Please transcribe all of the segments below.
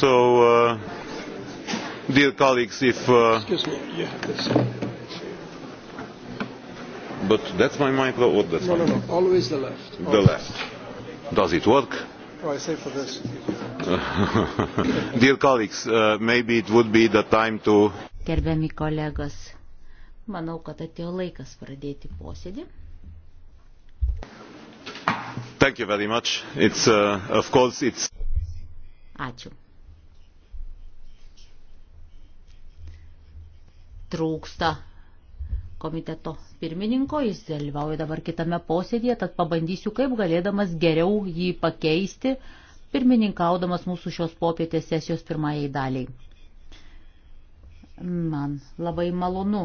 So, uh, dear colleagues, if. Uh, Excuse me, you have this. But that's my micro. What that's no, my no, no. Always the left. The Always. left. Does it work? Oh, I say for this. dear colleagues, uh, maybe it would be the time to. Gerbiami kolegos, manau, kad atėjo laikas pradėti posėdį. Thank you very much. It's, uh, of course, it's... Ačiū. trūksta komiteto pirmininko, jis dalyvauja dabar kitame posėdėje, tad pabandysiu kaip galėdamas geriau jį pakeisti, pirmininkaudamas mūsų šios popietės sesijos pirmajai daliai. Man labai malonu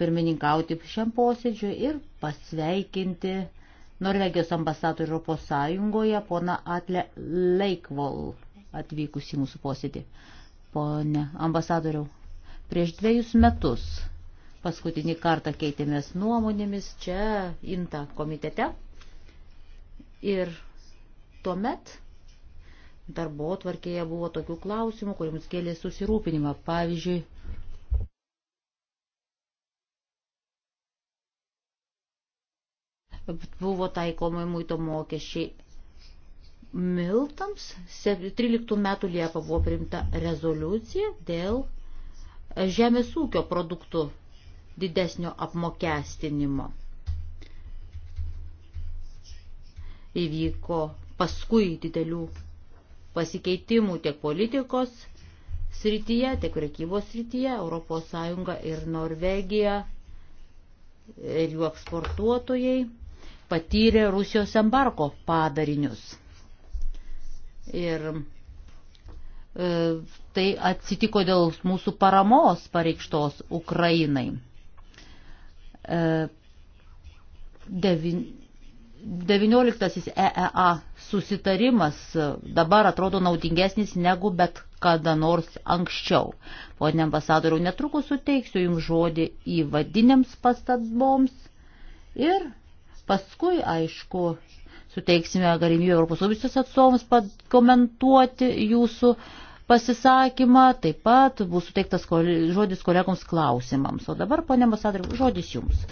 pirmininkauti šiam posėdžiui ir pasveikinti Norvegijos ambasadorių Europos Sąjungoje pona Atle Leikvol atvykusi mūsų posėdį. Pone ambasadoriau, Prieš dviejus metus paskutinį kartą keitėmės nuomonėmis čia INTA komitete. Ir tuomet darbo tvarkėje buvo tokių klausimų, kuriems kėlė susirūpinimą. Pavyzdžiui, buvo taikomai muito mokesčiai miltams. 13 metų Liepa buvo priimta rezoliucija dėl žemės ūkio produktų didesnio apmokestinimo. Įvyko paskui didelių pasikeitimų tiek politikos srityje, tiek prekybos srityje. ES ir Norvegija ir jų eksportuotojai patyrė Rusijos embargo padarinius. Ir E, tai atsitiko dėl mūsų paramos pareikštos Ukrainai. 19 e, EEA susitarimas dabar atrodo naudingesnis negu bet kada nors anksčiau. Pone ambasadoriau, netrukus suteiksiu Jums žodį įvadinėms pastaboms ir paskui, aišku, suteiksime galimybę Europos komisijos atstovams komentuoti jūsų pasisakymą, taip pat bus suteiktas žodis kolegoms klausimams. O dabar, ponė ambasadoriu, žodis jums.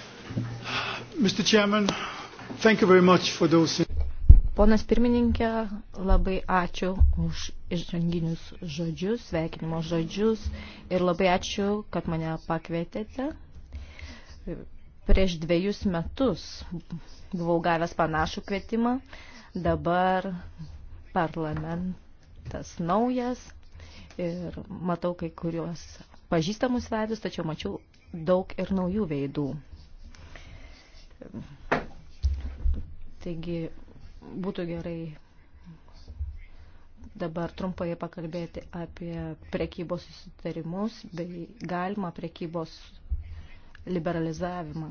Chairman, those... Ponas pirmininkė, labai ačiū už išžanginius žodžius, sveikinimo žodžius ir labai ačiū, kad mane pakvietėte Prieš dviejus metus buvau gavęs panašų kvietimą, dabar parlamentas naujas ir matau kai kuriuos pažįstamus veidus, tačiau mačiau daug ir naujų veidų. Taigi būtų gerai dabar trumpai pakalbėti apie prekybos susitarimus bei galimą prekybos susitarimus liberalizavimą.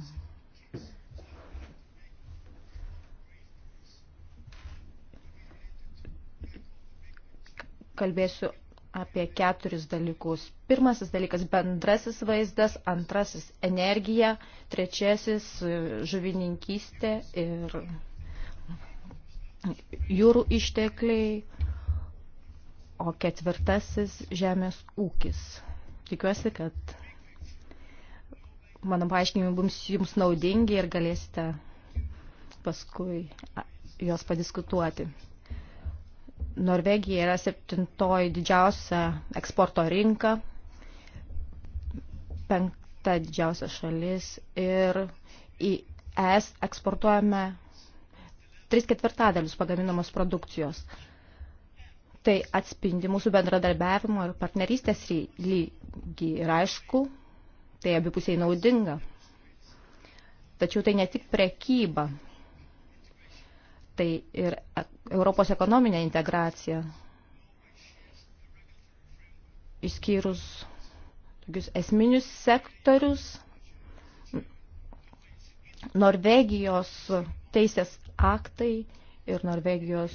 Kalbėsiu apie keturis dalykus. Pirmasis dalykas – bendrasis vaizdas, antrasis – energija, trečiasis – žuvininkystė ir jūrų ištekliai, o ketvirtasis – žemės ūkis. Tikiuosi, kad mano paaiškinimai bus jums naudingi ir galėsite paskui juos padiskutuoti. Norvegija yra septintoji didžiausia eksporto rinka, penkta didžiausia šalis ir į ES eksportuojame 3 ketvirtadalius pagaminamos produkcijos. Tai atspindi mūsų bendradarbiavimo ir partnerystės lygį. Ir aišku, Tai abipusiai naudinga. Tačiau tai ne tik prekyba, tai ir Europos ekonominė integracija, išskyrus tokius esminius sektorius, Norvegijos teisės aktai ir Norvegijos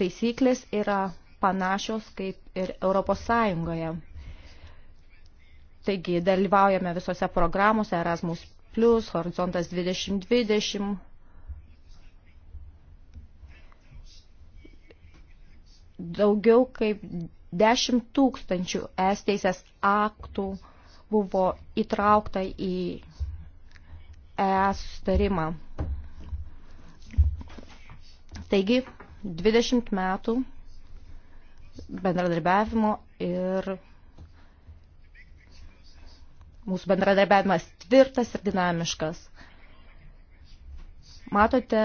taisyklės yra panašios kaip ir Europos Sąjungoje. Taigi dalyvaujame visose programuose Erasmus, Horizontas 2020. Daugiau kaip 10 tūkstančių es teisės aktų buvo įtraukta į ES sutarimą. Taigi, 20 metų bendradarbiavimo ir mūsų bendradarbiavimas tvirtas ir dinamiškas. Matote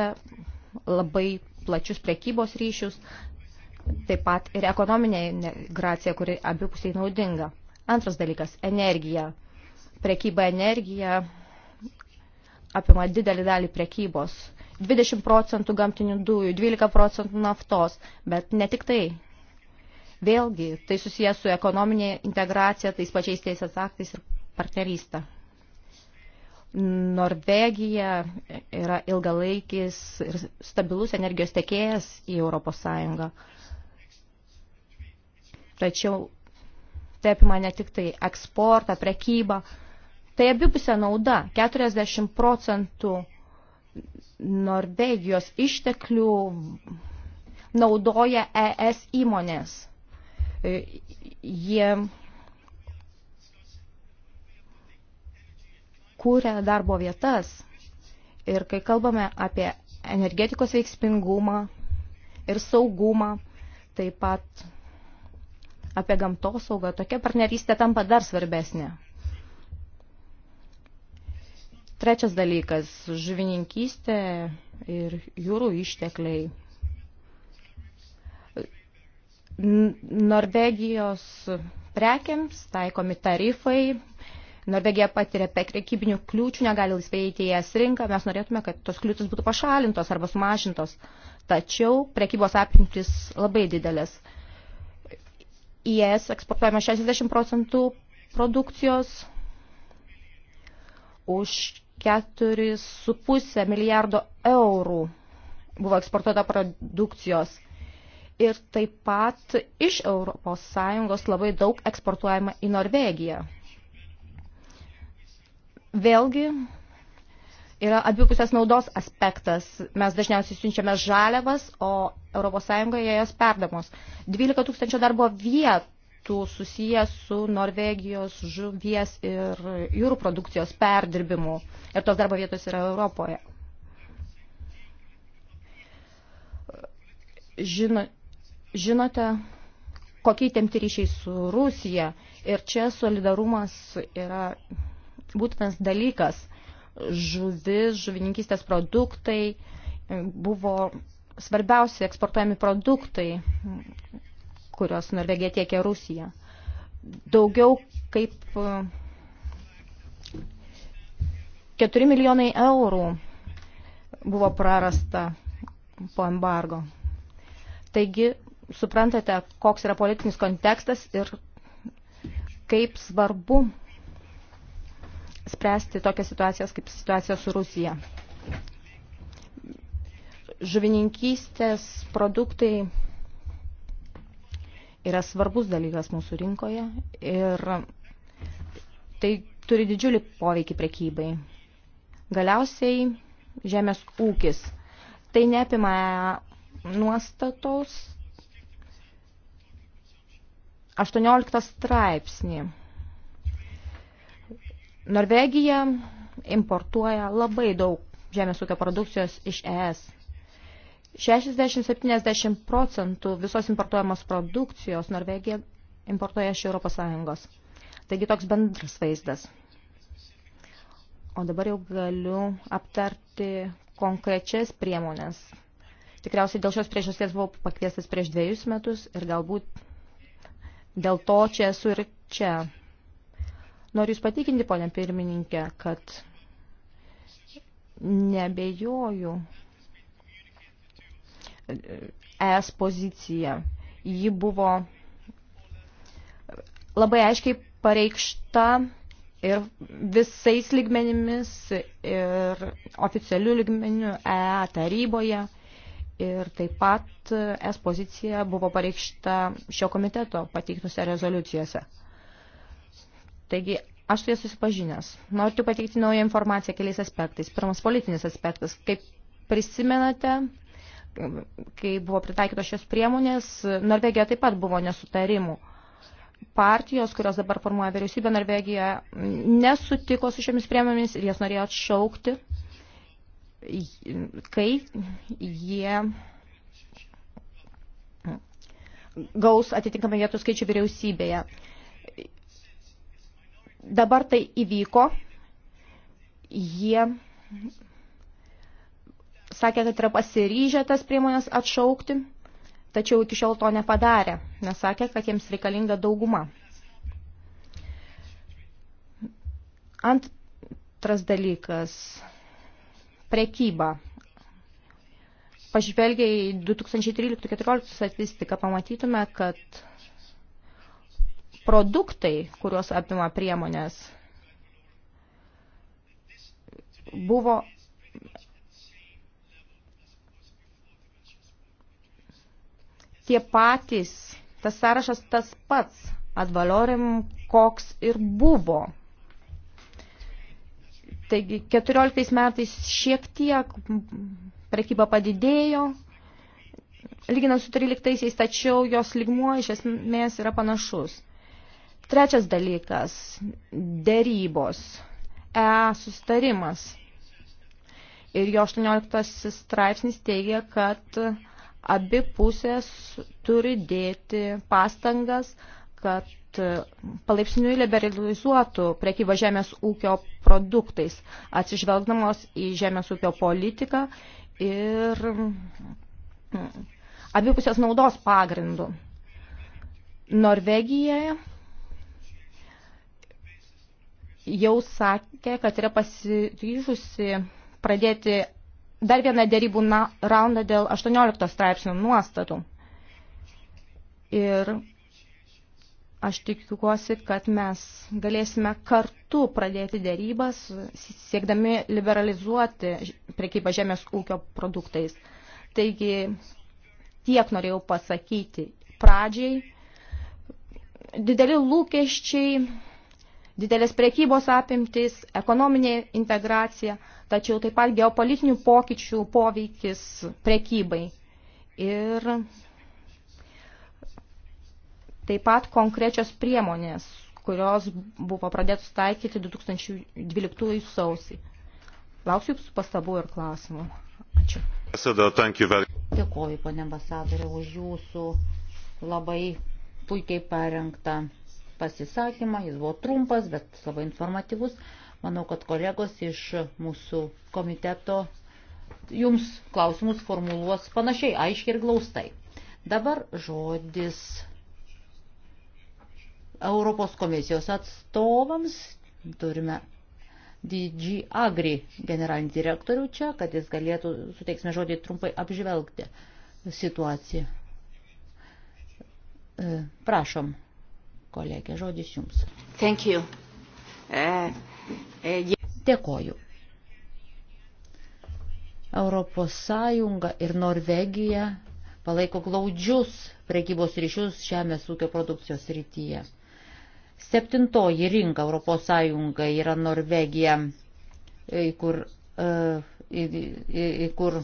labai plačius prekybos ryšius, taip pat ir ekonominė integracija, kuri abipusiai naudinga. Antras dalykas – energija. Prekyba energija apima didelį dalį prekybos. 20 procentų gamtinių dujų, 12 procentų naftos, bet ne tik tai – Vėlgi, tai susijęs su ekonominė integracija, tais pačiais teisės aktais ir partnerystė. Norvegija yra ilgalaikis ir stabilus energijos tekėjas į Europos Sąjungą. Tačiau tai apima ne tik tai eksportą, prekybą, tai abipusė nauda. 40 procentų Norvegijos išteklių naudoja ES įmonės. E, jie kūrė darbo vietas. Ir kai kalbame apie energetikos veiksmingumą ir saugumą, taip pat apie gamtosaugą, tokia partnerystė tampa dar svarbesnė. Trečias dalykas – žuvininkystė ir jūrų ištekliai. Norvegijos prekiams taikomi tarifai. Norvegija patiria prekybinių kliūčių, negali laisvai įeiti į es rinką. Mes norėtume, kad tos kliūtis būtų pašalintos arba sumažintos. Tačiau prekybos apimtis labai didelės. Į es eksportuojame 60 procentų produkcijos už 4,5 milijardo eurų buvo eksportuota produkcijos ir taip pat iš ES labai daug eksportuojama į Norvegiją. Vėlgi yra abipusės naudos aspektas. Mes dažniausiai siunčiame žaliavas, o ES jas perdamos. 12 tūkstančio darbo vietų susijęs su Norvegijos žuvies ir jūrų produkcijos perdirbimu. Ir tos darbo vietos yra Europoje. Žinot, žinote, kokie temti ryšiai su Rusija ir čia solidarumas yra būtinas dalykas. Žuvis, žuvininkystės produktai buvo svarbiausi eksportuojami produktai, kurios Norvegija tiekia Rusija. Daugiau kaip 4 e, milijonai eurų buvo prarasta po embargo. Taigi suprantate, koks yra politinis kontekstas ir kaip svarbu spręsti tokias situacijas kaip situacija su Rusija. Žuvininkystės produktai yra svarbus dalykas mūsų rinkoje ir tai turi didžiulį poveikį prekybai. Galiausiai žemės ūkis. Tai neapima nuostatos, 18 straipsnį. Norvegija importuoja labai daug žemės ūkio produkcijos iš ES. 60-70 procentų visos importuojamos produkcijos Norvegija importuoja iš Europos Sąjungos. Taigi toks bendras vaizdas. O dabar jau galiu aptarti konkrečias priemonės. Tikriausiai dėl šios priežasties buvau pakviestas prieš dviejus metus ir galbūt Dėl to čia esu ir čia. Noriu Jūs patikinti, ponė pirmininkė, kad nebejoju es pozicija. Ji buvo labai aiškiai pareikšta ir visais lygmenimis, ir oficialių lygmenių EA taryboje ir taip pat es pozicija buvo pareikšta šio komiteto pateiktuose rezoliucijose. Taigi, aš su jie susipažinęs. Noriu tik pateikti naują informaciją keliais aspektais. Pirmas politinis aspektas. Kaip prisimenate, kai buvo pritaikytos šios priemonės, Norvegija taip pat buvo nesutarimų partijos, kurios dabar formuoja vyriausybę Norvegijoje, nesutiko su šiomis priemonėmis ir jas norėjo atšaukti kai jie gaus atitinkamą vietų skaičių vyriausybėje. Dabar tai įvyko. Jie sakė, kad yra pasiryžę tas priemonės atšaukti, tačiau iki šiol to nepadarė, nes sakė, kad jiems reikalinga dauguma. Antras dalykas – prekybą. Pažvelgę į 2013-2014 statistiką, pamatytume, kad produktai, kuriuos apima priemonės, buvo tie patys, tas sąrašas tas pats, advalorim, koks ir buvo Taigi 14 metais šiek tiek prekyba padidėjo, lyginant su 13-aisiais, tačiau jos ligmuo iš esmės yra panašus. Trečias dalykas – dėrybos, E sustarimas. Ir jo 18 straipsnis teigia, kad abi pusės turi dėti pastangas, kad e, palaipsniui liberalizuotų prekybą žemės ūkio produktais, atsižvelgdamos į žemės ūkio politiką ir mm, abipusės naudos pagrindų. Norvegijoje jau sakė, kad yra pasiryžusi pradėti dar vieną dėrybų raundą dėl 18 straipsnių nuostatų. Ir Aš tikiuosi, kad mes galėsime kartu pradėti dėrybas, siekdami liberalizuoti prekybą žemės ūkio produktais. Taigi tiek norėjau pasakyti pradžiai. Dideli lūkesčiai, didelės prekybos apimtis, ekonominė integracija, tačiau taip pat geopolitinių pokyčių poveikis prekybai. Ir Taip pat konkrečios priemonės, kurios buvo pradėtos taikyti 2012 sausį. Lauksiu jūsų pastabų ir klausimų. Ačiū. Dėkuoju, ponė ambasadorė, už jūsų labai puikiai parengtą pasisakymą. Jis buvo trumpas, bet labai informatyvus. Manau, kad kolegos iš mūsų komiteto jums klausimus formuluos panašiai, aiškiai ir glaustai. Dabar žodis Europos komisijos atstovams. Turime DG Agri generalinį direktorių čia, kad jis galėtų, suteiksime žodį, trumpai apžvelgti situaciją. E, prašom, kolegė, žodis jums. Thank you. Uh, uh, Dėkoju. Europos Sąjunga ir Norvegija palaiko glaudžius prekybos ryšius žemės ūkio produkcijos rytyje. Septintoji rinka ES yra Norvegija, į kur, e, į, į, į kur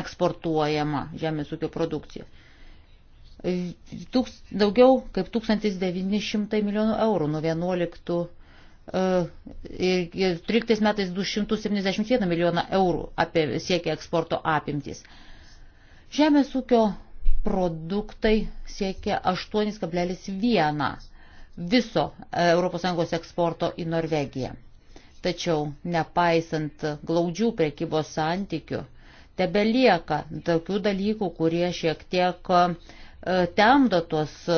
eksportuojama žemės ūkio produkcija. Tūks, daugiau kaip 1900 milijonų eurų nuo 11 e, ir 13 metais 271 milijoną eurų apie siekia eksporto apimtys. Žemės ūkio produktai siekia 8,1 viso ES eksporto į Norvegiją. Tačiau nepaisant glaudžių prekybos santykių, tebelieka tokių dalykų, kurie šiek tiek e, temdo tuos e,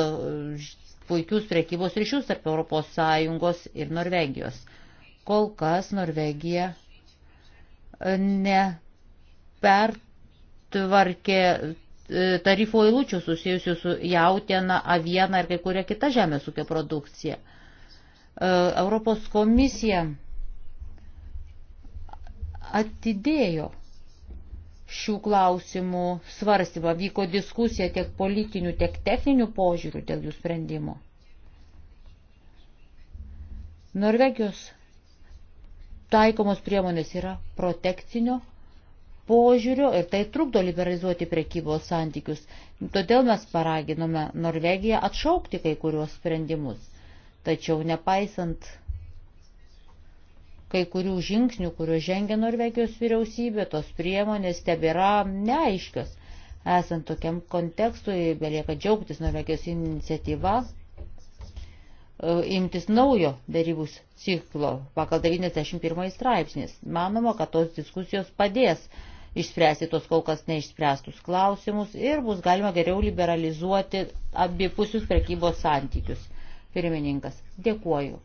puikius prekybos ryšius tarp ES ir Norvegijos. Kol kas Norvegija e, nepertvarkė E, tarifų eilučių susijusių su jautiena, aviena ir kai kuria kita žemės ūkio produkcija. E, Europos komisija atidėjo šių klausimų svarstymą. Vyko diskusija tiek politinių, tiek techninių požiūrių dėl jų sprendimo. Norvegijos taikomos priemonės yra protekcinio požiūrio ir tai trukdo liberalizuoti prekybos santykius. Todėl mes paraginome Norvegiją atšaukti kai kuriuos sprendimus. Tačiau nepaisant kai kurių žingsnių, kuriuos žengia Norvegijos vyriausybė, tos priemonės tebėra neaiškios. Esant tokiam kontekstui, belieka džiaugtis Norvegijos iniciatyva e, imtis naujo darybus ciklo pagal 91 straipsnis. Manoma, kad tos diskusijos padės išspręsti tos kol kas neišspręstus klausimus ir bus galima geriau liberalizuoti abipusius prekybos santykius. Pirmininkas, dėkuoju.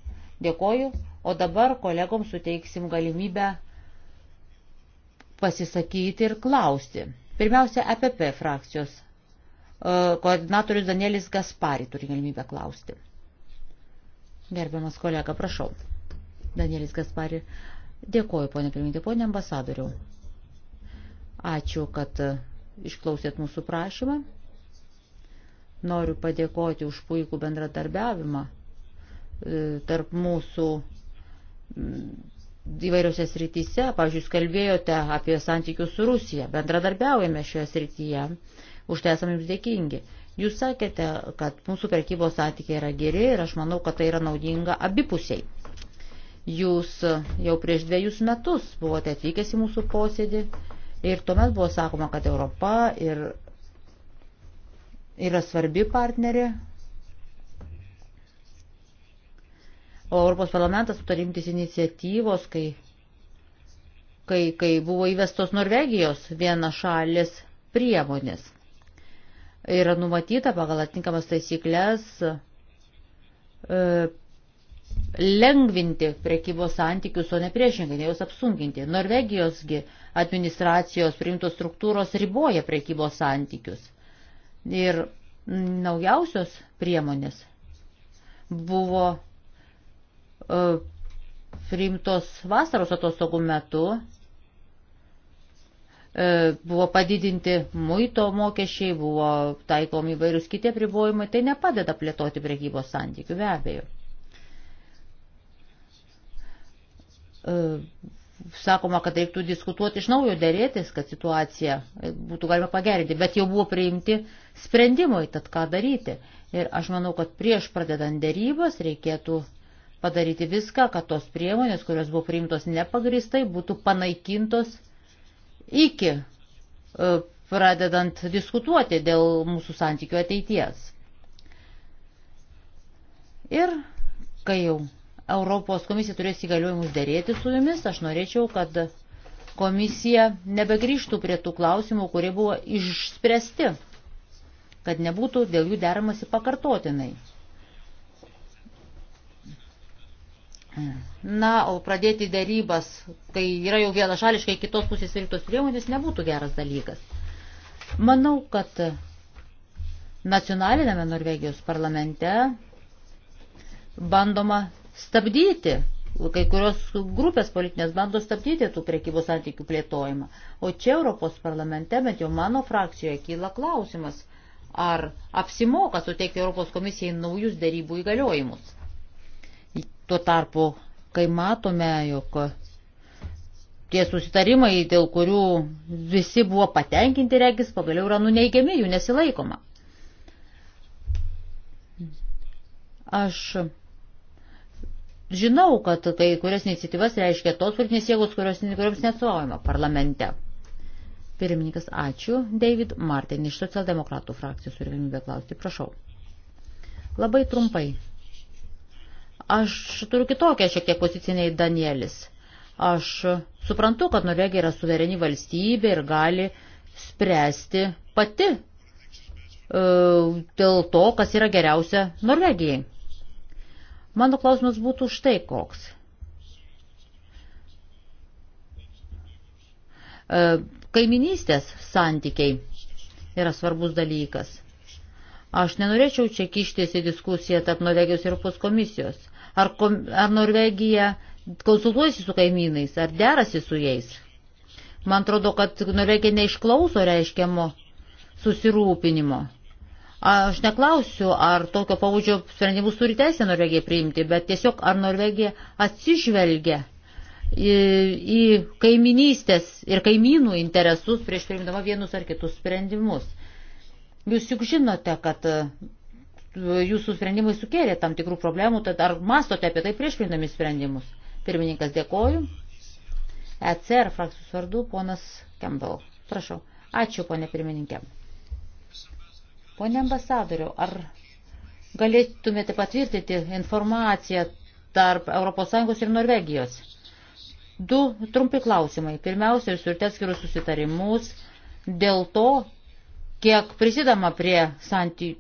Dėkuoju, o dabar kolegoms suteiksim galimybę pasisakyti ir klausti. Pirmiausia, EPP frakcijos e, koordinatorius Danielis Gaspari turi galimybę klausti. Gerbiamas kolega, prašau. Danielis Gaspari, dėkoju, ponė pirmininkė, ponė ambasadoriau. Ačiū, kad e, išklausėt mūsų prašymą. Noriu padėkoti už puikų bendradarbiavimą e, tarp mūsų įvairiose srityse. Pavyzdžiui, jūs kalbėjote apie santykius su Rusija. Bendradarbiaujame šioje srityje. Už tai esame jums dėkingi. Jūs sakėte, kad mūsų prekybos santykiai yra geri ir aš manau, kad tai yra naudinga abipusiai. Jūs jau prieš dviejus metus buvote atvykęs į mūsų posėdį Ir tuomet buvo sakoma, kad Europa ir yra svarbi partnerė. O Europos parlamentas sutarimtis iniciatyvos, kai, kai, kai buvo įvestos Norvegijos viena šalis priemonės. Yra numatyta pagal atitinkamas taisyklės e, lengvinti prekybos santykius, o ne priešingai, ne jos apsunkinti. Norvegijosgi administracijos priimtos struktūros riboja prekybos santykius. Ir naujausios priemonės buvo uh, priimtos vasaros atostogų metu, uh, buvo padidinti muito mokesčiai, buvo taikomi įvairius kiti apribojimai, tai nepadeda plėtoti prekybos santykių, be abejo. E, sakoma, kad reiktų diskutuoti iš naujo, dėrėtis, kad situaciją būtų galima pagerinti, bet jau buvo priimti sprendimai, tad ką daryti. Ir aš manau, kad prieš pradedant dėrybas reikėtų padaryti viską, kad tos priemonės, kurios buvo priimtos nepagristai, būtų panaikintos iki e, pradedant diskutuoti dėl mūsų santykių ateities. Ir kai jau Europos komisija turės įgaliojimus dėrėti su jumis. Aš norėčiau, kad komisija nebegrįžtų prie tų klausimų, kurie buvo išspręsti, kad nebūtų dėl jų deramasi pakartotinai. Na, o pradėti darybas, kai yra jau vienašališkai kitos pusės rinktos priemonės, nebūtų geras dalykas. Manau, kad nacionalinėme Norvegijos parlamente bandoma stabdyti, kai kurios grupės politinės bando stabdyti tų priekybos santykių plėtojimą. O čia Europos parlamente, bent jau mano frakcijoje, kyla klausimas, ar apsimoka suteikti Europos komisijai naujus darybų įgaliojimus. Tuo tarpu, kai matome, jog tie susitarimai, dėl kurių visi buvo patenkinti regis, pagaliau yra nuneigiami, jų nesilaikoma. Aš žinau, kad kai kurias iniciatyvas reiškia tos politinės jėgos, kurios, kuriams nesuojama parlamente. Pirmininkas, ačiū. David Martin iš socialdemokratų frakcijos turi galimybę klausti. Prašau. Labai trumpai. Aš turiu kitokią šiek tiek poziciją nei Danielis. Aš suprantu, kad Norvegija yra suvereni valstybė ir gali spręsti pati e, dėl to, kas yra geriausia Norvegijai. Mano klausimas būtų štai koks. E, kaiminystės santykiai yra svarbus dalykas. Aš nenorėčiau čia kištis į diskusiją tarp Norvegijos ir Europos komisijos. Ar, kom, ar Norvegija konsultuojasi su kaimynais, ar derasi su jais? Man atrodo, kad Norvegija neišklauso reiškiamo susirūpinimo. Aš neklausiu, ar tokio pavudžio sprendimus turi teisę Norvegija priimti, bet tiesiog ar Norvegija atsižvelgia į, į kaiminystės ir kaimynų interesus prieš priimdama vienus ar kitus sprendimus. Jūs juk žinote, kad e, jūsų sprendimai sukėlė tam tikrų problemų, tad ar mastote apie tai prieš priimdami sprendimus? Pirmininkas dėkoju. ECR frakcijos vardu ponas Campbell. Prašau. Ačiū, ponė pirmininkė. Pone ambasadoriu, ar galėtumėte patvirtinti informaciją tarp ES ir Norvegijos? Du trumpi klausimai. Pirmiausia, jūs turite atskirus susitarimus dėl to, kiek prisidama prie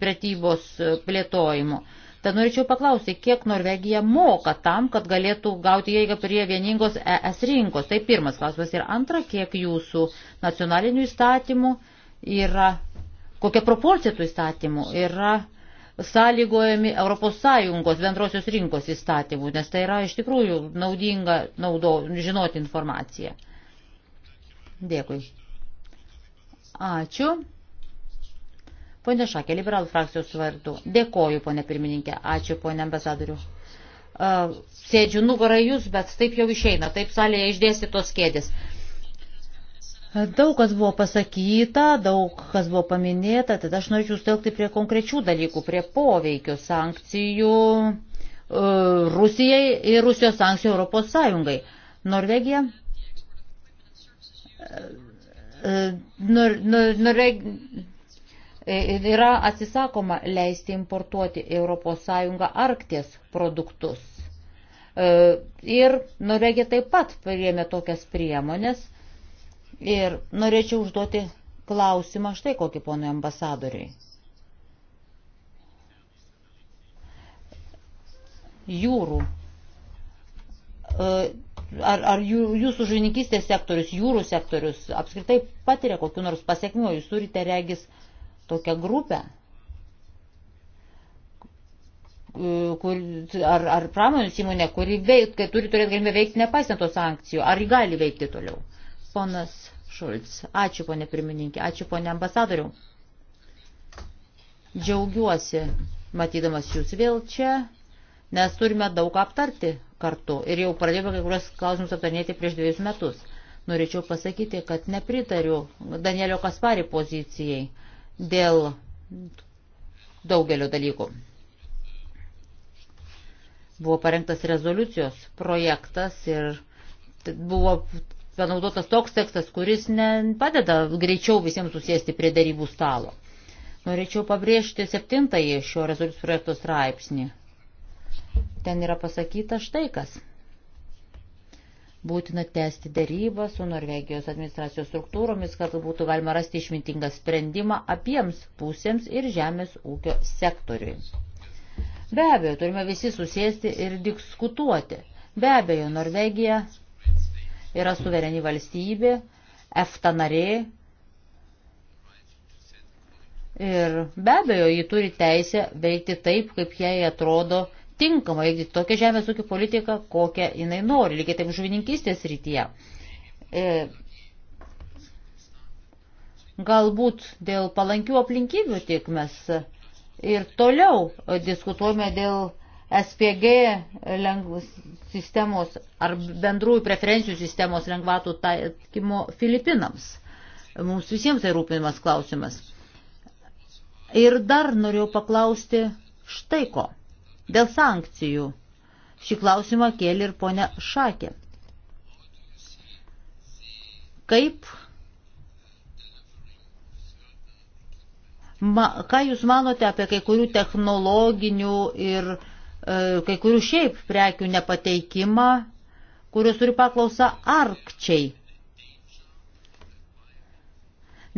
prekybos e, plėtojimo. Tad norėčiau paklausti, kiek Norvegija moka tam, kad galėtų gauti jėgą prie vieningos ES rinkos. Tai pirmas klausimas. Ir antra, kiek jūsų nacionalinių įstatymų yra kokia proporcija tų įstatymų yra sąlygojami ES bendrosios rinkos įstatymų, nes tai yra iš tikrųjų naudinga naudo, žinoti informaciją. Dėkui. Ačiū. Pone Šakė, liberalų frakcijos vardu. Dėkoju, pone pirmininkė. Ačiū, pone ambasadoriu. Uh, sėdžiu nugarą jūs, bet taip jau išeina, taip salėje išdėsti tos kėdės. Uh, Daug kas buvo pasakyta, daug kas buvo paminėta, tad aš norėčiau stelkti prie konkrečių dalykų, prie poveikio sankcijų e, Rusijai ir Rusijos sankcijų Europos Sąjungai. Norvegija. E, nor, nor, norveg, e, yra atsisakoma leisti importuoti Europos Sąjungą Arkties produktus. Ir Norvegija taip pat priėmė tokias priemonės Ir norėčiau užduoti klausimą štai kokį ponui ambasadoriui. Jūrų. E, ar, ar jūsų žuvininkystės sektorius, jūrų sektorius apskritai patiria kokiu nors pasiekmiu, jūs turite regis tokią grupę? E, kur, ar, ar pramonės įmonė, kuri veik, turi turėti galimybę veikti nepaisant to sankcijų, ar ji gali veikti toliau? Ponas Šulc. Ačiū, ponė pirmininkė, ačiū, ponė ambasadoriu. Džiaugiuosi, matydamas jūs vėl čia, nes turime daug aptarti kartu ir jau pradėjome kai kurios klausimus aptarnėti prieš dviejus metus. Norėčiau pasakyti, kad nepritariu Danielio Kaspari pozicijai dėl daugelio dalykų. Buvo parengtas rezoliucijos projektas ir buvo panaudotas toks tekstas, kuris padeda greičiau visiems susėsti prie darybų stalo. Norėčiau pabrėžti septintąjį šio rezoliucijos projekto straipsnį. Ten yra pasakyta štai kas. Būtina tęsti darybą su Norvegijos administracijos struktūromis, kad būtų galima rasti išmintingą sprendimą abiems pusėms ir žemės ūkio sektoriui. Be abejo, turime visi susėsti ir diskutuoti. Be abejo, Norvegija yra suvereni valstybė, EFTA narė. Ir be abejo, ji turi teisę veikti taip, kaip jai atrodo tinkama, veikti tokią žemės ūkio politiką, kokią jinai nori, lygiai taip žuvininkystės rytyje. E, galbūt dėl palankių aplinkybių tik mes ir toliau diskutuojame dėl SPG lengvus sistemos ar bendrųjų preferencijų sistemos lengvatų taikymo Filipinams. Mums visiems tai rūpinimas klausimas. Ir dar norėjau paklausti štai ko. Dėl sankcijų. Šį klausimą kėlė ir ponia Šakė. Kaip Ma, ką Jūs manote apie kai kurių technologinių ir E, kai kurių šiaip prekių nepateikimą, kurios turi paklausą arkčiai.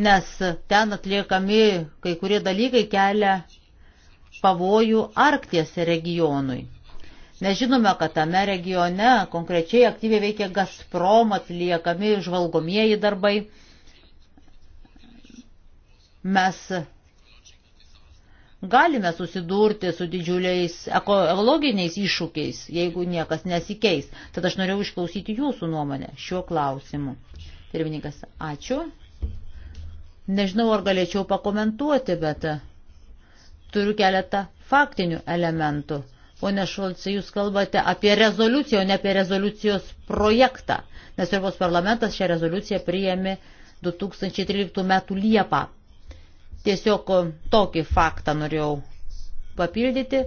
Nes ten atliekami kai kurie dalykai kelia pavojų Arkties regionui. Nežinome, kad tame regione konkrečiai aktyviai veikia Gazprom atliekami žvalgomieji darbai. Mes galime susidurti su didžiuliais ekologiniais iššūkiais, jeigu niekas nesikeis. Tad aš norėjau išklausyti jūsų nuomonę šiuo klausimu. Pirmininkas, ačiū. Nežinau, ar galėčiau pakomentuoti, bet e, turiu keletą faktinių elementų. Pone Šolcai, jūs kalbate apie rezoliuciją, o ne apie rezoliucijos projektą, nes Europos parlamentas šią rezoliuciją priėmė 2013 m. Liepą. Tiesiog e, tokį faktą norėjau papildyti.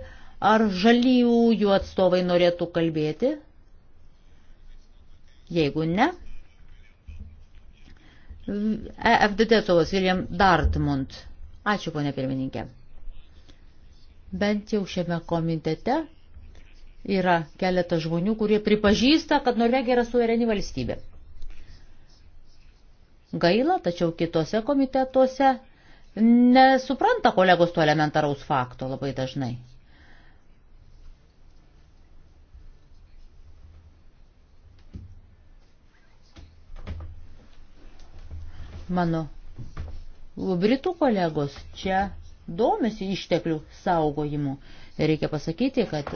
Ar žaliųjų atstovai norėtų kalbėti? Jeigu ne, EFDT atstovas William Dartmund. Ačiū, ponė pirmininkė. Bent jau šiame komitete yra keletas žmonių, kurie pripažįsta, kad Norvegija yra suvereni valstybė. Gaila, tačiau kitose komitetuose nesupranta kolegos to elementaraus fakto labai dažnai. Mano britų kolegos čia domisi išteklių saugojimu. Reikia pasakyti, kad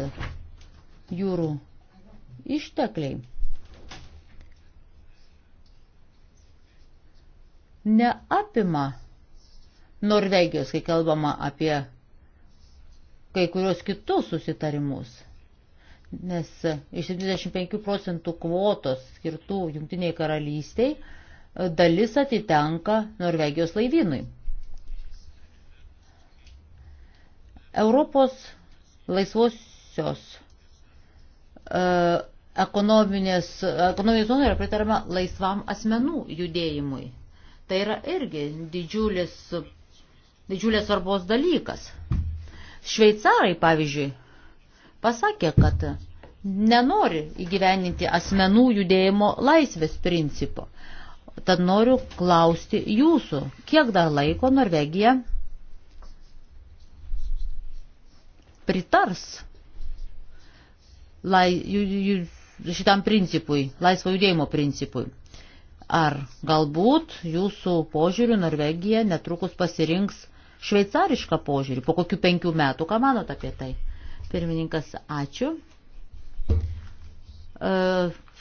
jūrų ištekliai neapima Norvegijos, kai kalbama apie kai kurios kitus susitarimus. Nes iš 25 procentų kvotos skirtų Junktiniai karalystiai e, dalis atitenka Norvegijos laivynui. Europos laisvosios e, ekonominės, ekonominės zonai yra pritarama laisvam asmenų judėjimui. Tai yra irgi didžiulis didžiulės svarbos dalykas. Šveicarai, pavyzdžiui, pasakė, kad nenori įgyveninti asmenų judėjimo laisvės principo. Tad noriu klausti jūsų, kiek dar laiko Norvegija pritars lai, ju, ju, šitam principui, laisvo judėjimo principui. Ar galbūt jūsų požiūrių Norvegija netrukus pasirinks šveicarišką požiūrį. Po kokių penkių metų, ką manot apie tai? Pirmininkas, ačiū. E,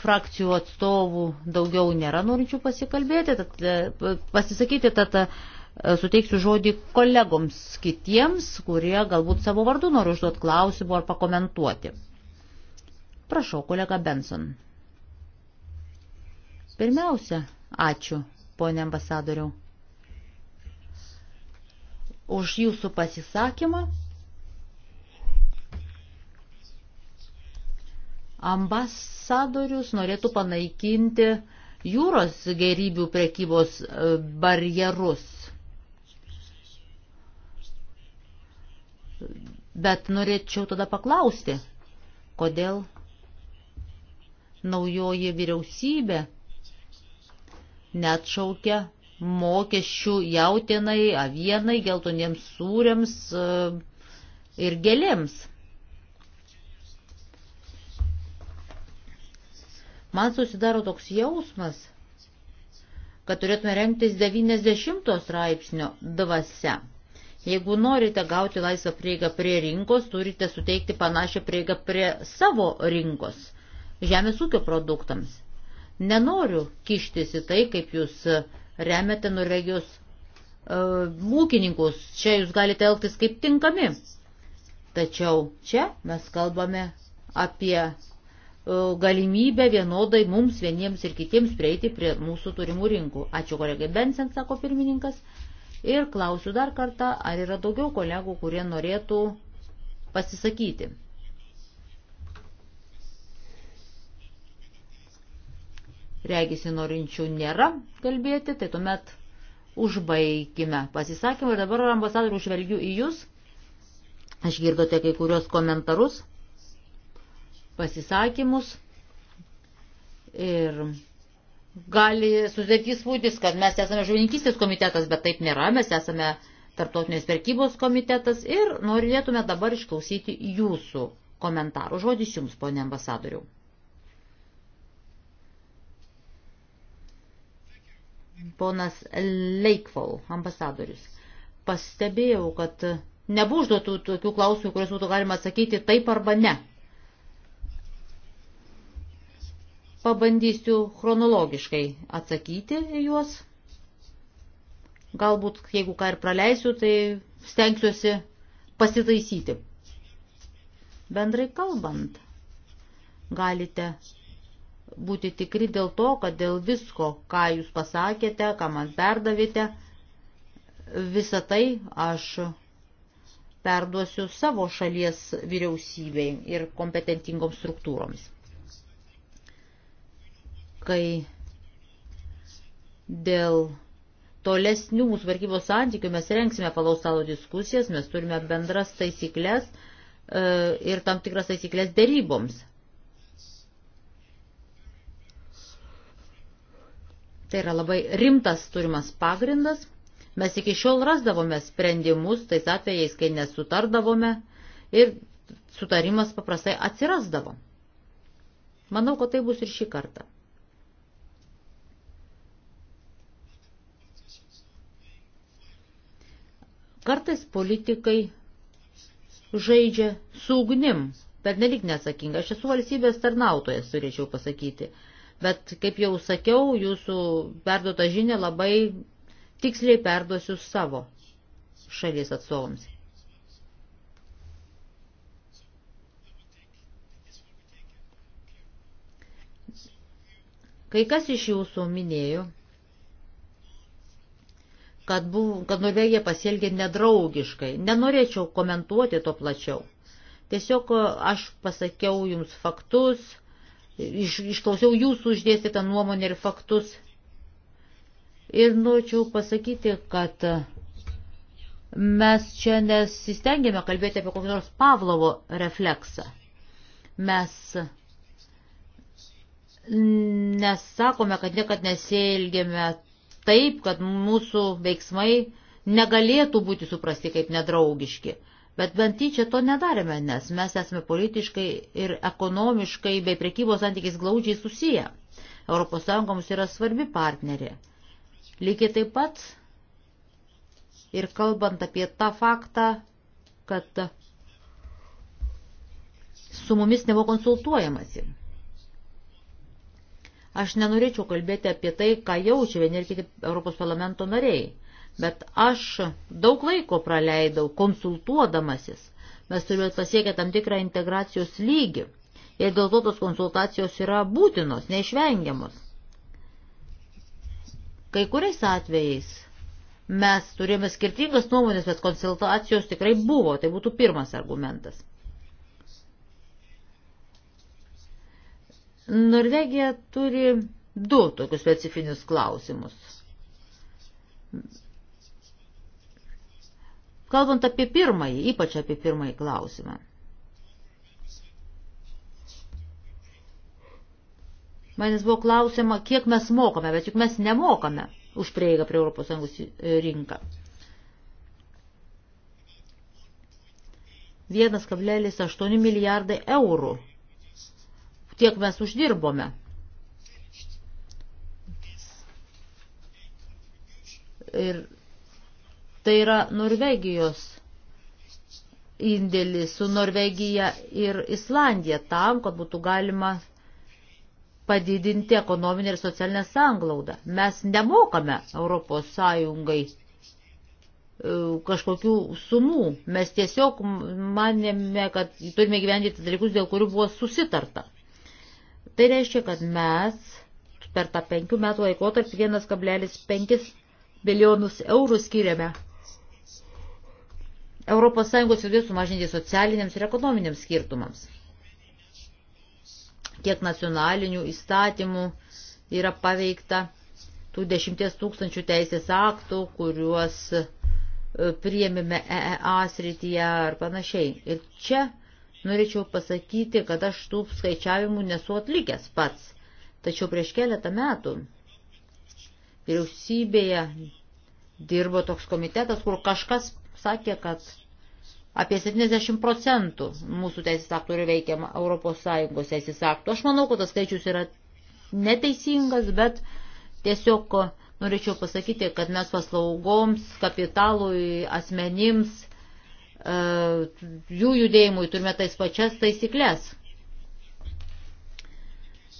frakcijų atstovų daugiau nėra norinčių pasikalbėti, tad, e, pasisakyti, tad e, suteiksiu žodį kolegoms kitiems, kurie galbūt savo vardu nori užduoti klausimų ar pakomentuoti. Prašau, kolega Benson. Pirmiausia, ačiū, ponė ambasadoriau už jūsų pasisakymą. Ambasadorius norėtų panaikinti jūros gerybių prekybos e, barjerus. Bet norėčiau tada paklausti, kodėl naujoji vyriausybė neatšaukia mokesčių jautinai, avienai, geltoniems sūriams e, ir gėlėms. Man susidaro toks jausmas, kad turėtume remtis 90 straipsnio dvasia. Jeigu norite gauti laisvą prieigą prie rinkos, turite suteikti panašią prieigą prie savo rinkos žemės ūkio produktams. Nenoriu kištis į tai, kaip jūs uh, remiate Norvegijos uh, e, mūkininkus, čia jūs galite elgtis kaip tinkami. Tačiau čia mes kalbame apie uh, galimybę vienodai mums vieniems ir kitiems prieiti prie mūsų turimų rinkų. Ačiū kolegai Bensen, sako pirmininkas. Ir klausiu dar kartą, ar yra daugiau kolegų, kurie norėtų pasisakyti. Regisi norinčių nėra kalbėti, tai tuomet užbaigime pasisakymą ir dabar ambasadorių žvelgiu į jūs. Išgirdote kai kurios komentarus, pasisakymus ir gali susidaryti įspūdis, kad mes esame žuvininkistės komitetas, bet taip nėra, mes esame tarptautinės perkybos komitetas ir norėtume dabar išklausyti jūsų komentarų. Žodis jums, ponė ambasadoriu. ponas Leikvau, ambasadorius. Pastebėjau, kad nebuvo užduotų tokių klausimų, kuriuos būtų galima atsakyti taip arba ne. Pabandysiu chronologiškai atsakyti juos. Galbūt, jeigu ką ir praleisiu, tai stengsiuosi pasitaisyti. Bendrai kalbant, galite būti tikri dėl to, kad dėl visko, ką jūs pasakėte, ką man perdavėte, visą tai aš perduosiu savo šalies vyriausybei ir kompetentingoms struktūroms. Kai dėl tolesnių mūsų varkybos santykių mes rengsime palaustalo diskusijas, mes turime bendras taisyklės e, ir tam tikras taisyklės deryboms. Tai yra labai rimtas turimas pagrindas. Mes iki šiol rasdavome sprendimus tais atvejais, kai nesutardavome ir sutarimas paprastai atsirasdavo. Manau, kad tai bus ir šį kartą. Kartais politikai žaidžia su ugnim, per nelik neatsakinga. Aš esu valstybės tarnautojas, turėčiau pasakyti. Bet, kaip jau sakiau, jūsų perduotą žinę labai tiksliai perduosiu savo šalies atstovams. Kai kas iš jūsų minėjo, kad, buv, kad Norvegija pasielgė nedraugiškai. Nenorėčiau komentuoti to plačiau. Tiesiog aš pasakiau jums faktus, iš, išklausiau jūsų uždėstytą nuomonę ir faktus. Ir norėčiau pasakyti, kad mes čia nesistengėme kalbėti apie kokį nors Pavlovo refleksą. Mes nesakome, kad niekad nesielgėme taip, kad mūsų veiksmai negalėtų būti suprasti kaip nedraugiški. Bet bent tyčia to nedarėme, nes mes esame politiškai ir ekonomiškai bei prekybos santykiais glaudžiai susiję. ES mums yra svarbi partnerė. Lygiai taip pat ir kalbant apie tą faktą, kad su mumis nebuvo konsultuojamasi. Aš nenorėčiau kalbėti apie tai, ką jaučia vieni ir kiti Europos parlamento nariai bet aš daug laiko praleidau konsultuodamasis. Mes turime pasiekę tam tikrą integracijos lygį ir dėl to tos konsultacijos yra būtinos, neišvengiamos. Kai kuriais atvejais mes turėjome skirtingas nuomonės, bet konsultacijos tikrai buvo, tai būtų pirmas argumentas. Norvegija turi du tokius specifinius klausimus. Kalbant apie pirmąjį, ypač apie pirmąjį klausimą. Manęs buvo klausima, kiek mes mokame, bet juk mes nemokame už prieigą prie ES rinką. 1,8 milijardai eurų. Tiek mes uždirbome. Ir Tai yra Norvegijos indėlis su Norvegija ir Islandija tam, kad būtų galima padidinti ekonominę ir socialinę sanglaudą. Mes nemokame Europos Sąjungai e, kažkokių sumų. Mes tiesiog manėme, kad turime gyventi dalykus, dėl kurių buvo susitarta. Tai reiškia, kad mes per tą penkių metų laikotarpį 1,5 milijonus eurų skiriame ES vidus sumažinti socialiniams ir ekonominiams skirtumams. Kiek nacionalinių įstatymų yra paveikta tų dešimties tūkstančių teisės aktų, kuriuos e, priėmėme EEA srityje ar panašiai. Ir čia norėčiau pasakyti, kad aš tų skaičiavimų nesu atlikęs pats. Tačiau prieš keletą metų vyriausybėje dirbo toks komitetas, kur kažkas sakė, kad apie 70 procentų mūsų teisės aktų yra veikiama ES teisės aktų. Aš manau, kad tas skaičius yra neteisingas, bet tiesiog norėčiau pasakyti, kad mes paslaugoms, kapitalui, asmenims, e, jų judėjimui turime tais pačias taisyklės.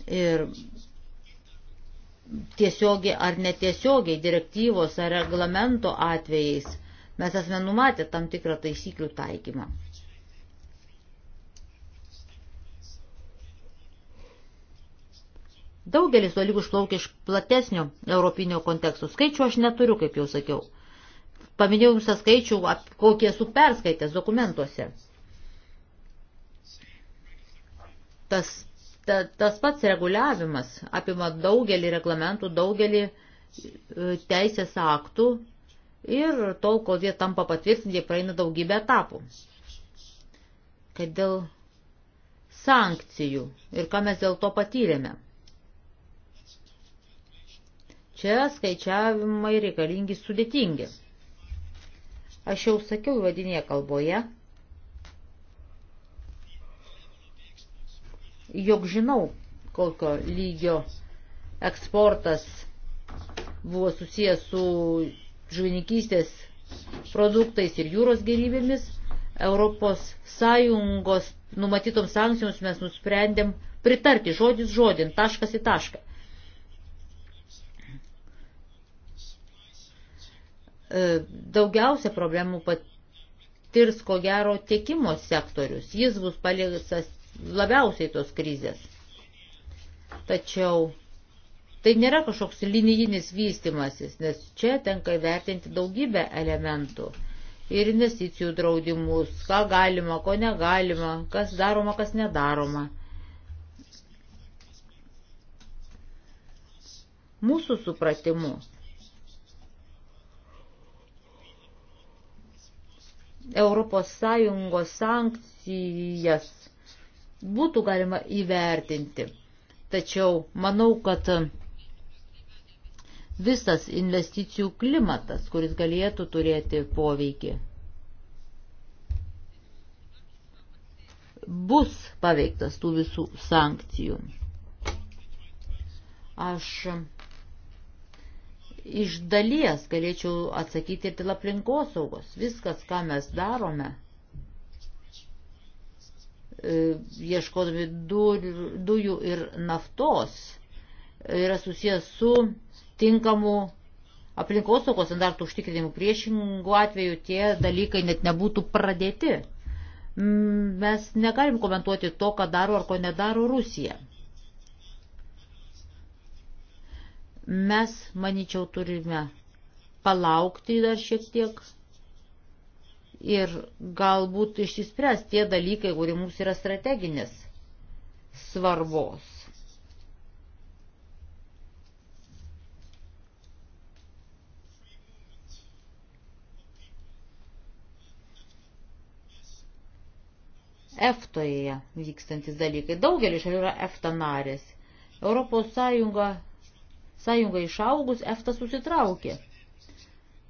Ir tiesiogiai ar netiesiogiai direktyvos ar reglamento atvejais Mes esame numatę tam tikrą taisyklių taikymą. Daugelis dalykų išplaukia iš platesnio europinio konteksto. Skaičių aš neturiu, kaip jau sakiau. Paminėjau jums tą skaičių, kokie esu perskaitęs dokumentuose. Tas, ta, tas pats reguliavimas apima daugelį reglamentų, daugelį e, teisės aktų ir tol, kol jie tampa patvirtinti, jie praeina daugybę etapų. Kad dėl sankcijų ir ką mes dėl to patyrėme. Čia skaičiavimai reikalingi sudėtingi. Aš jau sakiau vadinėje kalboje, jog žinau, kokio lygio eksportas buvo susijęs su žuvininkystės produktais ir jūros gerybėmis. Europos Sąjungos numatytoms sankcijoms mes nusprendėm pritarti žodis žodin, taškas į tašką. E, daugiausia problemų patirs ko gero tiekimo sektorius. Jis bus paliktas labiausiai tos krizės. Tačiau Tai nėra kažkoks linijinis vystimasis, nes čia tenka vertinti daugybę elementų ir investicijų draudimus, ką galima, ko negalima, kas daroma, kas nedaroma. Mūsų supratimu. Europos Sąjungos sankcijas būtų galima įvertinti. Tačiau manau, kad visas investicijų klimatas, kuris galėtų turėti poveikį. Bus paveiktas tų visų sankcijų. Aš iš dalies galėčiau atsakyti ir dėl aplinkosaugos. Viskas, ką mes darome, e, ieškodami dujų ir naftos, yra susijęs su tinkamų aplinkosaugos standartų užtikrinimų. Priešingų atveju tie dalykai net nebūtų pradėti. Mm, mes negalim komentuoti to, ką daro ar ko nedaro Rusija. Mes, manyčiau, turime palaukti dar šiek tiek ir galbūt išsispręs tie dalykai, kurie mums yra strateginės svarbos. EFTOje vykstantis dalykai. Daugelis šalių yra EFTA narės. Europos sąjunga, sąjunga išaugus, EFTA susitraukė.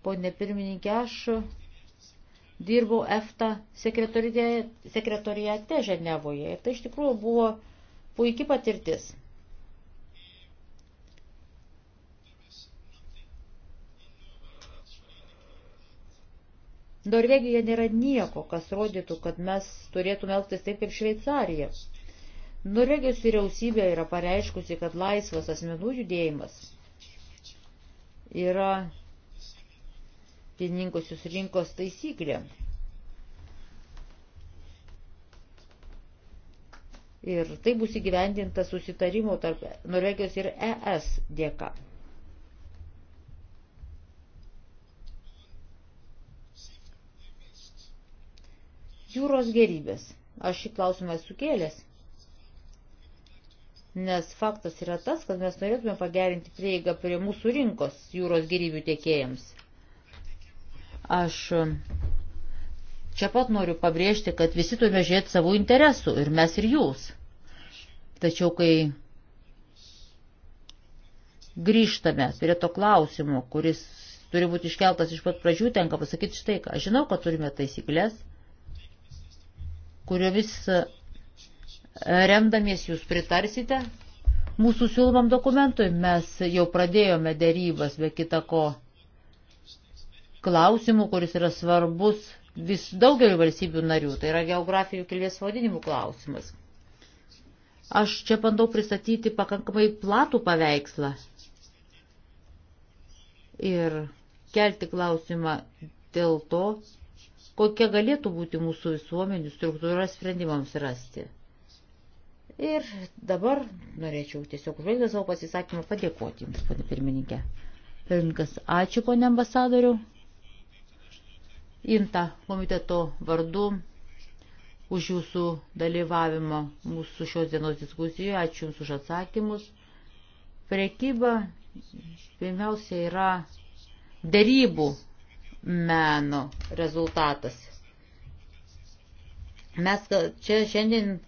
Pone pirmininkė, aš dirbau EFTA sekretorijate Ženevoje ir tai iš tikrųjų buvo puikia patirtis. Norvegijoje nėra nieko, kas rodytų, kad mes turėtume elgtis taip kaip Šveicarija. Norvegijos vyriausybė yra pareiškusi, kad laisvas asmenų judėjimas yra vieningusius rinkos taisyklė. Ir tai bus įgyvendinta susitarimo tarp Norvegijos ir ES dėka. Jūros gerybės. Aš šį klausimą esu kėlęs. Nes faktas yra tas, kad mes norėtume pagerinti prieigą prie mūsų rinkos jūros gerybių tiekėjams. Aš e, čia pat noriu pabrėžti, kad visi turime žiūrėti savo interesų ir mes ir jūs. Tačiau kai grįžtame prie to klausimo, kuris turi būti iškeltas iš pat pradžių, tenka pasakyti štai ką. Žinau, kad turime taisyklės kuriomis e, remdamies jūs pritarsite mūsų siūlomam dokumentui. Mes jau pradėjome dėrybas, be kita ko, klausimų, kuris yra svarbus vis daugeliu valstybių narių. Tai yra geografijų kilvės vadinimų klausimas. Aš čia bandau pristatyti pakankamai platų paveikslą ir kelti klausimą dėl to, kokia galėtų būti mūsų visuomenių struktūra sprendimams rasti. Ir dabar norėčiau tiesiog užbaigti savo pasisakymą padėkoti Jums, ponė pirmininkė. Pirmininkas, ačiū, ponė ambasadoriu. Inta komiteto vardu už Jūsų dalyvavimą mūsų šios dienos diskusijoje. Ačiū Jums už atsakymus. Prekyba pirmiausia yra dėrybų meno rezultatas. Mes čia šiandien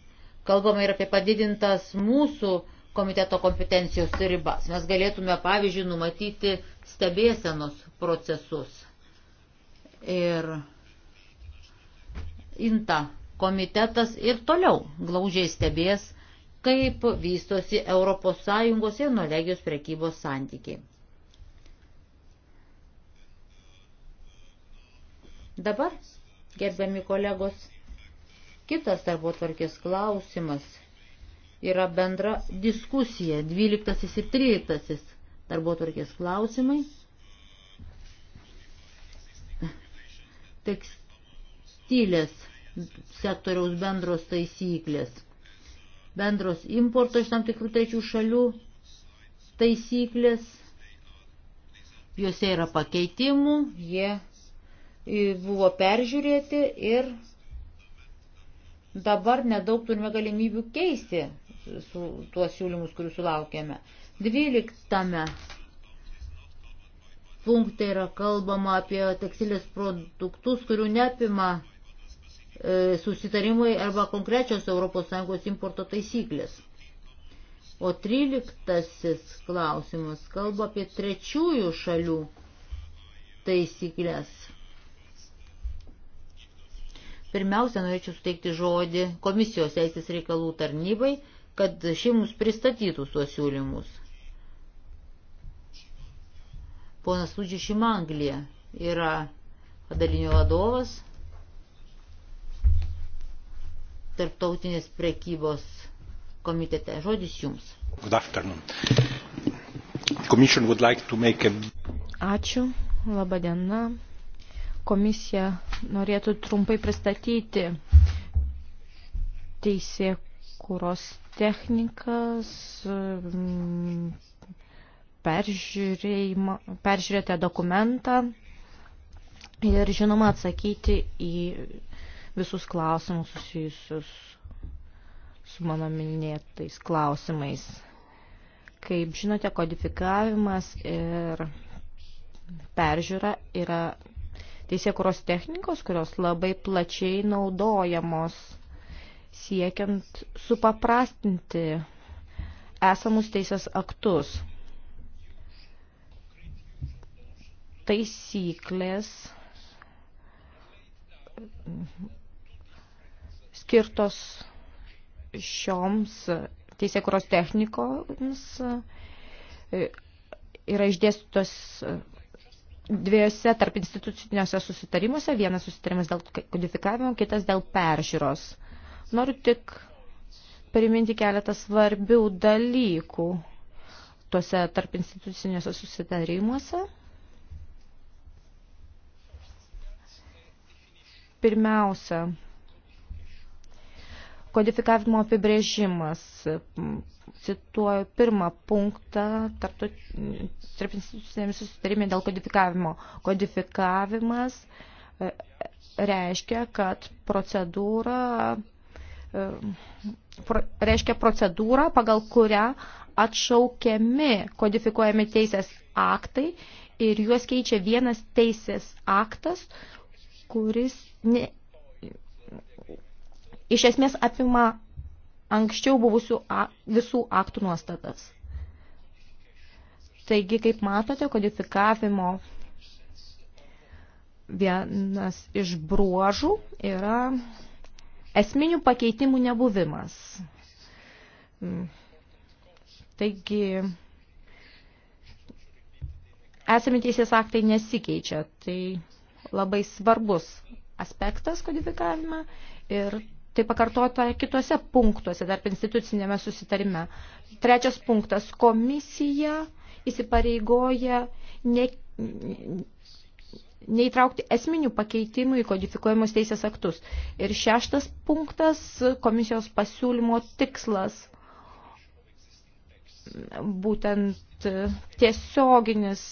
kalbame ir apie padidintas mūsų komiteto kompetencijos ribas. Mes galėtume, pavyzdžiui, numatyti stebėsenos procesus. Ir INTA komitetas ir toliau glaužiai stebės, kaip vystosi ES ir Norvegijos prekybos santykiai. Dabar, gerbiami kolegos, kitas darbo tvarkės klausimas yra bendra diskusija 12 ir 13 darbo tvarkės klausimai. Tekstilės sektoriaus bendros taisyklės, bendros importo iš tam tikrų trečių šalių taisyklės, juose yra pakeitimų, jie buvo peržiūrėti ir dabar nedaug turime galimybių keisti su tuos siūlymus, kurių sulaukėme. 12 punkte yra kalbama apie tekstilės produktus, kurių neapima e, susitarimai arba konkrečios ES importo taisyklės. O 13 klausimas kalba apie trečiųjų šalių taisyklės Pirmiausia, norėčiau suteikti žodį komisijos teisės reikalų tarnybai, kad ši mums pristatytų tuos siūlymus. Ponas Lūdžius Šimanglė yra padalinio vadovas tarptautinės prekybos komitete. Žodis jums. Good afternoon. The commission would like to make a... Ačiū. Labadiena komisija norėtų trumpai pristatyti teisė kūros technikas, mm, peržiūrėtą dokumentą ir žinoma atsakyti į visus klausimus susijusius su mano minėtais klausimais. Kaip žinote, kodifikavimas ir peržiūra yra teisėkuros technikos, kurios labai plačiai naudojamos siekiant supaprastinti esamus teisės aktus. Taisyklės skirtos šioms teisėkuros technikoms yra išdėstytos dviejose tarp instituciniuose susitarimuose, vienas susitarimas dėl kodifikavimo, kitas dėl peržiūros. Noriu tik priminti keletą svarbių dalykų tuose tarp instituciniuose susitarimuose. Pirmiausia, kodifikavimo apibrėžimas. Cituoju pirmą punktą tarp institucinėms susitarimė dėl kodifikavimo. Kodifikavimas e, reiškia, kad procedūra e, reiškia procedūrą, pagal kurią atšaukiami kodifikuojami teisės aktai ir juos keičia vienas teisės aktas, kuris ne, iš esmės apima anksčiau buvusių visų aktų nuostatas. Taigi, kaip matote, kodifikavimo vienas iš bruožų yra esminių pakeitimų nebuvimas. Mm. Taigi, esami teisės aktai nesikeičia. Tai labai svarbus aspektas kodifikavime ir Tai pakartota kitose punktuose, tarp institucinėme susitarime. Trečias punktas. Komisija įsipareigoja ne, neįtraukti esminių pakeitimų į kodifikuojamus teisės aktus. Ir šeštas punktas – komisijos pasiūlymo tikslas būtent tiesioginis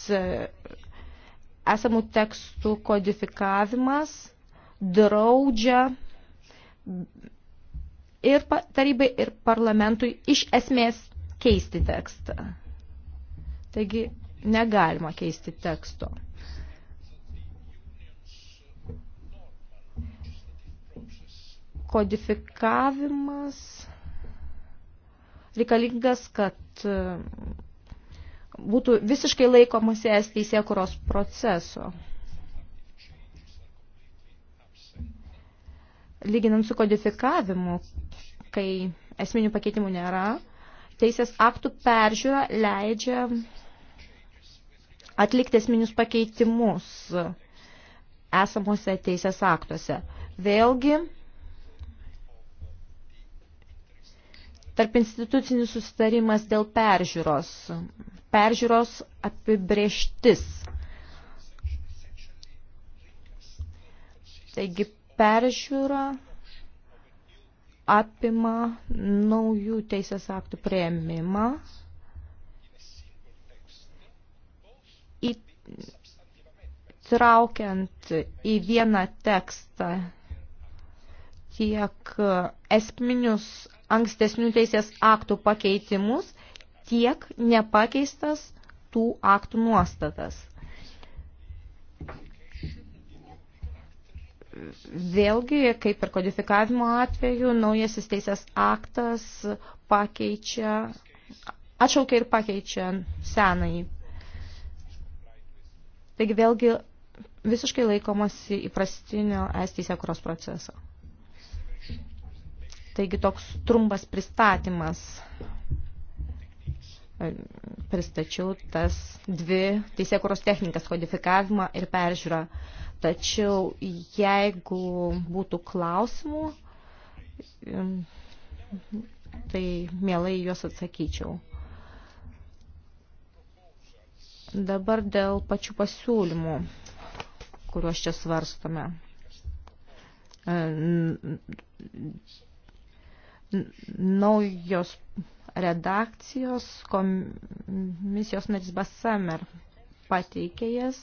esamų tekstų kodifikavimas draudžia ir tarybai, ir parlamentui iš esmės keisti tekstą. Taigi negalima keisti teksto. Kodifikavimas reikalingas, kad e, būtų visiškai laikomasi es teisėkuros proceso. lyginant su kodifikavimu, kai esminių pakeitimų nėra, teisės aktų peržiūra leidžia atlikti esminius pakeitimus esamuose teisės aktuose. Vėlgi, tarp institucinis susitarimas dėl peržiūros, peržiūros apibrieštis. Taigi, peržiūra apima naujų teisės aktų prieimimą įtraukiant į vieną tekstą tiek esminius ankstesnių teisės aktų pakeitimus, tiek nepakeistas tų aktų nuostatas. vėlgi, kaip ir kodifikavimo atveju, naujasis teisės aktas pakeičia, atšaukia ir pakeičia senąjį. Taigi vėlgi visiškai laikomasi įprastinio es teisėkuros proceso. Taigi toks trumpas pristatymas pristačiau tas dvi teisėkuros technikas – kodifikavimą ir peržiūrą. Tačiau jeigu būtų klausimų, tai mielai juos atsakyčiau. Dabar dėl pačių pasiūlymų, kuriuos čia svarstome naujos redakcijos komisijos narys Basamer pateikė jas.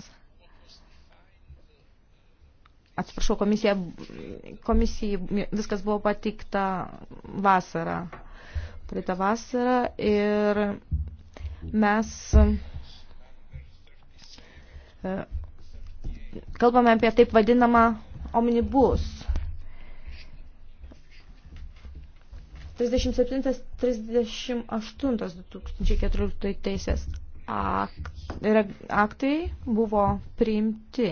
Atsiprašau, komisija, komisijai viskas buvo pateikta vasarą, praeitą vasarą ir mes e, kalbame apie taip vadinamą omnibus 37-38 teisės ak, aktai buvo priimti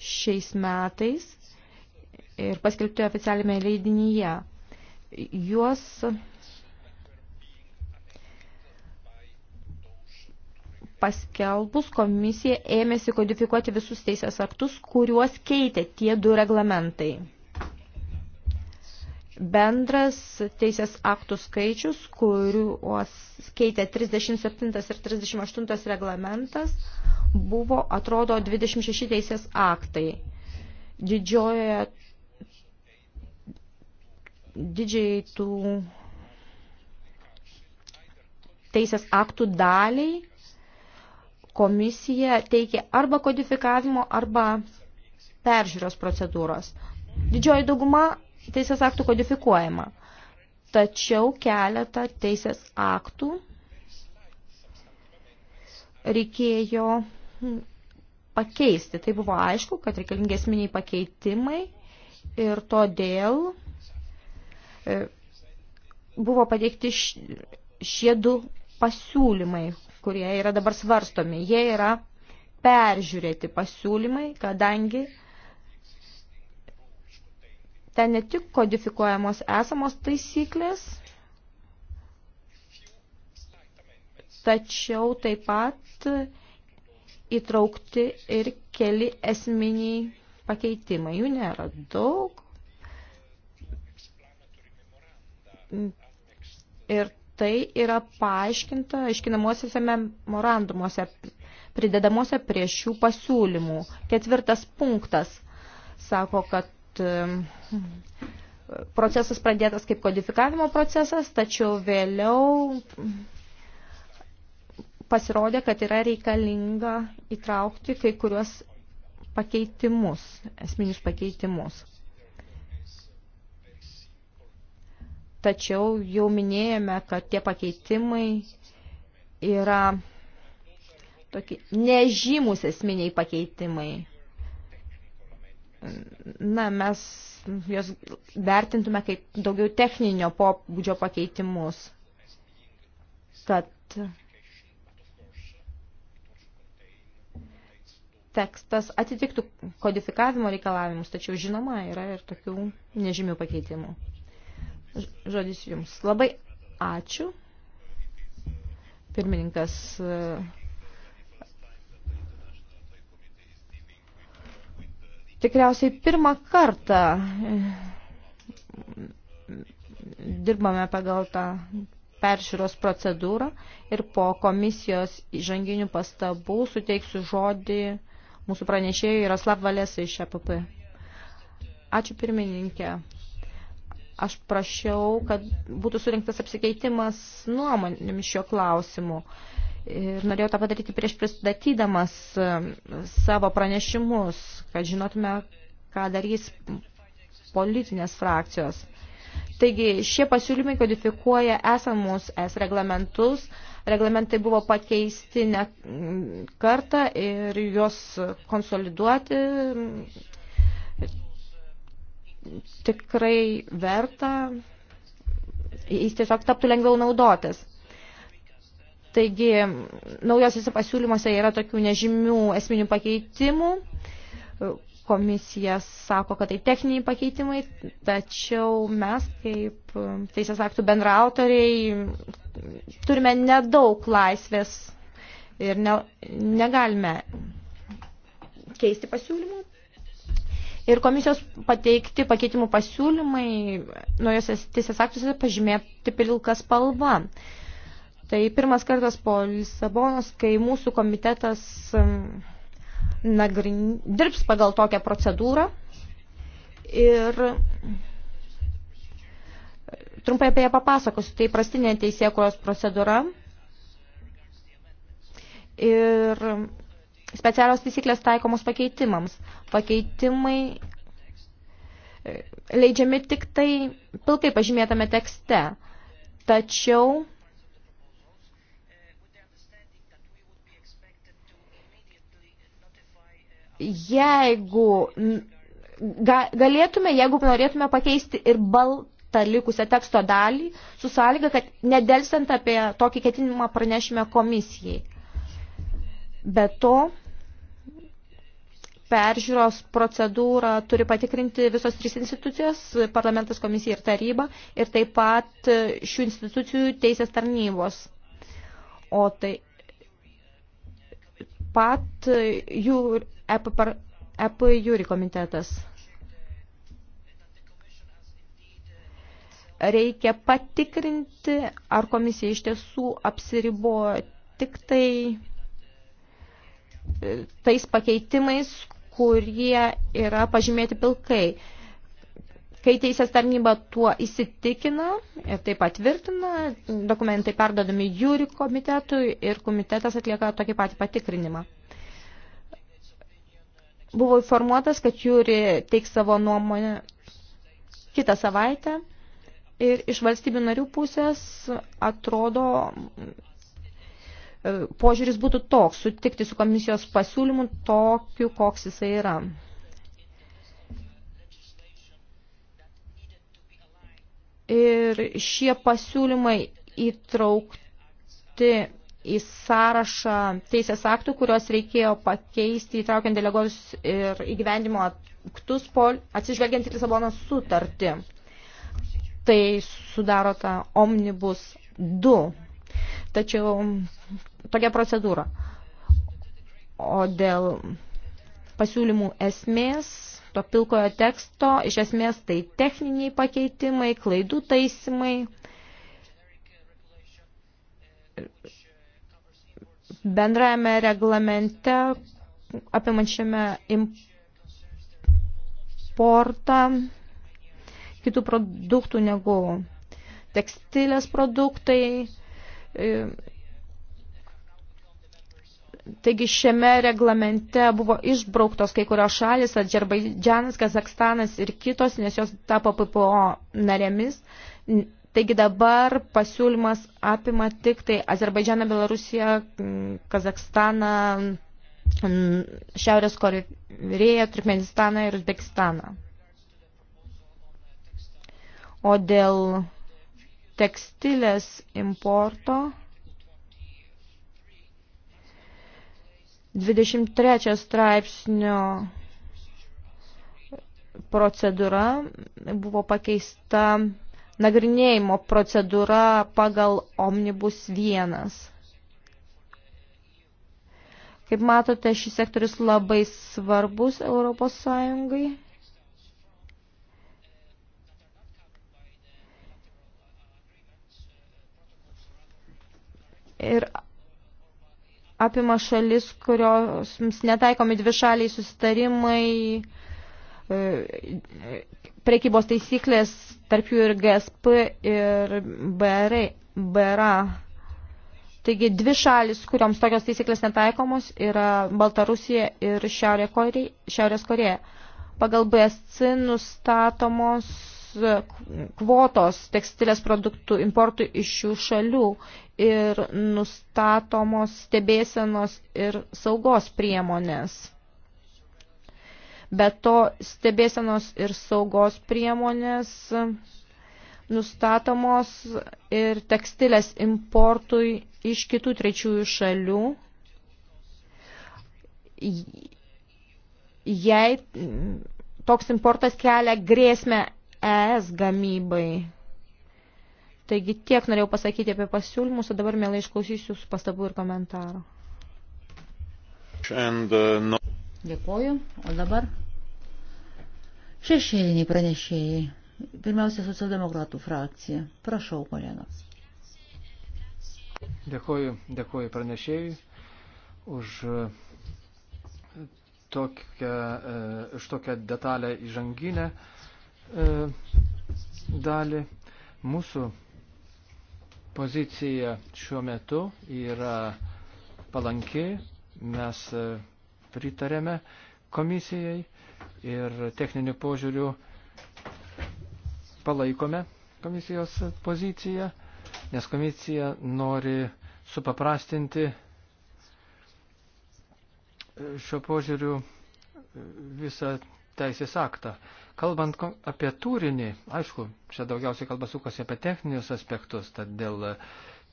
šiais metais ir paskelbti oficialiame leidinyje. Juos paskelbus komisija ėmėsi kodifikuoti visus teisės aktus, kuriuos keitė tie du reglamentai bendras teisės aktų skaičius, kuriuos keitė 37 ir 38 reglamentas, buvo, atrodo, 26 teisės aktai. Didžiojoje didžiai tų teisės aktų daliai komisija teikia arba kodifikavimo, arba peržiūros procedūros. Didžioji dauguma teisės aktų kodifikuojama. Tačiau keletą teisės aktų reikėjo pakeisti. Tai buvo aišku, kad reikalingi esminiai pakeitimai ir todėl e, buvo pateikti šie du pasiūlymai, kurie yra dabar svarstomi. Jie yra peržiūrėti pasiūlymai, kadangi Ten ne tik kodifikuojamos esamos taisyklės, tačiau taip pat įtraukti ir keli esminiai pakeitimai. Jų nėra daug. Ir tai yra paaiškinta aiškinamuosiuose memorandumuose, pridedamuose prie šių pasiūlymų. Ketvirtas punktas sako, kad kad e, procesas pradėtas kaip kodifikavimo procesas, tačiau vėliau pasirodė, kad yra reikalinga įtraukti kai kuriuos pakeitimus, esminius pakeitimus. Tačiau jau minėjome, kad tie pakeitimai yra tokie nežymus esminiai pakeitimai na, mes juos vertintume kaip daugiau techninio pobūdžio pakeitimus. Tad tekstas atitiktų kodifikavimo reikalavimus, tačiau žinoma yra ir tokių nežymių pakeitimų. Žodis jums. Labai ačiū. Pirmininkas Tikriausiai pirmą kartą e, dirbame pagal tą peržiūros procedūrą ir po komisijos įžanginių pastabų suteiksiu žodį mūsų pranešėjui Jaroslav Valesai iš EPP. Ačiū pirmininkė. Aš prašiau, kad būtų surinktas apsikeitimas nuomonėmis šio klausimu. Ir norėjau tą padaryti prieš pristatydamas e, savo pranešimus, kad žinotume, ką darys politinės frakcijos. Taigi šie pasiūlymai kodifikuoja esamus es reglamentus. Reglamentai buvo pakeisti ne kartą ir juos konsoliduoti tikrai verta. Jis tiesiog taptų lengviau naudotis. Taigi, naujosiuose pasiūlymuose yra tokių nežymių esminių pakeitimų. Komisija sako, kad tai techniniai pakeitimai, tačiau mes kaip teisės aktų bendraautoriai turime nedaug laisvės ir ne, negalime keisti pasiūlymų. Ir komisijos pateikti pakeitimų pasiūlymai nuojose teisės aktuose pažymėti pilka spalva. Uh, Tai pirmas kartas po Lisabonos, kai mūsų komitetas um, nagrin... dirbs pagal tokią procedūrą. Ir trumpai apie ją papasakosiu. Tai prastinė teisėkuros procedūra. Ir specialios taisyklės taikomos pakeitimams. Pakeitimai e, leidžiami tik tai pilkai pažymėtame tekste. Tačiau jeigu ga, galėtume, jeigu norėtume pakeisti ir baltą likusią teksto dalį, su sąlyga, kad nedelsant apie tokį ketinimą pranešime komisijai. Be to, peržiūros procedūrą turi patikrinti visos trys institucijos, parlamentas, komisija ir taryba, ir taip pat šių institucijų teisės tarnybos. O tai pat jų EP, par, EP jūri komitetas. Reikia patikrinti, ar komisija iš tiesų apsiribo tik tai e, tais pakeitimais, kurie yra pažymėti pilkai. Kai teisės tarnyba tuo įsitikina ir tai patvirtina, dokumentai perdodami jūri komitetui ir komitetas atlieka tokį patį patikrinimą. Buvo informuotas, kad Jūri teiks savo nuomonę kitą savaitę ir iš valstybių narių pusės atrodo e, požiūris būtų toks, sutikti su komisijos pasiūlymu tokiu, koks jisai yra. Ir šie pasiūlymai įtraukti į sąrašą teisės aktų, kuriuos reikėjo pakeisti įtraukiant deleguotus ir įgyvendimo aktus po atsižvelgiant į Lisabono sutartį. Tai sudaro tą omnibus 2. Tačiau tokia procedūra. O dėl pasiūlymų esmės, to pilkojo teksto, iš esmės tai techniniai pakeitimai, klaidų taisimai bendrajame reglamente apimančiame importą kitų produktų negu tekstilės produktai. E, taigi šiame reglamente buvo išbrauktos kai kurios šalis, Adžerbaidžianas, Kazakstanas ir kitos, nes jos tapo PPO narėmis, Taigi dabar pasiūlymas apima tik tai Azerbaidžianą, Belarusiją, Kazakstaną, Šiaurės Korėją, Turkmenistaną ir Uzbekistaną. O dėl tekstilės importo 23 straipsnio procedūra buvo pakeista nagrinėjimo procedūra pagal Omnibus 1. Kaip matote, šis sektorius labai svarbus Europos Sąjungai. Ir apima šalis, kurios netaikomi dvišaliai susitarimai, e, prekybos taisyklės, tarp jų ir GSP ir BRA. BRA. Taigi dvi šalis, kurioms tokios taisyklės netaikomos, yra Baltarusija ir Šiaurė Korei, Šiaurės Koreja. Pagal BSC nustatomos kvotos tekstilės produktų importui iš šių šalių ir nustatomos stebėsenos ir saugos priemonės. Bet to stebėsenos ir saugos priemonės nustatomos ir tekstilės importui iš kitų trečiųjų šalių, jei toks importas kelia grėsmę ES gamybai. Taigi tiek norėjau pasakyti apie pasiūlymus, o dabar mielai išklausysiu jūsų pastabų ir komentarų. And, uh, no. Dėkuoju. O dabar Šešėliniai pranešėjai. Pirmiausia, socialdemokratų frakcija. Prašau, kolegos. Dėkuoju, dėkuoju pranešėjui už e, tokią, e, už tokią detalę įžanginę e, dalį. Mūsų pozicija šiuo metu yra palanki, mes pritarėme komisijai ir techniniu požiūriu palaikome komisijos poziciją, nes komisija nori supaprastinti šio požiūriu visą teisės aktą. Kalbant apie turinį, aišku, čia daugiausiai kalba sukasi apie techninius aspektus, tad dėl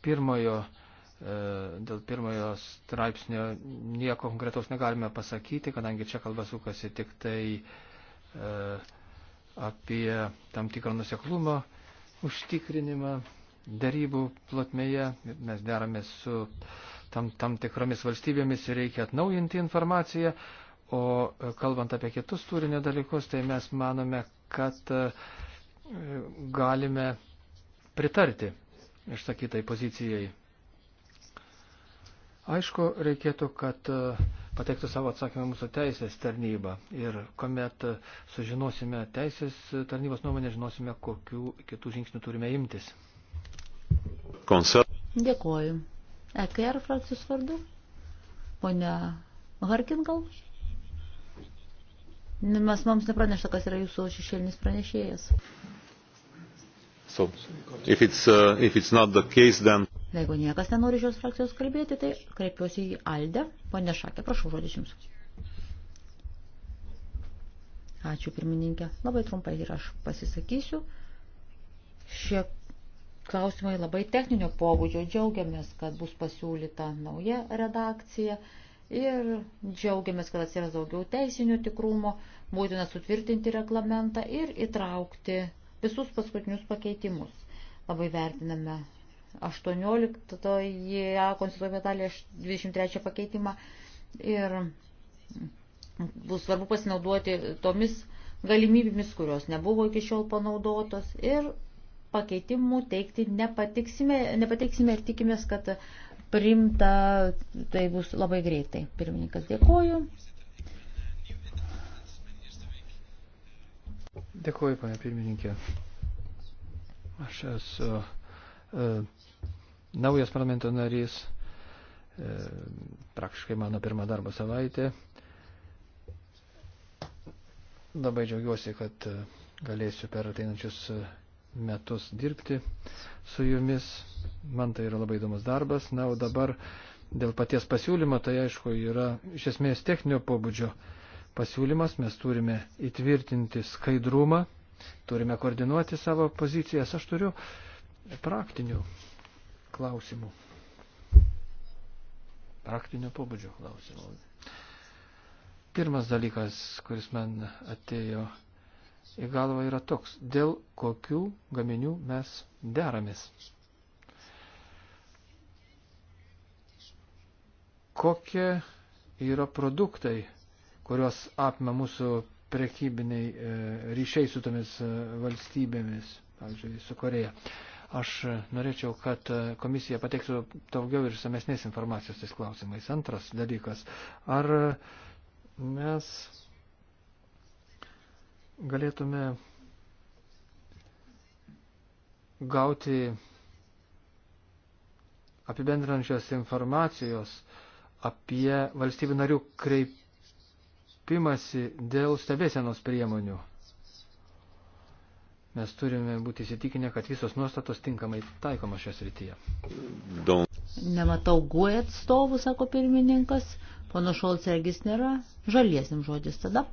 pirmojo E, dėl pirmojo straipsnio nieko konkretaus negalime pasakyti, kadangi čia kalba sukasi tik tai e, apie tam tikrą nuseklumo užtikrinimą darybų plotmėje. Mes deramės su tam, tam tikromis valstybėmis ir reikia atnaujinti informaciją. O e, kalbant apie kitus turinio dalykus, tai mes manome, kad galime pritarti išsakytai pozicijai. Aišku, reikėtų, kad e, pateiktų savo atsakymą mūsų teisės tarnyba. Ir kuomet e, sužinosime teisės tarnybos nuomonę, žinosime, kokių kitų žingsnių turime imtis. Koncert. Dėkuoju. EKR frakcijos vardu. Pone Harkin gal? Mes mums nepranešta, kas yra jūsų šešėlinis pranešėjas. So, if it's, uh, if it's not the case, then... Na, jeigu niekas nenori šios frakcijos kalbėti, tai kreipiuosi į Aldę. Pane Šakė, prašau žodis jums. Ačiū, pirmininkė. Labai trumpai ir aš pasisakysiu. Šie klausimai labai techninio pobūdžio. Džiaugiamės, kad bus pasiūlyta nauja redakcija ir džiaugiamės, kad atsiras daugiau teisinio tikrumo, būtina sutvirtinti reglamentą ir įtraukti visus paskutinius pakeitimus. Labai vertiname 18 konstituoja dalį 23 pakeitimą ir bus svarbu pasinaudoti tomis galimybėmis, kurios nebuvo iki šiol panaudotos ir pakeitimų teikti nepatiksime, nepatiksime ir tikimės, kad primta tai bus labai greitai. Pirmininkas dėkoju. Dėkuoju, pane pirmininkė. Aš esu uh, naujas parlamento narys, e, praktiškai mano pirmą darbo savaitę. Labai džiaugiuosi, kad e, galėsiu per ateinančius e, metus dirbti su jumis. Man tai yra labai įdomus darbas. Na, o dabar dėl paties pasiūlymo, tai aišku, yra iš esmės techninio pobūdžio pasiūlymas. Mes turime įtvirtinti skaidrumą, turime koordinuoti savo pozicijas. Aš turiu praktinių klausimų. Praktinio pobūdžio klausimų. Pirmas dalykas, kuris man atėjo į galvą, yra toks. Dėl kokių gaminių mes deramės? Kokie yra produktai, kurios apima mūsų prekybiniai e, ryšiai su tomis e, valstybėmis, pavyzdžiui, su Koreja. Aš norėčiau, kad komisija pateiktų daugiau ir samesnės informacijos tais klausimais. Antras dalykas. Ar mes galėtume gauti apibendrančios informacijos apie valstybių narių kreipimąsi dėl stebėsenos priemonių? mes turime būti įsitikinę, kad visos nuostatos tinkamai taikomos šios rytyje. Don. Nematau guoja e atstovų, sako pirmininkas, pono Šolts regis nėra, žaliesim žodis tada.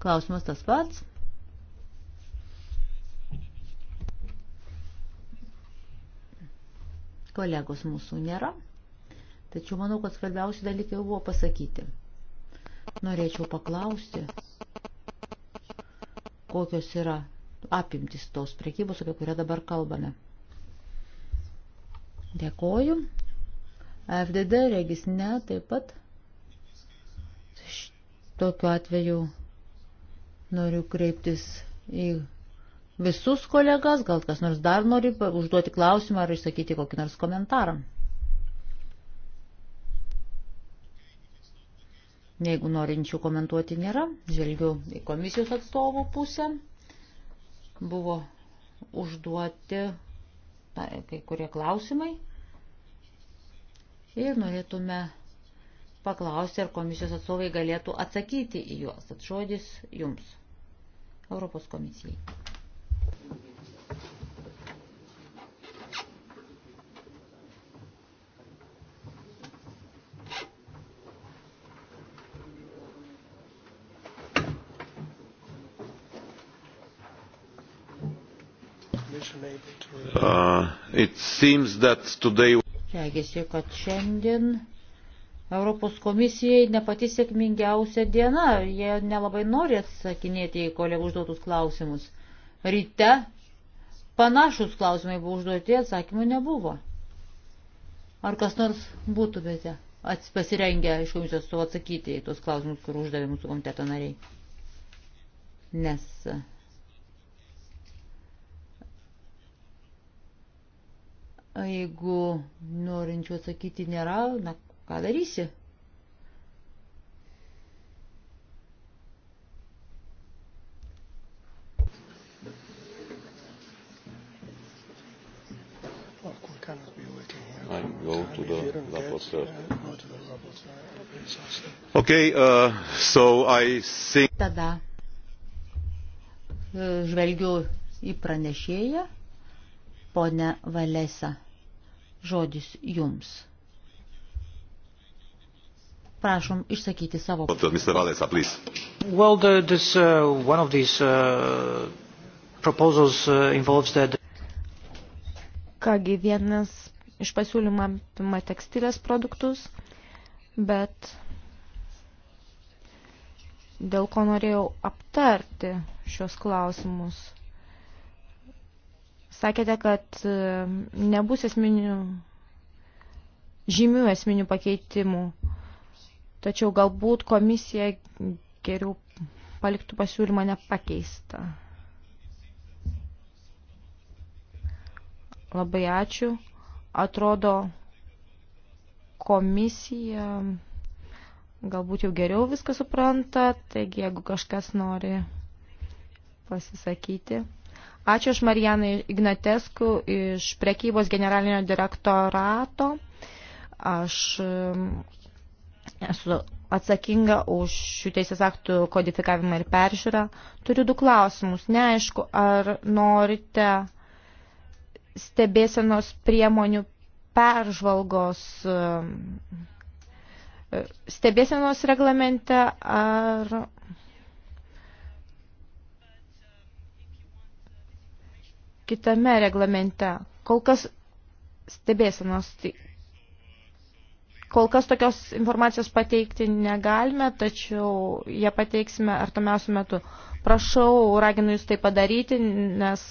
Klausimas tas pats. Kolegos mūsų nėra, tačiau manau, kad svarbiausi dalykai jau buvo pasakyti. Norėčiau paklausti, kokios yra apimtis tos prekybos, apie kurią dabar kalbame. Dėkoju. FDD regis ne, taip pat. Tokiu atveju noriu kreiptis į visus kolegas, gal kas nors dar nori užduoti klausimą ar išsakyti kokį nors komentarą. Jeigu norinčių komentuoti nėra, žvelgiu į komisijos atstovų pusę. Buvo užduoti na, kai kurie klausimai ir norėtume paklausti, ar komisijos atstovai galėtų atsakyti į juos. Atžodis jums, Europos komisijai. today... Regisi, kad šiandien Europos komisijai ne pati sėkmingiausia diena. Jie nelabai nori atsakinėti į kolegų užduotus klausimus. Ryte panašus klausimai buvo užduoti, atsakymų nebuvo. Ar kas nors būtumėte pasirengę iš komisijos su atsakyti į tuos klausimus, kur uždavė mūsų komiteto nariai? Nes Jeigu norinčių atsakyti nėra, na ką darysi? Okay, uh, so I think... Tada uh, žvelgiu į pranešėją. Pone Valesa, žodis jums. Prašom išsakyti savo. Mr. Valesa, please. Well, the, this, uh, one of these uh, proposals uh, involves that. Kągi vienas iš pasiūlymą apima tekstilės produktus, bet dėl ko norėjau aptarti šios klausimus. Sakėte, kad e, nebus esminių, žymių esminių pakeitimų, tačiau galbūt komisija geriau paliktų pasiūlymą nepakeistą. Labai ačiū. Atrodo, komisija galbūt jau geriau viską supranta, taigi jeigu kažkas nori pasisakyti. Ačiū aš Marijanai Ignatesku iš prekybos generalinio direktorato. Aš um, esu atsakinga už šių teisės aktų kodifikavimą ir peržiūrą. Turiu du klausimus. Neaišku, ar norite stebėsenos priemonių peržvalgos um, stebėsenos reglamente, ar kitame reglamente. Kol kas stebėsenos, tai kol kas tokios informacijos pateikti negalime, tačiau ją pateiksime artimiausių metų. Prašau, raginu Jūs tai padaryti, nes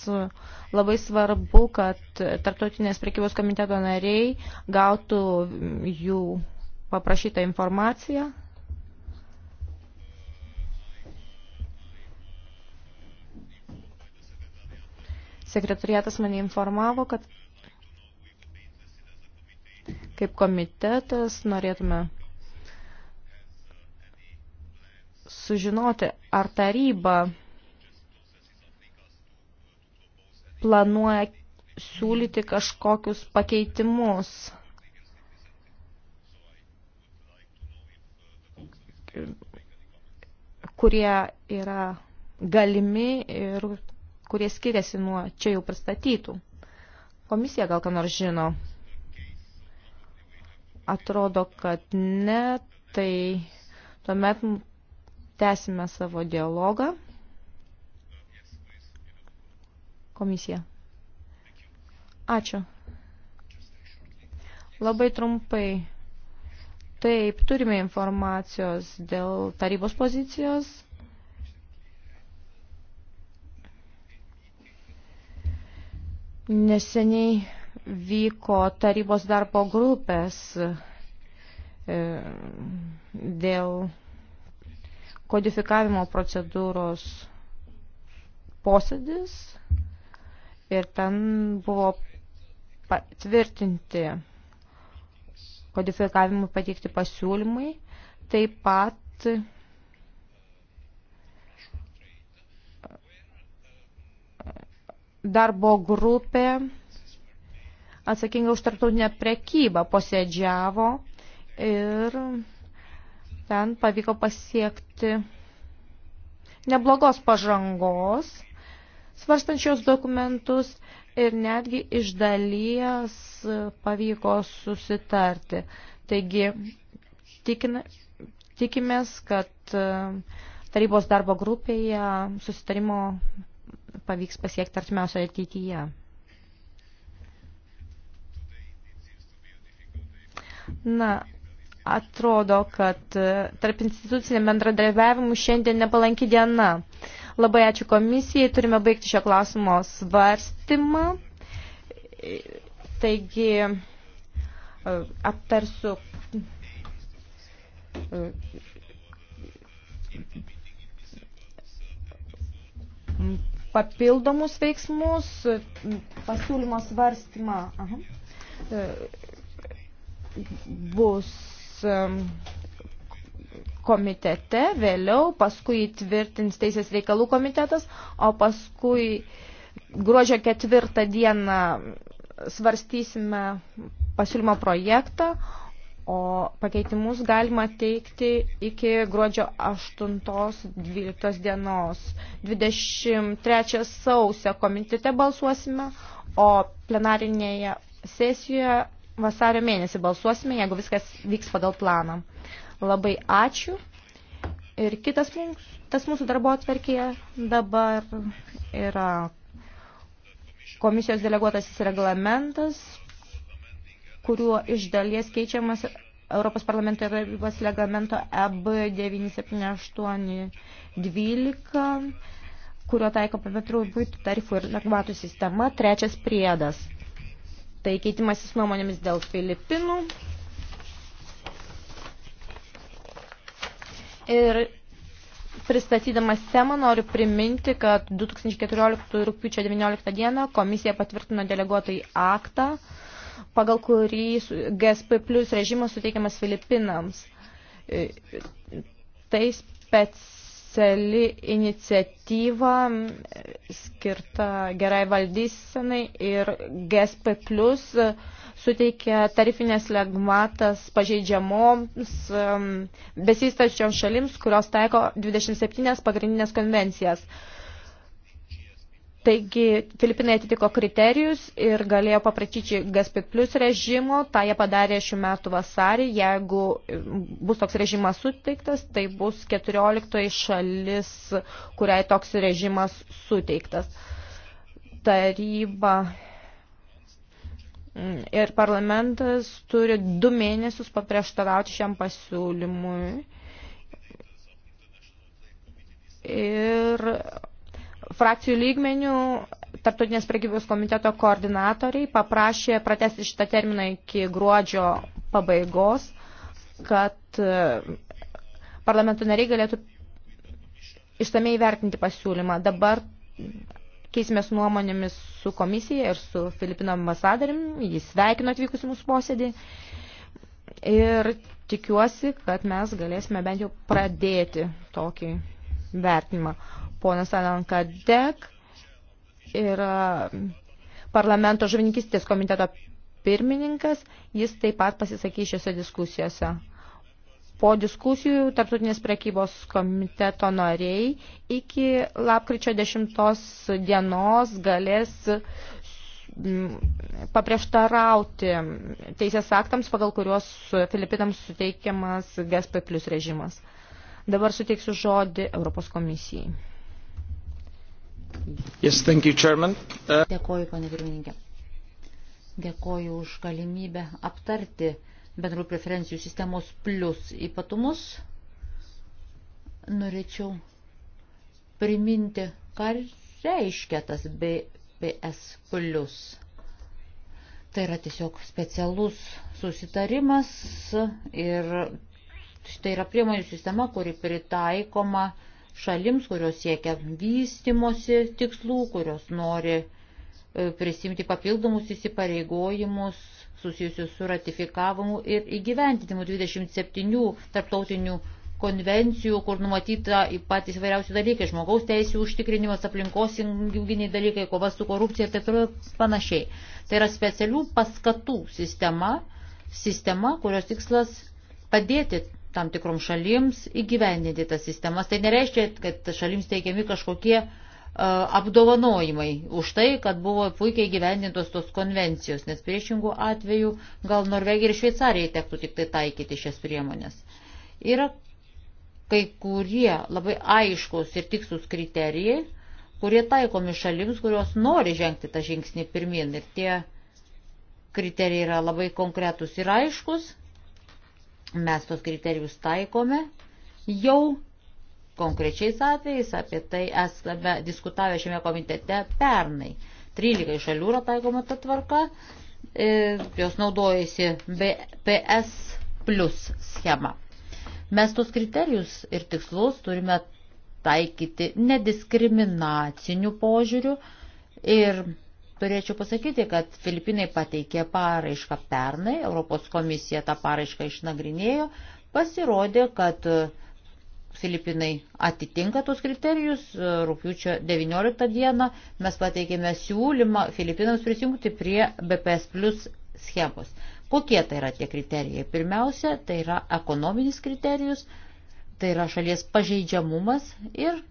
labai svarbu, kad Tartautinės prekybos komiteto nariai gautų jų paprašytą informaciją. Sekretariatas mane informavo, kad kaip komitetas norėtume sužinoti, ar taryba planuoja siūlyti kažkokius pakeitimus. kurie yra galimi ir kurie skiriasi nuo čia jau pristatytų. Komisija gal ką nors žino. Atrodo, kad ne, tai tuomet tęsime savo dialogą. Komisija. Ačiū. Labai trumpai. Taip, turime informacijos dėl tarybos pozicijos. Neseniai vyko tarybos darbo grupės e, dėl kodifikavimo procedūros posėdis ir ten buvo patvirtinti kodifikavimui pateikti pasiūlymai, taip pat darbo grupė atsakinga už tarptautinę prekybą posėdžiavo ir ten pavyko pasiekti neblogos pažangos, svarstančios dokumentus ir netgi iš dalies pavyko susitarti. Taigi tikina, tikimės, kad e, tarybos darbo grupėje susitarimo pavyks pasiekti artimiausioje ateityje. Na, atrodo, kad e, tarp instituciniam bendradarbiavimui šiandien nepalanki diena. Labai ačiū komisijai, turime baigti šio klausimo svarstymą. E, taigi, e, aptarsiu papildomus veiksmus, pasiūlymo svarstymą aha, e, bus e, komitete, vėliau paskui tvirtins Teisės reikalų komitetas, o paskui gruodžio ketvirtą dieną svarstysime pasiūlymo projektą, o pakeitimus galima teikti iki gruodžio 8-12 dienos. 23 sausio komitete balsuosime, o plenarinėje sesijoje vasario mėnesį balsuosime, jeigu viskas vyks pagal planą. Labai ačiū. Ir kitas mums, tas mūsų darbo atverkėje dabar yra komisijos deleguotasis reglamentas, kuriuo iš dalies keičiamas Europos parlamento ir tarybos reglamento EB 97812, kurio taiko pametrų būtų tarifų ir normatų sistema, trečias priedas. Tai keitimasis nuomonėmis dėl Filipinų. Ir pristatydamas temą noriu priminti, kad 2014 rūpiučio 19 dieną komisija patvirtino deleguotai aktą, pagal kurį GSP plus režimas suteikiamas Filipinams. Tai speciali iniciatyva skirta gerai valdysenai ir GSP plus e, suteikia tarifinės legmatas pažeidžiamoms besistačioms šalims, kurios taiko 27 pagrindinės konvencijas. Taigi Filipinai atitiko kriterijus ir galėjo paprašyti GSP plus režimo, tą jie padarė šių metų vasarį, jeigu bus toks režimas suteiktas, tai bus 14 šalis, kuriai toks režimas suteiktas. Taryba ir parlamentas turi du mėnesius paprieštarauti šiam pasiūlymui. Ir frakcijų lygmenių Tarptautinės prekybos komiteto koordinatoriai paprašė pratesti šitą terminą iki gruodžio pabaigos, kad e, parlamento nariai galėtų išsamei vertinti pasiūlymą. Dabar keisimės nuomonėmis su komisija ir su Filipino ambasadorium. Jis sveikino atvykusi mūsų posėdį. Ir tikiuosi, kad mes galėsime bent jau pradėti tokį vertinimą. Ponas Alan Kadek yra parlamento žuvininkistės komiteto pirmininkas, jis taip pat pasisakys šiose diskusijose. Po diskusijų tarptautinės prekybos komiteto nariai iki lapkričio 10 dienos galės mm, paprieštarauti teisės aktams, pagal kuriuos Filipinams suteikiamas GSP plus režimas. Dabar suteiksiu žodį Europos komisijai. Yes, thank you, Chairman. Uh... Dėkoju, pane pirmininkė. Dėkoju už galimybę aptarti bendrų preferencijų sistemos plus ypatumus. Norėčiau priminti, ką reiškia tas BPS plus. Tai yra tiesiog specialus susitarimas ir tai yra priemonių sistema, kuri pritaikoma uh, šalims, kurios siekia vystimosi tikslų, kurios nori e, prisimti papildomus įsipareigojimus susijusius su ratifikavimu ir įgyventinimu 27 tarptautinių konvencijų, kur numatyta patys vairiausi dalykai - žmogaus teisų užtikrinimas, aplinkos gyvūginiai dalykai, kova su korupcija ir taip toliau panašiai. Tai yra specialių paskatų sistema, sistema, kurios tikslas padėti tam tikrom šalims įgyvendinti tas sistemas. Tai nereiškia, kad šalims teikiami kažkokie e, apdovanojimai už tai, kad buvo puikiai gyvendintos tos konvencijos, nes priešingų atveju gal Norvegija ir Šveicarija tektų tik tai taikyti šias priemonės. Yra kai kurie labai aiškus ir tikslus kriterijai, kurie taikomi šalims, kurios nori žengti tą žingsnį pirmin. Ir tie kriterijai yra labai konkretus ir aiškus. Mes tos kriterijus taikome jau konkrečiais atvejais, apie tai esame diskutavę šiame komitete pernai. 13 šalių yra taikoma ta tvarka, e, jos naudojasi BPS plus schema. Mes tos kriterijus ir tikslus turime taikyti nediskriminacinių požiūrių ir Turėčiau pasakyti, kad Filipinai pateikė paraišką pernai, Europos komisija tą paraišką išnagrinėjo, pasirodė, kad e, Filipinai atitinka tos kriterijus. E, rūpiučio 19 dieną mes pateikėme siūlymą Filipinams prisijungti prie BPS plus schemos. Kokie tai yra tie kriterijai? Pirmiausia, tai yra ekonominis kriterijus, tai yra šalies pažeidžiamumas ir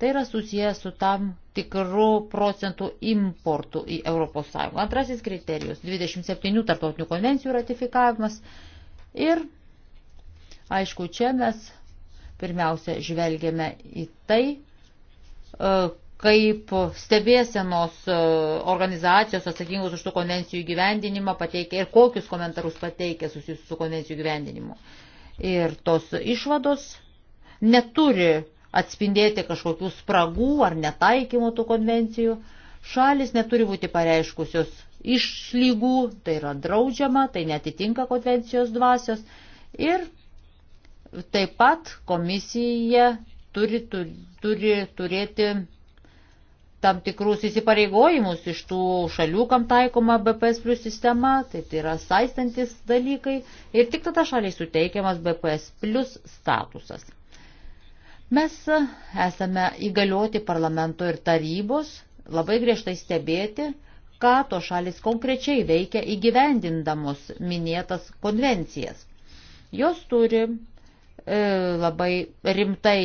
Tai yra susijęs su tam tikrų procentų importų į ES. Antrasis kriterijus - 27 tarptautinių konvencijų ratifikavimas. Ir, aišku, čia mes pirmiausia žvelgiame į tai, e, kaip stebėsenos e, organizacijos atsakingos už tų konvencijų gyvendinimą pateikia ir kokius komentarus pateikia susijusius su konvencijų gyvendinimu. Ir tos išvados neturi atspindėti kažkokių spragų ar netaikymų tų konvencijų. Šalis neturi būti pareiškusios išlygų, tai yra draudžiama, tai netitinka konvencijos dvasios. Ir taip pat komisija turi, turi, turi turėti tam tikrus įsipareigojimus iš tų šalių, kam taikoma BPS plus sistema, tai tai yra saistantis dalykai ir tik tada šaliai suteikiamas BPS plus statusas. Mes esame įgalioti parlamento ir tarybos labai griežtai stebėti, ką to šalis konkrečiai veikia įgyvendindamos minėtas konvencijas. Jos turi e, labai rimtai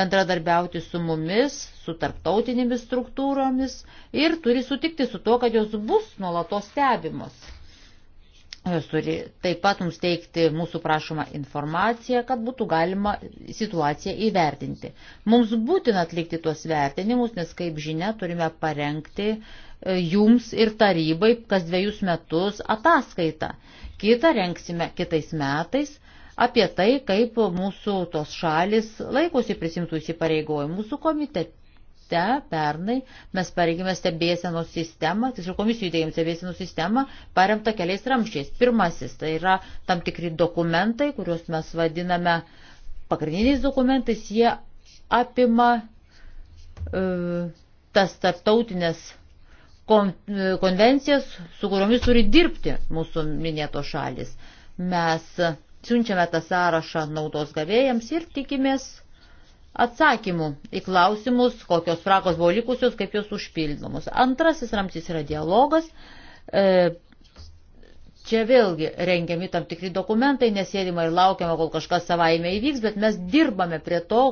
bendradarbiauti su mumis, su tarptautinėmis struktūromis ir turi sutikti su to, kad jos bus nuolatos stebimos. Jos e, turi taip pat mums teikti mūsų prašomą informaciją, kad būtų galima situaciją įvertinti. Mums būtina atlikti tuos vertinimus, nes, kaip žinia, turime parengti e, jums ir tarybai kas dviejus metus ataskaitą. Kita renksime kitais metais apie tai, kaip mūsų tos šalis laikosi prisimtų įsipareigojimų. Mūsų komitete kontekste pernai mes pareigėme stebėsenos sistemą, tiksliau komisijų įdėjom stebėsenos sistemą, paremta keliais ramščiais. Pirmasis tai yra tam tikri dokumentai, kuriuos mes vadiname pagrindiniais dokumentais, jie apima e, tas tarptautinės kon, e, konvencijas, su kuriomis turi dirbti mūsų minėto šalis. Mes siunčiame tą sąrašą naudos gavėjams ir tikimės atsakymų į klausimus, kokios spragos buvo likusios, kaip jos užpildomos. Antrasis ramtis yra dialogas. E, čia vėlgi rengiami tam tikri dokumentai, nesėdima ir laukiama, kol kažkas savaime įvyks, bet mes dirbame prie to,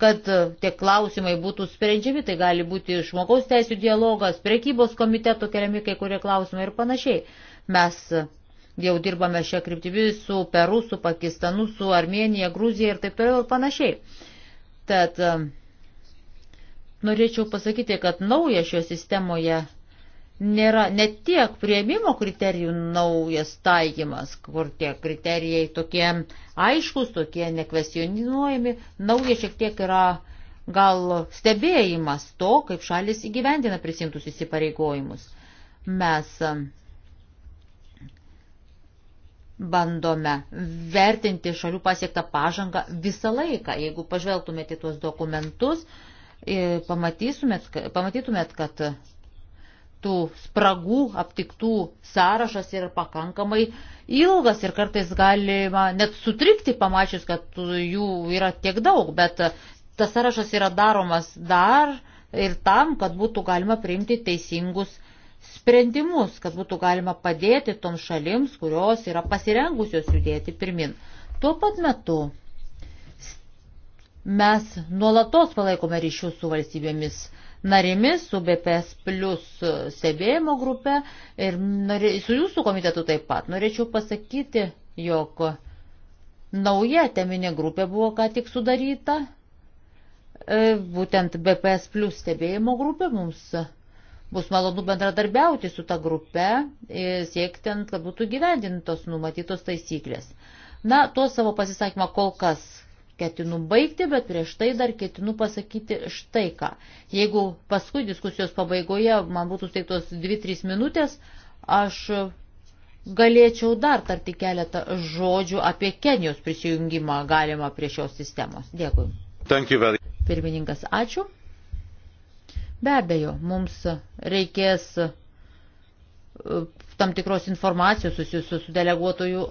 kad tie klausimai būtų sprendžiami, tai gali būti žmogaus teisų dialogas, priekybos komiteto keliami kai kurie klausimai ir panašiai. Mes jau dirbame šią kryptimį su Peru, su Pakistanu, su Armenija, Gruzija ir taip toliau ir panašiai. Tad um, norėčiau pasakyti, kad nauja šioje sistemoje nėra ne tiek prieimimo kriterijų naujas taikymas, kur tie kriterijai tokie aiškus, tokie nekvestionuojami, nauja šiek tiek yra gal stebėjimas to, kaip šalis įgyvendina prisimtus įsipareigojimus. Mes um, bandome vertinti šalių pasiektą pažangą visą laiką. Jeigu pažvelgtumėte į tuos dokumentus, e, pamatytumėt, pamatytumėt, kad tų spragų aptiktų sąrašas yra pakankamai ilgas ir kartais galima net sutrikti pamačius, kad jų yra tiek daug, bet tas sąrašas yra daromas dar ir tam, kad būtų galima priimti teisingus sprendimus, kad būtų galima padėti toms šalims, kurios yra pasirengusios judėti pirmin. Tuo pat metu mes nuolatos palaikome ryšius su valstybėmis narėmis, su BPS plus stebėjimo grupe ir norė, su jūsų komitetu taip pat. Norėčiau pasakyti, jog nauja teminė grupė buvo ką tik sudaryta, e, būtent BPS plus stebėjimo grupė mums Bus malonu bendradarbiauti su ta grupe, siektent, kad būtų gyvendintos numatytos taisyklės. Na, tuo savo pasisakymą kol kas ketinu baigti, bet prieš tai dar ketinu pasakyti štai ką. Jeigu paskui diskusijos pabaigoje man būtų steigtos 2-3 minutės, aš galėčiau dar tarti keletą žodžių apie Kenijos prisijungimą galimą prie šios sistemos. Dėkui. Pirmininkas, ačiū. Be abejo, mums reikės e, tam tikros informacijos susijusių su deleguotojų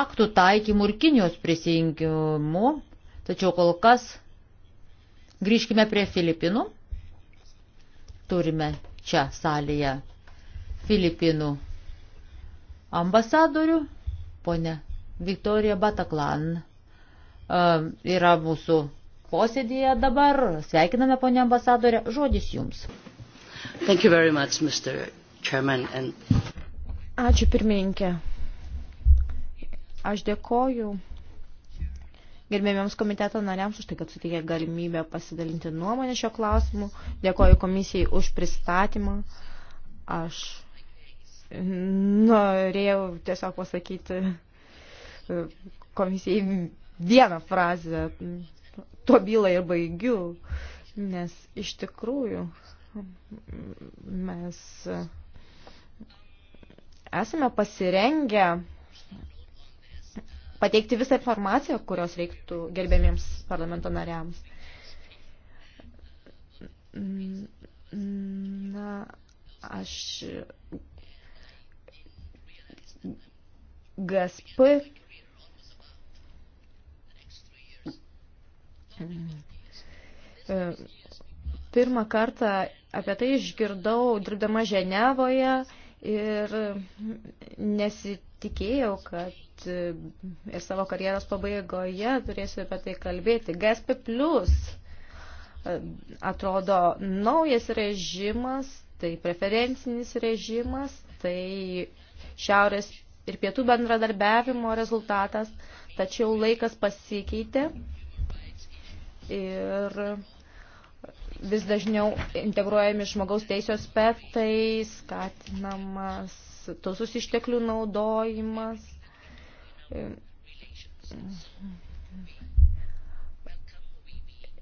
aktų taikymu ir Kinijos prisijungimu. Tačiau kol kas grįžkime prie Filipinų. Turime čia salėje Filipinų ambasadorių, ponė Viktorija Bataklan. E, yra mūsų posėdėje dabar. Sveikiname, ponė ambasadorė, žodis jums. Much, Chairman, and... Ačiū pirmininkė. Aš dėkoju gerbėmiams komiteto nariams už tai, kad suteikė galimybę pasidalinti nuomonę šio klausimu. Dėkoju komisijai už pristatymą. Aš norėjau tiesiog pasakyti komisijai vieną frazę tuo bylą ir baigiu, nes iš tikrųjų mes esame pasirengę pateikti visą informaciją, kurios reiktų gerbėmiems parlamento nariams. Na, aš GSP E, pirmą kartą apie tai išgirdau dirbdama Ženevoje ir nesitikėjau, kad ir savo karjeros pabaigoje turėsiu apie tai kalbėti. GSP Plus e, atrodo naujas režimas, tai preferencinis režimas, tai šiaurės ir pietų bendradarbiavimo rezultatas, tačiau laikas pasikeitė ir vis dažniau integruojami žmogaus teisės aspektai, skatinamas tausus išteklių naudojimas.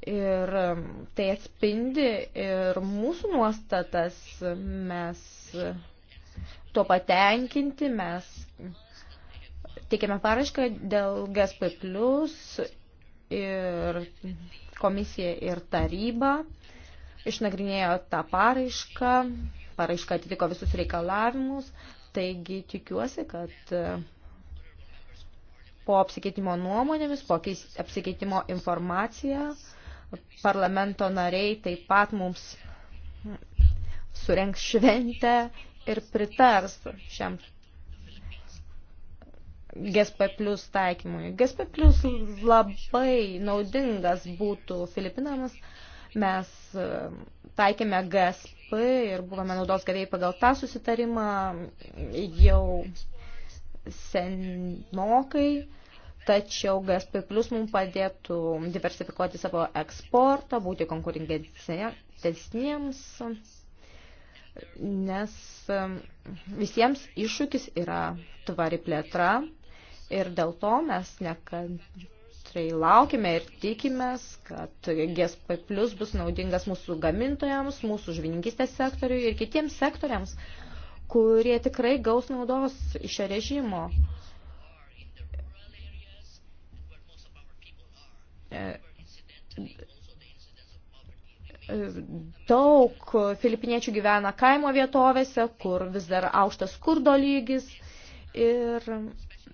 Ir tai atspindi ir mūsų nuostatas, mes tuo patenkinti, mes teikiame parašką dėl GSP plus ir komisija ir taryba išnagrinėjo tą paraišką, paraiška atitiko visus reikalavimus, taigi tikiuosi, kad e, po apsikeitimo nuomonėmis, po apsikeitimo informacija, parlamento nariai taip pat mums surenks šventę ir pritars šiam GSP plus taikymui. GSP plus labai naudingas būtų Filipinams. Mes e, taikėme GSP ir buvome naudos gavėjai pagal tą susitarimą jau senokai, tačiau GSP plus mums padėtų diversifikuoti savo eksportą, būti konkurencingesniems, nes e, visiems iššūkis yra tvari plėtra Ir dėl to mes nekantrai laukime ir tikimės, kad GSP Plus bus naudingas mūsų gamintojams, mūsų žvininkistės sektoriui ir kitiems sektoriams, kurie tikrai gaus naudos iš šio režimo. Daug filipiniečių gyvena kaimo vietovėse, kur vis dar aukštas skurdo lygis ir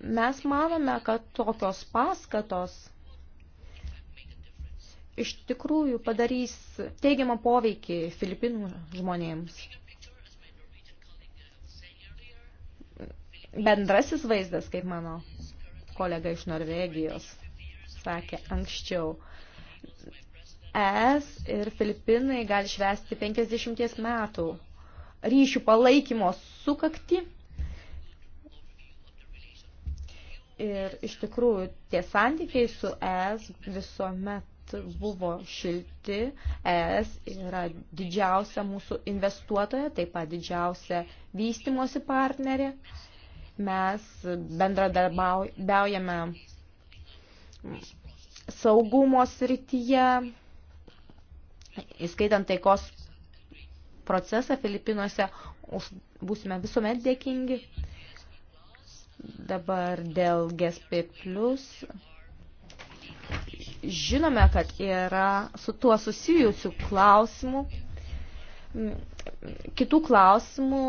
Mes manome, kad tokios paskatos iš tikrųjų padarys teigiamą poveikį Filipinų žmonėms. Bendrasis vaizdas, kaip mano kolega iš Norvegijos sakė anksčiau, ES ir Filipinai gali švesti 50 metų ryšių palaikymo sukakti Ir iš tikrųjų tie santykiai su ES visuomet buvo šilti. ES yra didžiausia mūsų investuotoja, taip pat didžiausia vystimosi partnerė. Mes bendradarbiaujame saugumo srityje, įskaitant taikos procesą Filipinuose, už, būsime visuomet dėkingi. Dabar dėl GSP. Žinome, kad yra su tuo susijusių klausimų, kitų klausimų,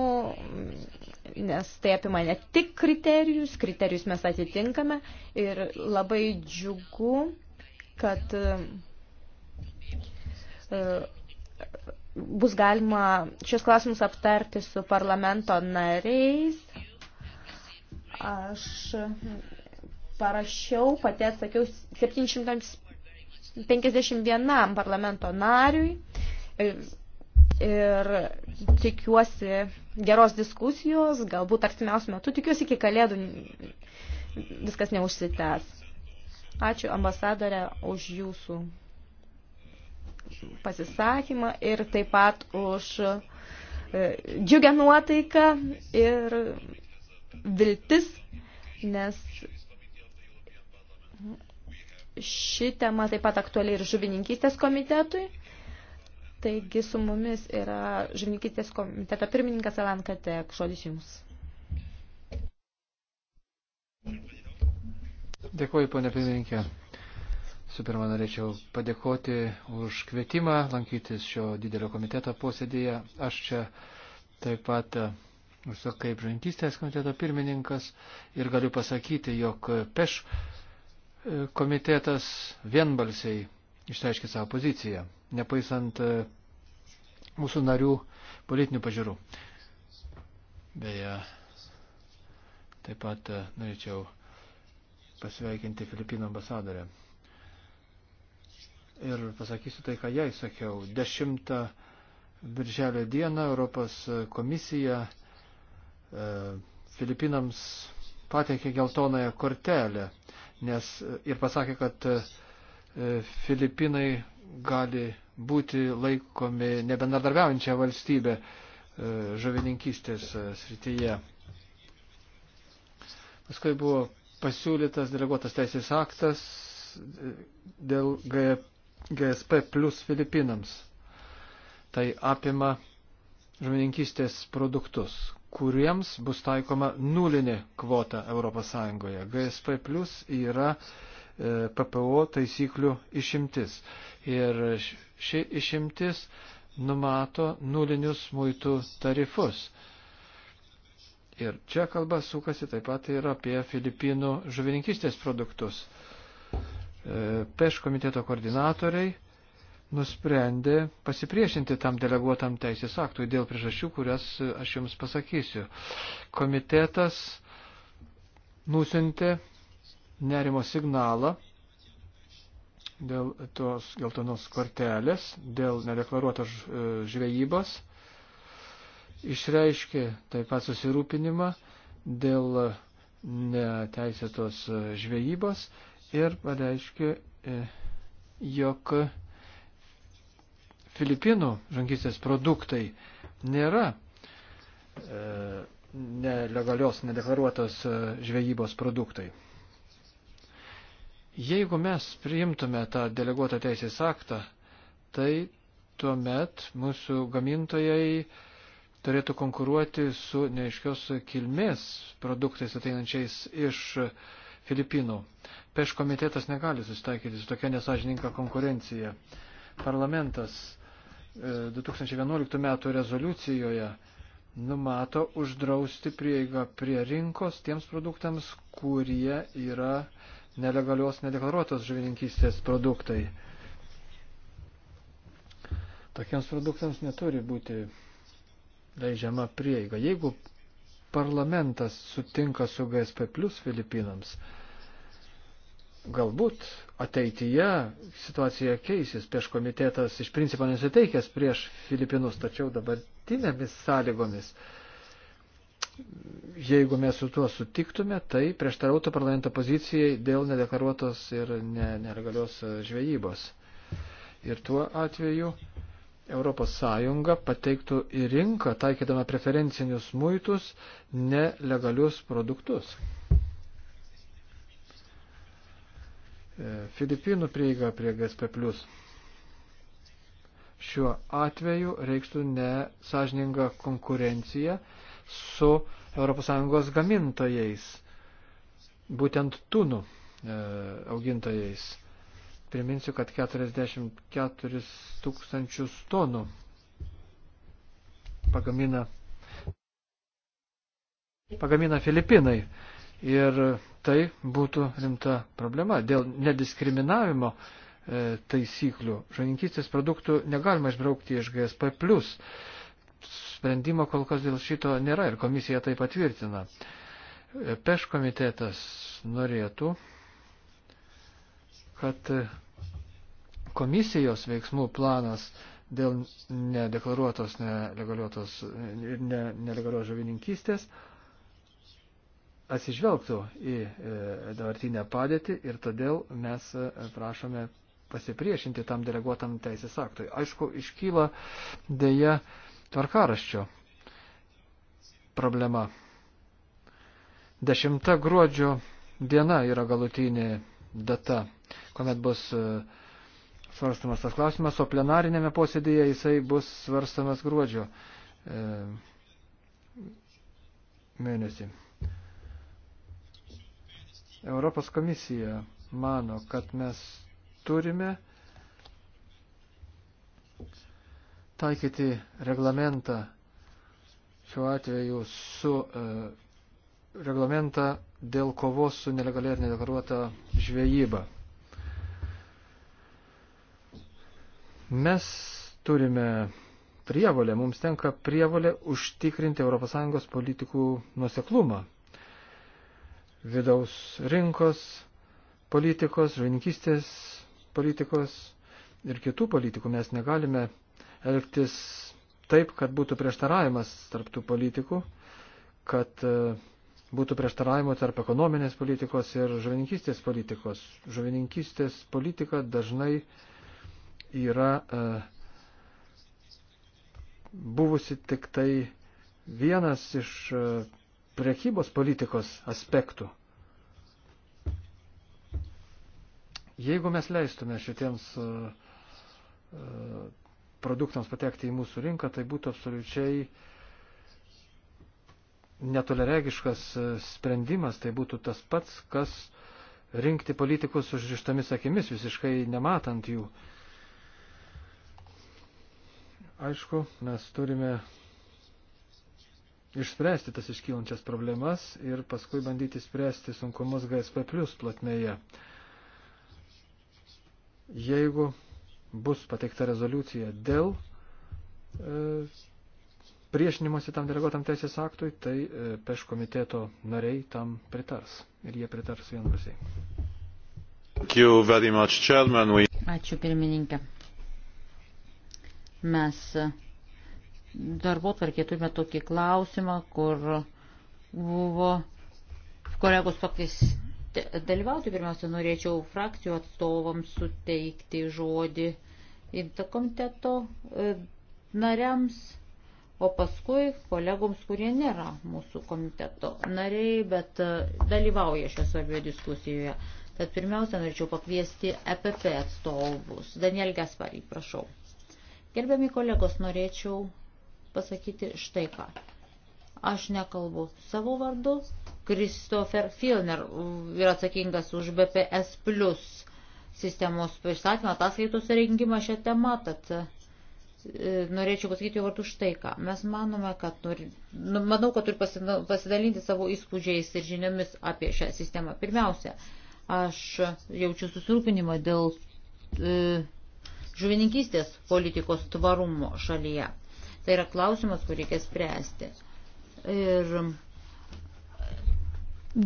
nes tai apima ne tik kriterijus, kriterijus mes atitinkame ir labai džiugu, kad e, bus galima šios klausimus aptarti su parlamento nariais Aš parašiau, pati atsakiau 751 parlamento nariui ir tikiuosi geros diskusijos, galbūt artimiausiu metu, tikiuosi iki kalėdų viskas neužsitęs. Ačiū ambasadorė už jūsų pasisakymą ir taip pat už e, džiugę nuotaiką ir viltis, nes ši tema taip pat aktuali ir žuvininkystės komitetui. Taigi su mumis yra žuvininkystės komiteto pirmininkas Alan Katek. Žodis jums. Dėkuoju, ponė pirmininkė. Su pirma, norėčiau padėkoti už kvietimą lankytis šio didelio komiteto posėdėje. Aš čia taip pat visą kaip žankystės komiteto pirmininkas ir galiu pasakyti, jog peš e, komitetas vienbalsiai išreiškė savo poziciją, nepaisant e, mūsų narių politinių pažiūrų. Beje, taip pat e, norėčiau pasveikinti Filipino ambasadorę. Ir pasakysiu tai, ką jai sakiau. 10 birželio dieną Europos komisija E, Filipinams pateikė geltonąją kortelę nes, ir pasakė, kad e, Filipinai gali būti laikomi nebendradarbiaujančią valstybę e, žuvininkystės srityje. Paskui buvo pasiūlytas deleguotas teisės aktas dėl GSP plus Filipinams. Tai apima žuvininkystės produktus, kuriems bus taikoma nulinė kvota ES. GSP plus yra e, PPO taisyklių išimtis. Ir ši išimtis numato nulinius muitų tarifus. Ir čia kalba sukasi taip pat ir apie Filipinų žuvininkistės produktus. E, Peš komiteto koordinatoriai nusprendė pasipriešinti tam deleguotam teisės aktui dėl priežasčių, kurias aš jums pasakysiu. Komitetas nusintė nerimo signalą dėl tos geltonos kortelės, dėl nedeklaruotos e, žvejybos, išreiškė taip pat susirūpinimą dėl neteisėtos e, žvejybos ir pareiškė, e, jog Filipinų žangystės produktai nėra e, nelegalios, nedeklaruotos e, žvejybos produktai. Jeigu mes priimtume tą deleguotą teisės aktą, tai tuomet mūsų gamintojai turėtų konkuruoti su neaiškios kilmės produktais ateinančiais iš Filipinų. Peš komitetas negali susitaikyti su tokia nesažininka konkurencija. Parlamentas 2011 e, metų rezoliucijoje numato uždrausti prieigą prie rinkos tiems produktams, kurie yra nelegalios, nedeklaruotos žuvininkystės produktai. Tokiems produktams neturi būti leidžiama prieiga. Jeigu parlamentas sutinka su GSP plus Filipinams, galbūt ateityje situacija keisis. Prieš komitetas iš principo nesiteikęs prieš Filipinus, tačiau dabartinėmis sąlygomis, jeigu mes su tuo sutiktume, tai prieštarautų parlamento pozicijai dėl nedeklaruotos ir ne, nelegalios žvejybos. Ir tuo atveju Europos Sąjunga pateiktų į rinką, taikydama preferencinius muitus, nelegalius produktus. E, Filipinų prieiga prie GSP. Šiuo atveju reikštų nesažininga konkurencija su ES gamintojais, būtent tunų e, augintojais. Priminsiu, kad 44 tūkstančius tonų pagamina, pagamina Filipinai. Ir tai būtų rimta problema. Dėl nediskriminavimo e, taisyklių žaninkystės produktų negalima išbraukti iš GSP. Sprendimo kol kas dėl šito nėra ir komisija tai patvirtina. E, Peš komitetas norėtų, kad e, komisijos veiksmų planas dėl nedeklaruotos, nelegalios žavininkystės ne, atsižvelgtų į e, dabartinę padėtį ir todėl mes e, prašome pasipriešinti tam deleguotam teisės aktui. Aišku, iškyla dėja tvarkaraščio problema. 10 gruodžio diena yra galutinė data, kuomet bus e, svarstamas tas klausimas, o plenarinėme posėdėje jisai bus svarstamas gruodžio mėnesį. Europos komisija mano, kad mes turime taikyti reglamentą šiuo atveju su e, reglamentą dėl kovos su nelegaliai ir nedeklaruota žvejyba. Mes turime prievolę, mums tenka prievolė užtikrinti ES politikų nuseklumą vidaus rinkos politikos, žvininkystės politikos ir kitų politikų. Mes negalime elgtis taip, kad būtų prieštaravimas tarptų politikų, kad e, būtų prieštaravimo tarp ekonominės politikos ir žuvininkystės politikos. Žuvininkystės politika dažnai yra e, buvusi tik tai vienas iš e, priekybos politikos aspektų. Jeigu mes leistume šitiems e, e, produktams patekti į mūsų rinką, tai būtų absoliučiai netoleregiškas e, sprendimas, tai būtų tas pats, kas rinkti politikus užrištomis akimis, visiškai nematant jų. Aišku, mes turime išspręsti tas iškylančias problemas ir paskui bandyti spręsti sunkumus GSP plus platmėje. Jeigu bus pateikta rezoliucija dėl e, priešinimuose tam deleguotam teisės aktui, tai e, peš komiteto nariai tam pritars ir jie pritars vienbalsiai. Ačiū pirmininkė. Mes darbo tvarkė turime tokį klausimą, kur buvo kolegos pakviesti dalyvauti. Pirmiausia, norėčiau frakcijų atstovams suteikti žodį interkomiteto e, nariams, o paskui kolegoms, kurie nėra mūsų komiteto nariai, bet e, dalyvauja šioje svarbioje diskusijoje. Tad pirmiausia, norėčiau pakviesti EPP atstovus. Daniel Gasparį, prašau. Gerbiami kolegos, norėčiau pasakyti štai ką. Aš nekalbu savo vardu. Christopher Filner yra atsakingas už BPS plus sistemos pristatymą, ataskaitos rengimą šią temą, tad e, norėčiau pasakyti jo vardu štai ką. Mes manome, kad nori, nu, manau, kad turi pasidalinti savo įspūdžiais ir žiniomis apie šią sistemą. Pirmiausia, aš jaučiu susirūpinimą dėl e, žuvininkystės politikos tvarumo šalyje. Tai yra klausimas, kurį reikia spręsti. Ir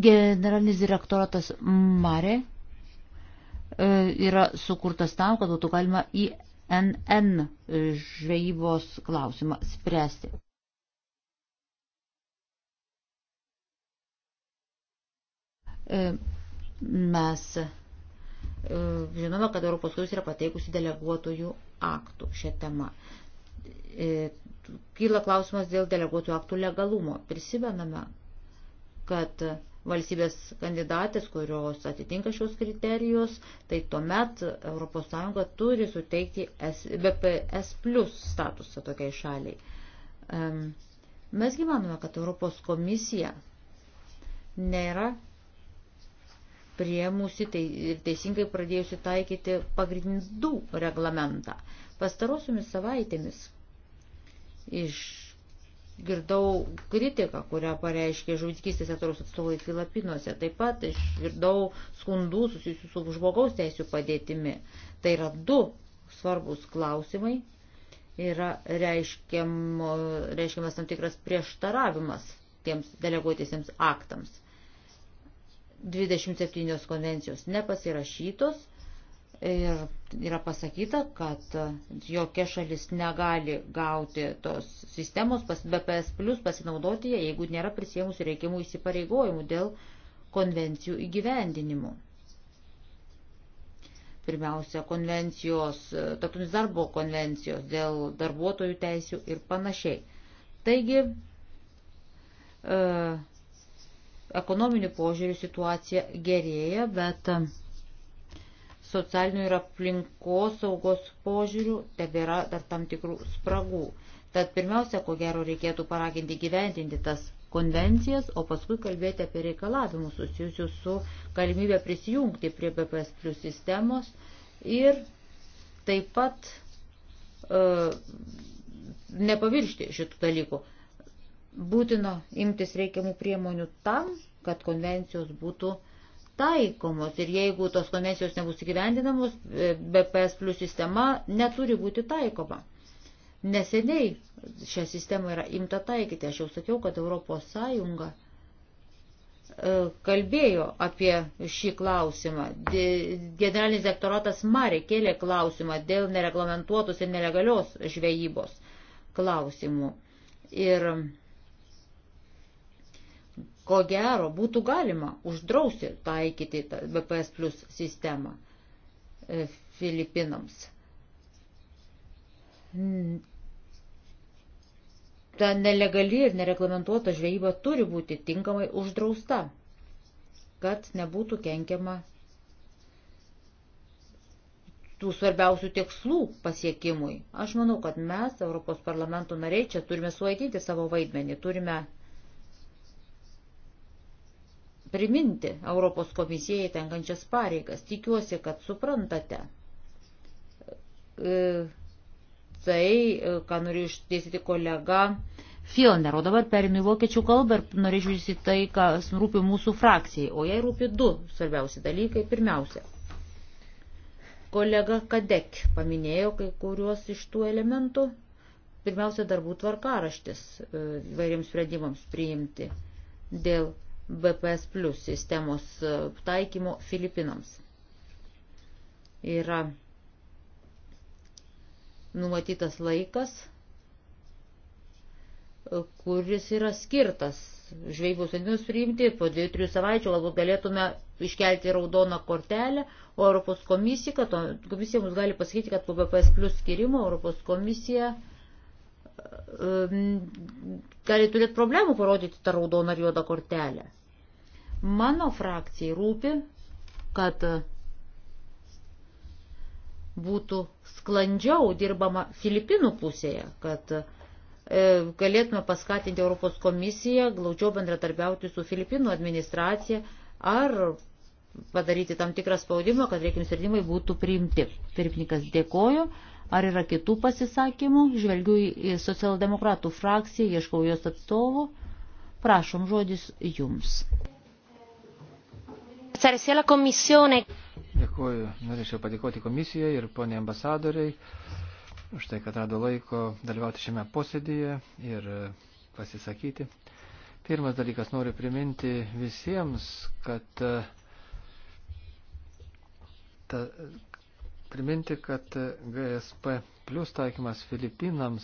generalinis direktoratas Mare e, yra sukurtas tam, kad būtų galima į NN žvejybos klausimą spręsti. E, mes e, žinome, kad Europos komisija yra pateikusi deleguotojų aktų šią temą kyla klausimas dėl deleguotų aktų legalumo. Prisimename, kad valstybės kandidatės, kurios atitinka šios kriterijus, tai tuomet ES turi suteikti BPS plus statusą tokiai šaliai. Mes gyvename, kad Europos komisija nėra priemusi tai, ir teisingai pradėjusi taikyti pagrindų reglamentą. Pastarosiomis savaitėmis Išgirdau kritiką, kurią pareiškė žuvitkistės sektoriaus atstovai Filipinuose. Taip pat išgirdau skundų susijusių su žmogaus teisų padėtimi. Tai yra du svarbus klausimai. Yra reiškiam, reiškiamas tam tikras prieštaravimas tiems deleguotisiems aktams. 27 konvencijos nepasirašytos Ir yra pasakyta, kad jokia šalis negali gauti tos sistemos pas BPS plus pasinaudoti ją, jeigu nėra prisėmusi reikimų įsipareigojimų dėl konvencijų įgyvendinimų. Pirmiausia, konvencijos, tarptautinės darbo konvencijos dėl darbuotojų teisių ir panašiai. Taigi, e, ekonominių požiūrių situacija gerėja, bet. E, socialinių ir aplinkos saugos požiūrių tebėra dar tam tikrų spragų. Tad pirmiausia, ko gero, reikėtų paraginti gyventinti tas konvencijas, o paskui kalbėti apie reikalavimus susijusius su galimybė prisijungti prie BPS plus sistemos ir taip pat e, nepaviršti šitų dalykų. Būtina imtis reikiamų priemonių tam, kad konvencijos būtų e, taikomos ir jeigu tos konvencijos nebus įgyvendinamos, e, BPS plus sistema neturi būti taikoma. Neseniai šią sistemą yra imta taikyti. Aš jau sakiau, kad Europos Sąjunga e, kalbėjo apie šį klausimą. Generalinis dektoratas Marė kėlė klausimą dėl nereglamentuotos ir nelegalios žvejybos klausimų. Ir ko gero būtų galima uždrausti taikyti tą BPS plus sistemą e, Filipinams. Ta nelegali ir nereglamentuota žvejyba turi būti tinkamai uždrausta, kad nebūtų kenkiama tų svarbiausių tikslų pasiekimui. Aš manau, kad mes, Europos parlamento nariai, čia turime suvaidinti savo vaidmenį, turime uh, priminti Europos komisijai tenkančias pareigas. Tikiuosi, kad suprantate e, tai, e, ką noriu išdėstyti kolega Filner. O dabar perimi vokiečių kalbą ir norėčiau įsi tai, kas rūpi mūsų frakcijai. O jai rūpi du svarbiausi dalykai. Pirmiausia, kolega Kadek paminėjo kai kuriuos iš tų elementų. Pirmiausia, darbų tvarkaraštis e, įvairiems sprendimams priimti dėl BPS plus sistemos e, taikymo Filipinams. Yra numatytas laikas, e, kuris yra skirtas žvejybos sprendimus priimti, po 2-3 savaičių galbūt galėtume iškelti raudoną kortelę, o Europos komisija, komisija mums gali pasakyti, kad po BPS plus skirimo Europos komisija uh, gali turėti problemų parodyti tą raudoną ar juodą kortelę. Mano frakcijai rūpi, kad būtų sklandžiau dirbama Filipinų pusėje, kad e, galėtume paskatinti Europos komisiją glaudžiau bendratarbiauti su Filipinų administracija ar padaryti tam tikrą spaudimą, kad reikim sprendimai būtų priimti. Pirmininkas dėkoju. Ar yra kitų pasisakymų? Žvelgiu į socialdemokratų frakciją, ieškau jos atstovų. Prašom žodis jums. Dėkuoju, norėčiau padėkoti komisijai ir poniai ambasadoriai už tai, kad rado laiko dalyvauti šiame posėdėje ir pasisakyti. Pirmas dalykas noriu priminti visiems, kad e, ta, priminti, kad GSP plus taikymas Filipinams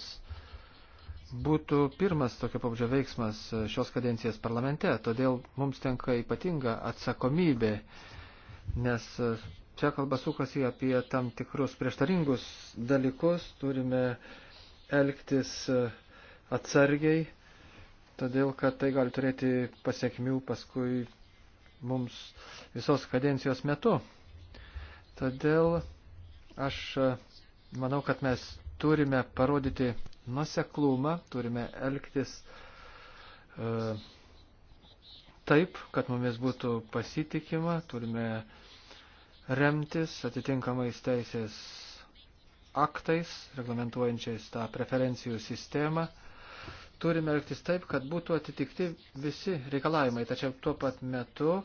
būtų pirmas tokio pabudžio veiksmas šios kadencijos parlamente, todėl mums tenka ypatinga atsakomybė, nes čia kalba sukasi apie tam tikrus prieštaringus dalykus, turime elgtis atsargiai, todėl kad tai gali turėti pasiekmių paskui mums visos kadencijos metu. Todėl Aš e, manau, kad mes turime parodyti nuseklumą, turime elgtis e, taip, kad mumis būtų pasitikima, turime remtis atitinkamais teisės aktais, reglamentuojančiais tą preferencijų sistemą. Turime elgtis taip, kad būtų atitikti visi reikalavimai, tačiau tuo pat metu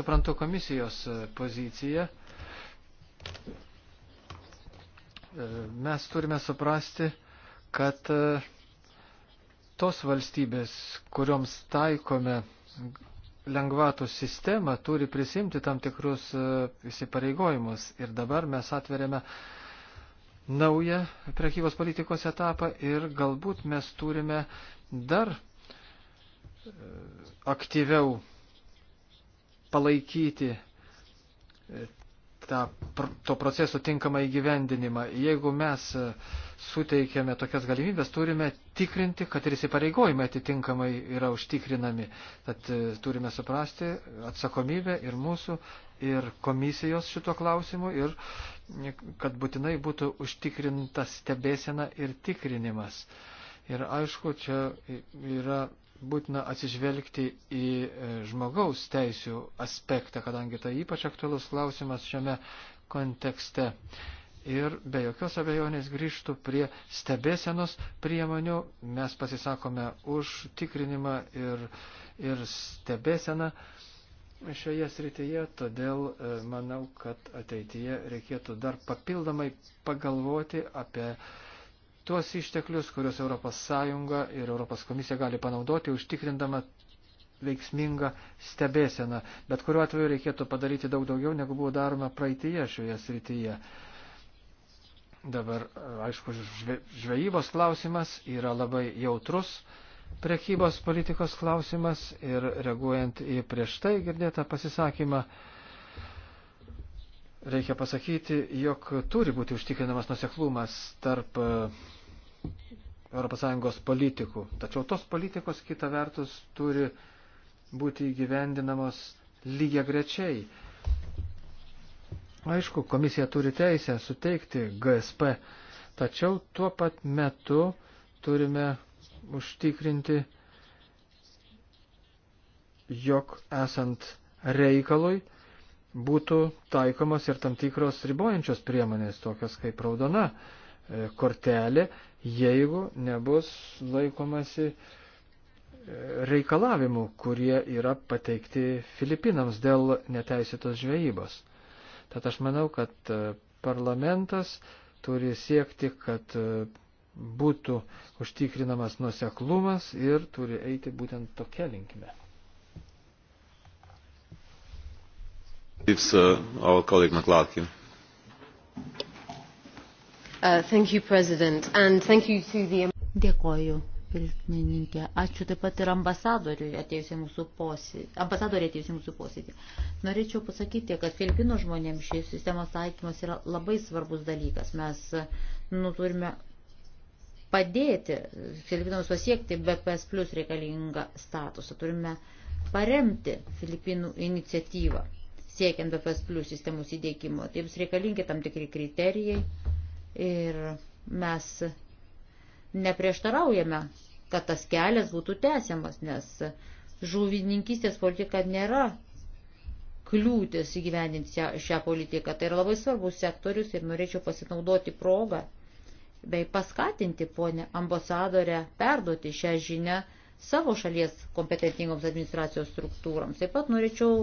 suprantu komisijos e, poziciją E, mes turime suprasti, kad e, tos valstybės, kurioms taikome lengvatų sistemą, turi prisimti tam tikrus e, įsipareigojimus. Ir dabar mes atveriame naują prekybos politikos etapą ir galbūt mes turime dar aktyviau palaikyti tą, to proceso tinkamą įgyvendinimą. Jeigu mes e, suteikėme tokias galimybės, turime tikrinti, kad ir įsipareigojimai atitinkamai yra užtikrinami. Tad e, turime suprasti atsakomybę ir mūsų, ir komisijos šito klausimu, ir e, kad būtinai būtų užtikrinta stebėsena ir tikrinimas. Ir aišku, čia yra būtina atsižvelgti į e, žmogaus teisų aspektą, kadangi tai ypač aktualus klausimas šiame kontekste. Ir be jokios abejonės grįžtų prie stebėsenos priemonių. Mes pasisakome už tikrinimą ir, ir stebėseną šioje srityje, todėl e, manau, kad ateityje reikėtų dar papildomai pagalvoti apie uh, tuos išteklius, kuriuos ES ir ES komisija gali panaudoti, užtikrindama veiksmingą stebėseną. Bet kuriuo atveju reikėtų padaryti daug daugiau, negu buvo daroma praeitėje šioje srityje. Dabar, aišku, žvejybos klausimas yra labai jautrus prekybos politikos klausimas ir reaguojant į prieš tai girdėtą pasisakymą, reikia pasakyti, jog turi būti užtikrinamas nuseklumas tarp ES politikų. Tačiau tos politikos kita vertus turi būti įgyvendinamos lygia grečiai. Aišku, komisija turi teisę suteikti GSP, tačiau tuo pat metu turime užtikrinti, jog esant reikalui būtų taikomos ir tam tikros ribojančios priemonės, tokios kaip raudona e, kortelė, jeigu nebus laikomasi e, reikalavimų, kurie yra pateikti Filipinams dėl neteisėtos žvejybos. Tad aš manau, kad e, parlamentas turi siekti, kad e, būtų užtikrinamas nuseklumas ir turi eiti būtent tokia linkme. It's, uh, our colleague McLarkin. Uh, thank you, President, and thank you to the... Dėkoju, pirmininkė. Ačiū taip pat ir ambasadoriui atėjusiai mūsų posėdį. Ambasadoriai atėjusiai mūsų posėdį. Norėčiau pasakyti, kad Filipino žmonėms šis sistemos taikymas yra labai svarbus dalykas. Mes uh, nu, turime padėti Filipinams pasiekti BPS plus reikalingą statusą. Turime paremti Filipinų iniciatyvą siekiant BPS plus sistemos įdėkimo. Tai jums reikalingi tam tikri kriterijai Ir mes neprieštaraujame, kad tas kelias būtų tęsiamas, nes žuvininkystės politika nėra kliūtis įgyvendinti šią, šią politiką. Tai yra labai svarbus sektorius ir norėčiau pasinaudoti progą bei paskatinti ponę ambasadorę perduoti šią žinią savo šalies kompetentingoms administracijos struktūroms. Taip pat norėčiau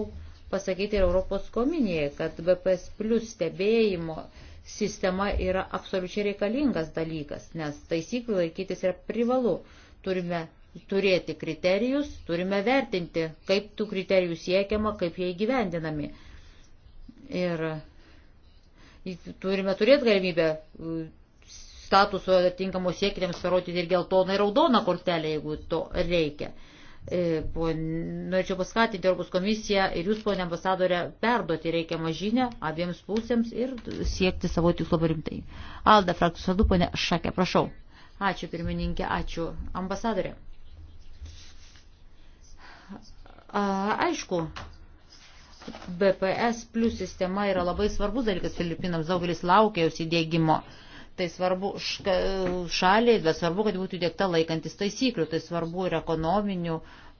pasakyti ir Europos komisijai, kad BPS plus stebėjimo sistema yra absoliučiai reikalingas dalykas, nes taisyklių laikytis yra privalu. Turime turėti kriterijus, turime vertinti, kaip tų kriterijų siekiama, kaip jie įgyvendinami. Ir turime turėti galimybę statuso atitinkamos siekiniams parodyti ir geltoną ir raudoną kortelę, jeigu to reikia. E, norėčiau paskatinti Europos komisiją ir jūs, ponė ambasadorė, perduoti reikiamą žinę abiems pusėms ir siekti savo tikslo rimtai. Alda, frakcijos vadu, ponė Šakė, prašau. Ačiū pirmininkė, ačiū ambasadorė. Aišku, BPS plus sistema yra labai svarbus dalykas Filipinams, daugelis laukia jos įdėgymo. Tai svarbu šaliai, bet svarbu, kad būtų dėkta laikantis taisyklių. Tai svarbu ir ekonominių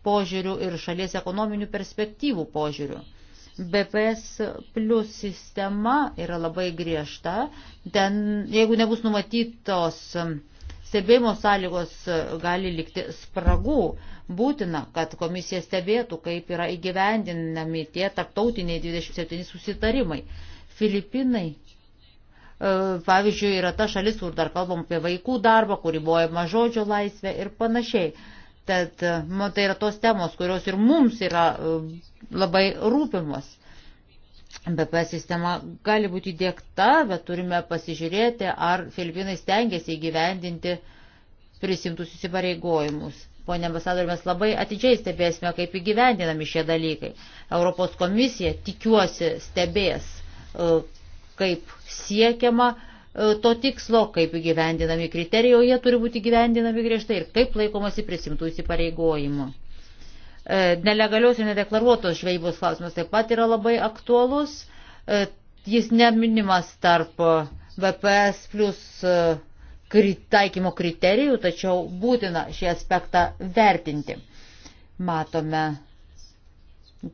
požiūrių, ir šalies ekonominių perspektyvų požiūrių. BPS plus sistema yra labai griežta. Ten, jeigu nebus numatytos stebėjimo sąlygos, gali likti spragų. Būtina, kad komisija stebėtų, kaip yra įgyvendinami tie tarptautiniai 27 susitarimai. Filipinai E, pavyzdžiui, yra ta šalis, kur dar kalbam apie vaikų darbą, kur ribojama žodžio laisvė ir panašiai. Tad e, man tai yra tos temos, kurios ir mums yra e, labai rūpimos. BP sistema gali būti dėkta, bet turime pasižiūrėti, ar Filipinai stengiasi įgyvendinti prisimtus įsipareigojimus. Pone ambasadoriu, mes labai atidžiai stebėsime, kaip įgyvendinami šie dalykai. Europos komisija, tikiuosi, stebės, kaip siekiama e, to tikslo, kaip įgyvendinami kriterijai, o jie turi būti įgyvendinami griežtai ir kaip laikomasi prisimtų įsipareigojimų. E, nelegalios ir nedeklaruotos žvejybos klausimas taip pat yra labai aktuolus. E, jis neminimas tarp VPS plus taikymo kriterijų, tačiau būtina šį aspektą vertinti. Matome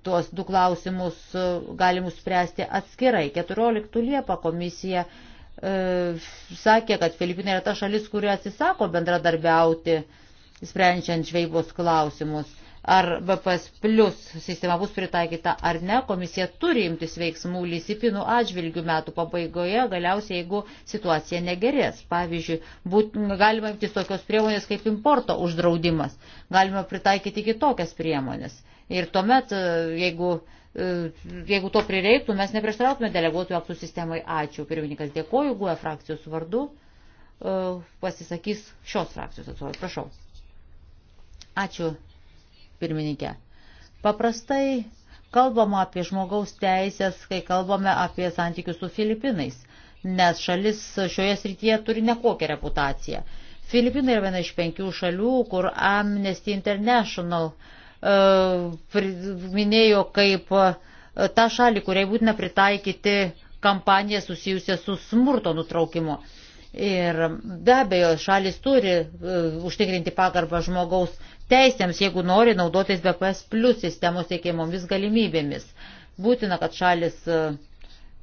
tuos du klausimus e, galimus spręsti atskirai. 14 Liepa komisija e, sakė, kad Filipinai yra ta šalis, kuri atsisako bendradarbiauti, sprendžiant žvejybos klausimus. Ar BPS plus sistema bus pritaikyta ar ne, komisija turi imtis veiksmų lysipinų atžvilgių metų pabaigoje, galiausiai jeigu situacija negerės. Pavyzdžiui, būt, galima imtis tokios priemonės kaip importo uždraudimas, galima pritaikyti kitokias priemonės Ir tuomet, e, jeigu, e, jeigu to prireiktų, mes neprieštarautume deleguotų aktų sistemai. Ačiū. Pirmininkas dėkoju, guoja frakcijos vardu. E, pasisakys šios frakcijos atstovas. Prašau. Ačiū, pirmininkė. Paprastai kalbama apie žmogaus teisės, kai kalbame apie santykius su Filipinais, nes šalis šioje srityje turi nekokią reputaciją. Filipinai yra viena iš penkių šalių, kur Amnesty International uh, E, minėjo kaip e, tą šalį, kuriai būtina pritaikyti kampaniją susijusią su smurto nutraukimu. Ir be abejo, šalis turi e, užtikrinti pagarbą žmogaus teisėms, jeigu nori naudotis BPS plus sistemos teikiamomis galimybėmis. Būtina, kad šalis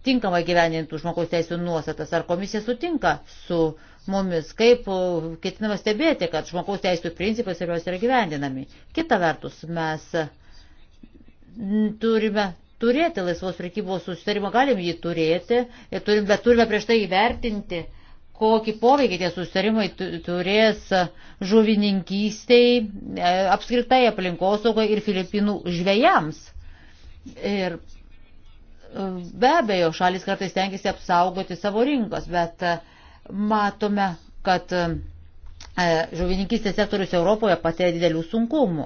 tinkamai gyvenintų žmogaus teisų nuostatas. Ar komisija sutinka su uh, mumis, kaip ketinama stebėti, kad žmogaus teisų principas ir jos yra gyvendinami. Kita vertus, mes turime turėti laisvos prekybos susitarimą, galim jį turėti, turim, bet turime prieš tai įvertinti, kokį poveikį tie susitarimai turės žuvininkystiai, e, apskritai aplinkosaugai ir Filipinų žvėjams. Ir e, be abejo, šalis kartais tenkisi apsaugoti savo rinkas, bet uh, matome, kad e, žuvininkistės sektorius Europoje patiria didelių sunkumų.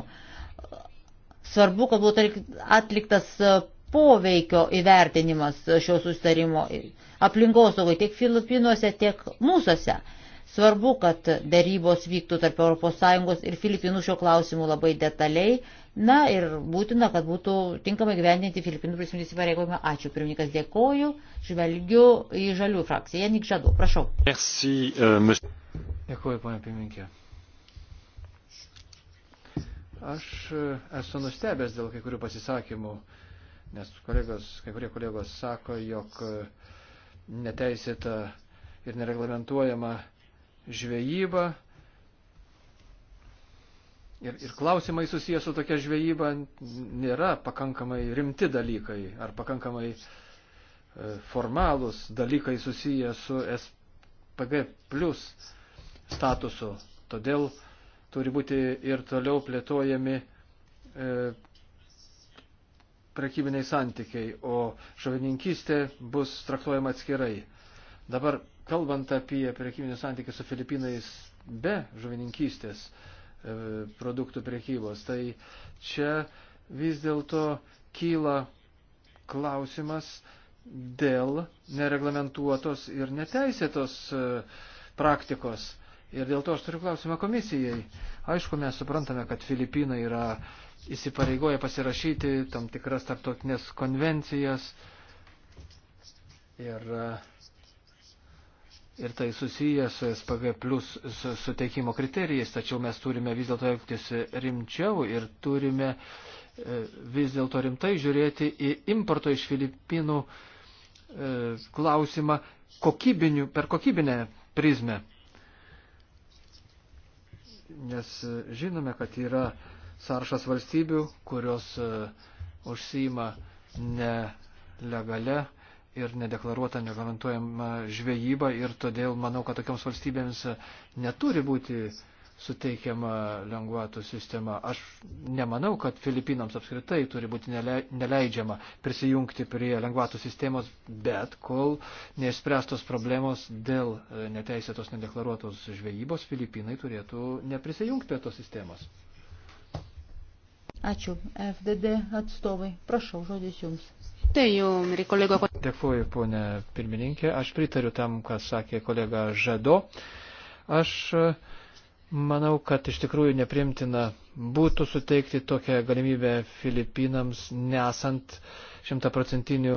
Svarbu, kad būtų atliktas e, poveikio įvertinimas šio sustarimo aplinkosaugai tiek Filipinuose, tiek mūsose. Svarbu, kad dėrybos vyktų tarp ES ir Filipinų šio klausimu labai detaliai. Na ir būtina, kad būtų tinkamai gyvendinti Filipinų prisimtis įpareigojimą. Ačiū. Pirmininkas dėkoju. Žvelgiu į žalių frakciją. Janik Žadu, prašau. Merci, uh, mes... Dėkuoju, ponia pirmininkė. Aš euh, esu nustebęs dėl kai kurių pasisakymų, nes kolegos, kai kurie kolegos sako, jog euh, neteisėta ir nereglamentuojama uh, žvejyba ir, ir klausimai susijęs su tokia žvejyba nėra pakankamai rimti dalykai ar pakankamai e, formalūs dalykai susiję su SPG plus statusu. Todėl turi būti ir toliau plėtojami e, prekybiniai santykiai, o žavininkystė bus traktuojama atskirai. Dabar kalbant apie prekybinius santykius su Filipinais be žuvininkystės e, produktų prekybos, tai čia vis dėlto kyla klausimas dėl nereglamentuotos ir neteisėtos e, praktikos. Ir dėl to aš turiu klausimą komisijai. Aišku, mes suprantame, kad Filipinai yra įsipareigoję pasirašyti tam tikras tarptautinės konvencijas. Ir uh, ir tai susiję su SPG plus su suteikimo kriterijais, tačiau mes turime vis dėlto elgtis rimčiau ir turime e, vis dėlto rimtai žiūrėti į importo iš Filipinų e, klausimą per kokybinę prizmę. Nes e, žinome, kad yra sąrašas valstybių, kurios užsima nelegale ir nedeklaruota, neglamentuojama žvejyba ir todėl manau, kad tokiams valstybėms neturi būti suteikiama lengvatų sistema. Aš nemanau, kad Filipinams apskritai turi būti neleidžiama prisijungti prie lengvatų sistemos, bet kol neįspręstos problemos dėl e, neteisėtos nedeklaruotos žvejybos, Filipinai turėtų neprisijungti prie tos sistemos. Ačiū. FDD atstovai. Prašau, žodis jums. Dėkuoju, ponė pirmininkė. Aš pritariu tam, ką sakė kolega Žado. Aš e, manau, kad iš tikrųjų neprimtina būtų suteikti tokią galimybę Filipinams, nesant šimtaprocentinių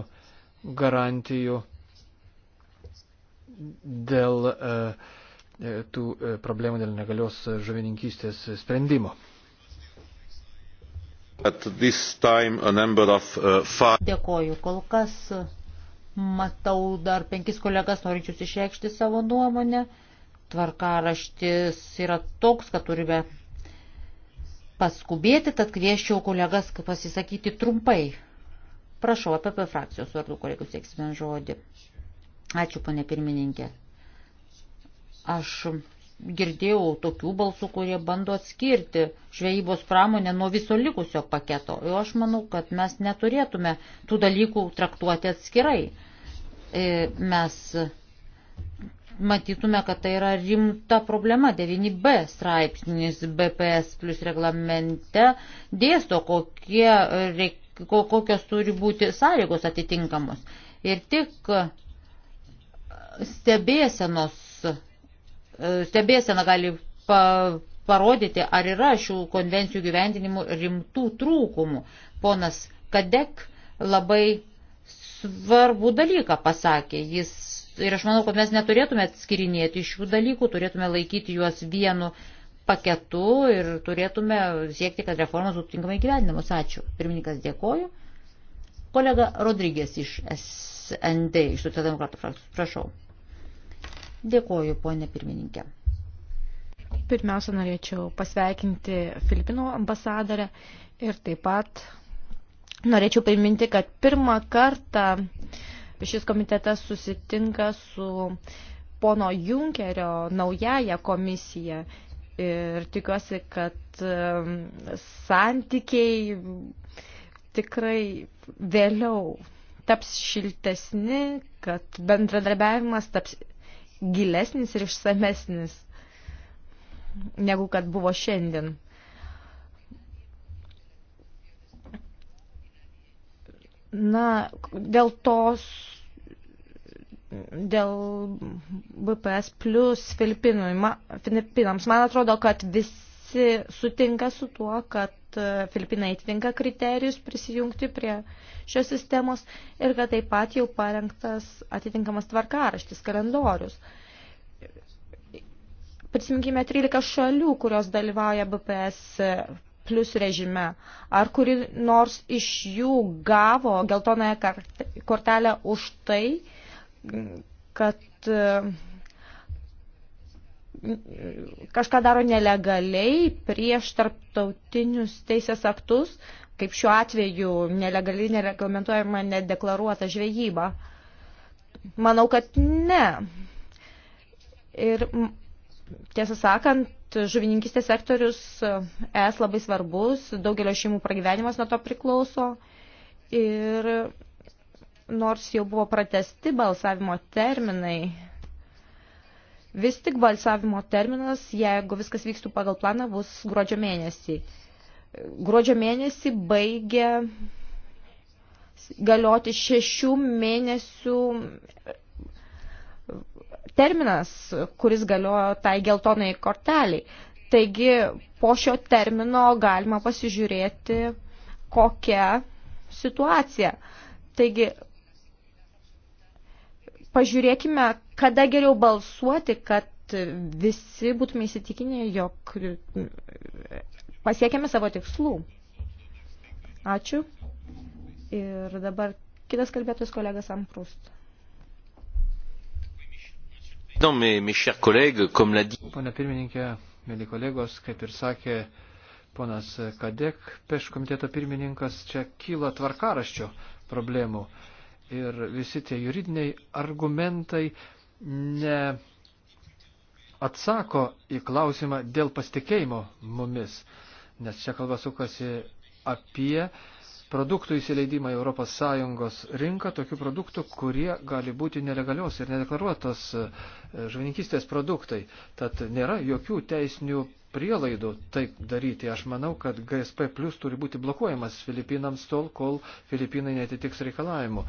garantijų dėl e, e tų e, problemų dėl negalios žuvininkystės sprendimo. Of, uh, Dėkoju. Kol kas uh, matau dar penkis kolegas norinčius išreikšti savo nuomonę. Tvarkaraštis yra toks, kad turime paskubėti, tad kvieščiau kolegas pasisakyti trumpai. Prašau, apie, apie frakcijos vardų kolegų sėksime žodį. Ačiū, ponė pirmininkė. Aš girdėjau tokių balsų, kurie bando atskirti žvejybos pramonę nuo viso likusio paketo. Ir aš manau, kad mes neturėtume tų dalykų traktuoti atskirai. E, mes matytume, kad tai yra rimta problema. 9b straipsnis BPS plus reglamente dėsto, kokie, kokios turi būti sąlygos atitinkamos. Ir tik stebėsenos E, stebėsena gali pa, parodyti, ar yra šių konvencijų gyvendinimų rimtų trūkumų. Ponas Kadek labai svarbų dalyką pasakė. Jis, ir aš manau, kad mes neturėtume atskirinėti šių dalykų, turėtume laikyti juos vienu paketu ir turėtume siekti, kad reformos būtų tinkamai gyvendinamos. Ačiū. Pirmininkas dėkoju. Kolega Rodrygės iš SND, iš Socialdemokratų frakcijos. Prašau. Dėkoju, ponė pirmininkė. Pirmiausia, norėčiau pasveikinti Filipino ambasadorę ir taip pat norėčiau priminti, kad pirmą kartą šis komitetas susitinka su pono Junkerio naujaja komisija ir tikiuosi, kad um, santykiai tikrai vėliau taps šiltesni, kad bendradarbiavimas taps gilesnis ir išsamesnis negu kad buvo šiandien. Na, dėl tos, dėl BPS plus Filipinams, man atrodo, kad visi visi sutinka su tuo, kad e, Filipinai atvinka kriterijus prisijungti prie šios sistemos ir kad taip pat jau parengtas atitinkamas tvarkaraštis, kalendorius. Prisiminkime 13 šalių, kurios dalyvauja BPS plus režime. Ar kuri nors iš jų gavo geltonąją kortelę už tai, kad e, kažką daro nelegaliai prieš tarptautinius teisės aktus, kaip šiuo atveju nelegaliai nereglamentuojama nedeklaruota žvejyba? Manau, kad ne. Ir tiesą sakant, žuvininkistės sektorius e, es labai svarbus, daugelio šeimų pragyvenimas nuo to priklauso. Ir nors jau buvo pratesti balsavimo terminai, Vis tik balsavimo terminas, jeigu viskas vykstų pagal planą, bus gruodžio mėnesį. Gruodžio mėnesį baigia galioti šešių mėnesių e, terminas, kuris galiojo tai geltonai korteliai. Taigi po šio termino galima pasižiūrėti, kokia situacija. Taigi pažiūrėkime, kada geriau balsuoti, kad visi būtume įsitikinę, jog pasiekėme savo tikslų. Ačiū. Ir dabar kitas kalbėtojas kolegas Amprust. Pone pirmininkė, mėly kolegos, kaip ir sakė ponas Kadek, peš komiteto pirmininkas, čia kyla tvarkaraščio problemų. Ir visi tie juridiniai argumentai neatsako į klausimą dėl pasitikėjimo mumis, nes čia kalba sukasi apie produktų įsileidimą į ES rinką, tokių produktų, kurie gali būti nelegalios ir nedeklaruotos e, žvininkistės produktai. Tad nėra jokių teisinių prielaidų taip daryti. Aš manau, kad GSP plus turi būti blokuojamas Filipinams tol, kol Filipinai netitiks reikalavimų.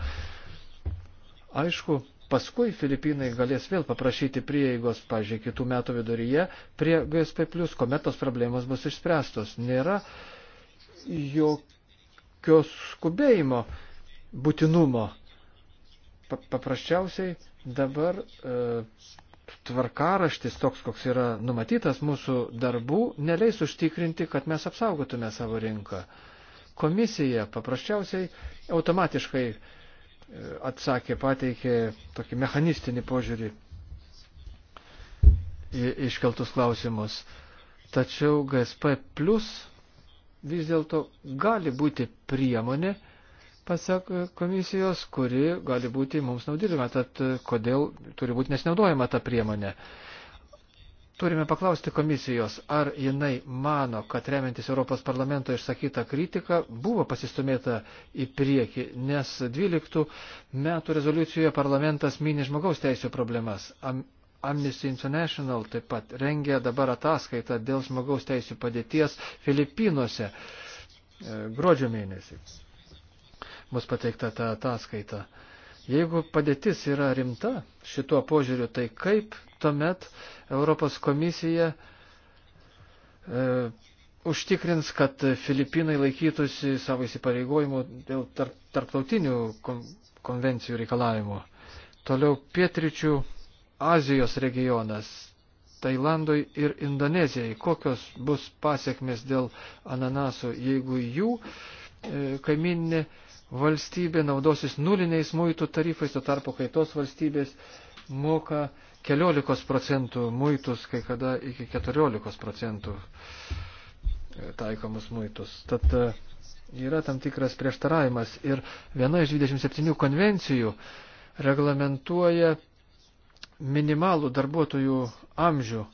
Aišku, Paskui Filipinai galės vėl paprašyti prieigos, pažiūrėk, kitų metų viduryje prie GSP, kuomet tos problemos bus išspręstos. Nėra jokio skubėjimo būtinumo. Paprasčiausiai dabar e, tvarkaraštis toks, koks yra numatytas mūsų darbų, neleis užtikrinti, kad mes apsaugotume savo rinką. Komisija paprasčiausiai automatiškai atsakė, pateikė tokį mechanistinį požiūrį į iškeltus klausimus. Tačiau GSP plus vis dėlto gali būti priemonė, pasak komisijos, kuri gali būti mums naudinga. Tad kodėl turi būti nesinaudojama ta priemonė? Turime paklausti komisijos, ar jinai mano, kad remiantis Europos parlamento išsakytą kritiką buvo pasistumėta į priekį, nes 12 metų rezoliucijoje parlamentas mini žmogaus teisų problemas. Am Amnesty International taip pat rengia dabar ataskaitą dėl žmogaus teisų padėties Filipinuose e, gruodžio mėnesį. Mus pateikta ta ataskaita. Jeigu padėtis yra rimta šituo požiūriu, tai kaip tuomet Europos komisija e, užtikrins, kad Filipinai laikytųsi savo įsipareigojimų dėl tarp, tarptautinių konvencijų reikalavimų. Toliau pietričių Azijos regionas. Tailandui ir Indonezijai, kokios bus pasiekmes dėl ananasų, jeigu jų e, kaiminė valstybė naudosis nuliniais muitų tarifais, tuo tarpu kai tos valstybės moka e, keliolikos procentų muitus, kai kada iki keturiolikos procentų e, taikomus muitus. Tad e, yra tam tikras prieštaravimas ir viena iš 27 konvencijų reglamentuoja minimalų darbuotojų amžių.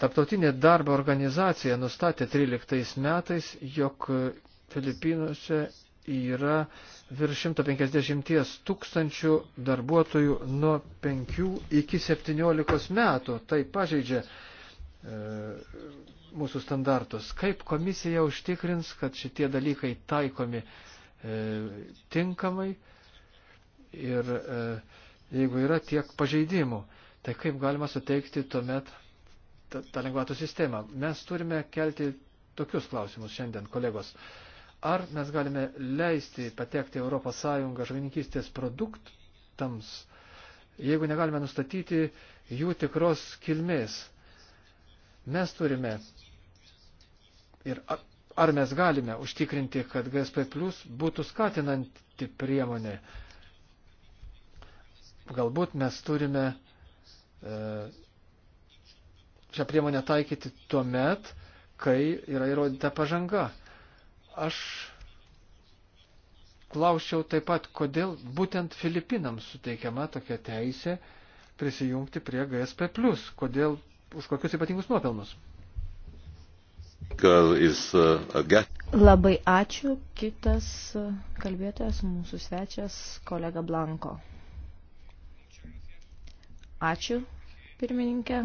Taptautinė darbo organizacija nustatė 13 metais, jog Filipinuose yra virš 150 tūkstančių darbuotojų nuo 5 iki 17 metų. Tai pažeidžia e, mūsų standartus. Kaip komisija užtikrins, kad šitie dalykai taikomi e, tinkamai ir e, jeigu yra tiek pažeidimų, tai kaip galima suteikti tuomet tą lengvatų sistemą. Mes turime kelti tokius klausimus šiandien, kolegos. E, Ar mes galime leisti patekti ES žuvininkystės produktams, jeigu negalime nustatyti jų tikros kilmės? Mes turime ir ar mes galime užtikrinti, kad GSP plus būtų skatinanti priemonė. Galbūt mes turime e, šią priemonę taikyti tuo met, kai yra įrodyta pažanga. Aš klausiau taip pat, kodėl būtent Filipinams suteikiama tokia teisė prisijungti prie GSP, kodėl už kokius ypatingus nuopelnus. Uh, Labai ačiū. Kitas uh, kalbėtojas, mūsų svečias, kolega Blanko. Ačiū, pirmininkė.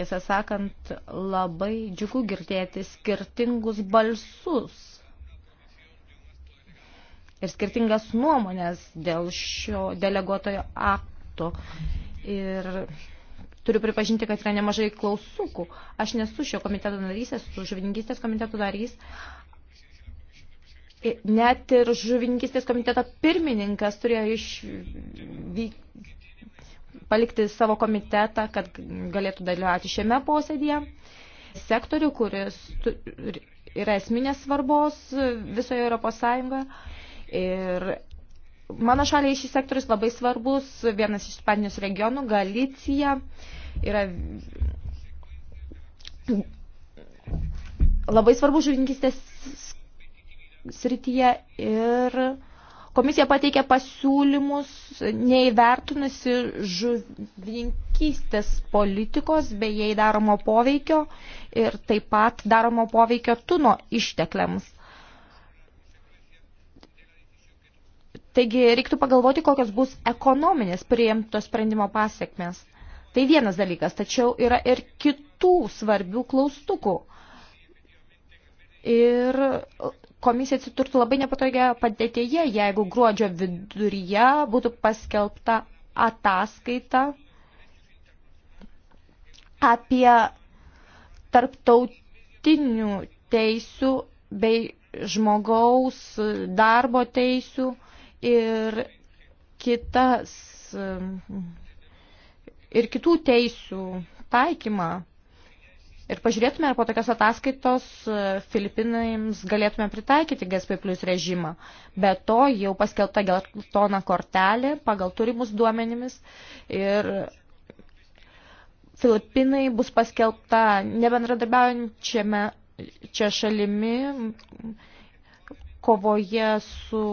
Tiesą sakant, labai džiugu girdėti skirtingus balsus ir skirtingas nuomonės dėl šio deleguotojo akto. Ir turiu pripažinti, kad yra nemažai klausukų. Aš nesu šio komiteto narys, esu žuvininkystės komiteto narys. Net ir žuvininkystės komiteto pirmininkas turėjo išvykti palikti savo komitetą, kad galėtų dalyvauti šiame posėdėje. Sektorių, kuris yra esminės svarbos visoje Europos Sąjungoje. Ir mano šaliai šis sektorius labai svarbus, vienas iš Ispanijos regionų, Galicija, yra labai svarbu žuvininkistės srityje ir Komisija pateikė pasiūlymus neįvertinusi žuvinkystės politikos bei jai daromo poveikio ir taip pat daromo poveikio tuno ištekliams. Taigi reiktų pagalvoti, kokios bus ekonominės priimto sprendimo pasiekmes. Tai vienas dalykas, tačiau yra ir kitų svarbių klaustukų. Ir komisija atsiturtų labai nepatogioje padėtėje, jeigu gruodžio viduryje būtų paskelbta ataskaita apie tarptautinių teisių bei žmogaus darbo teisių ir kitas ir kitų teisių taikymą ir pažiūrėtume, ar po tokios ataskaitos e, Filipinams galėtume pritaikyti GSP plus režimą. Be to jau paskelbta geltona kortelė pagal turimus duomenimis ir Filipinai bus paskelbta nebendradarbiaujančiame čia šalimi kovoje su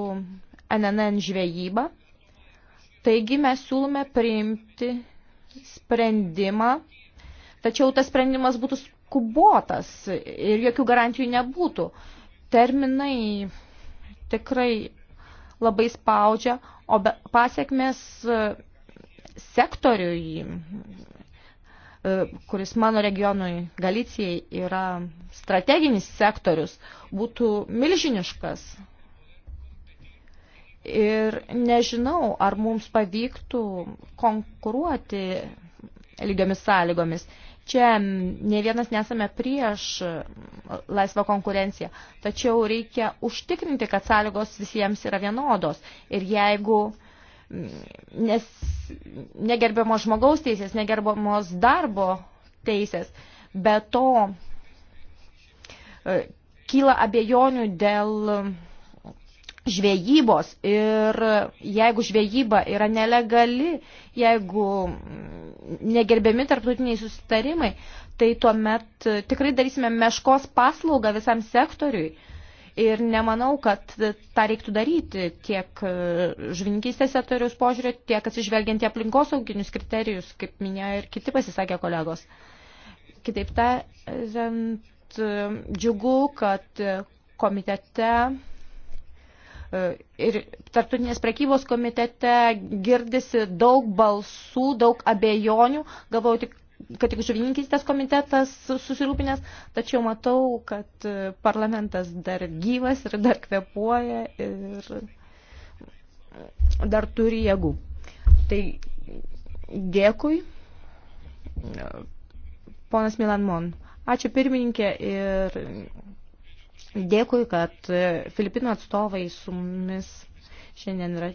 NNN žvejyba. Taigi mes siūlome priimti sprendimą Tačiau tas sprendimas būtų skubotas ir jokių garantijų nebūtų. Terminai tikrai labai spaudžia, o pasiekmes e, sektoriui, e, kuris mano regionui Galicijai yra strateginis sektorius, būtų milžiniškas. Ir nežinau, ar mums pavyktų konkuruoti lygiomis sąlygomis čia ne vienas nesame prieš laisvą konkurenciją, tačiau reikia užtikrinti, kad sąlygos visiems yra vienodos. Ir jeigu nes, negerbiamos žmogaus teisės, negerbiamos darbo teisės, be to e, kyla abejonių dėl žvejybos ir jeigu žvejyba yra nelegali, jeigu negerbiami tarptautiniai susitarimai, tai tuomet tikrai darysime meškos paslaugą visam sektoriui. Ir nemanau, kad tą reiktų daryti tiek e, žvininkystės sektoriaus požiūrė, tiek atsižvelgiant į aplinkosauginius kriterijus, kaip minėjo ir kiti pasisakė kolegos. Kitaip tariant, e, džiugu, kad komitete E, ir tartutinės prekybos komitete girdisi daug balsų, daug abejonių. Galvoju tik, kad tik žuvininkystės komitetas susirūpinęs, tačiau matau, kad e, parlamentas dar gyvas ir dar kvepuoja ir dar turi jėgų. Tai dėkui. E, ponas Milan Mon. Ačiū pirmininkė ir Dėkui, kad e, Filipino atstovai su mumis šiandien yra.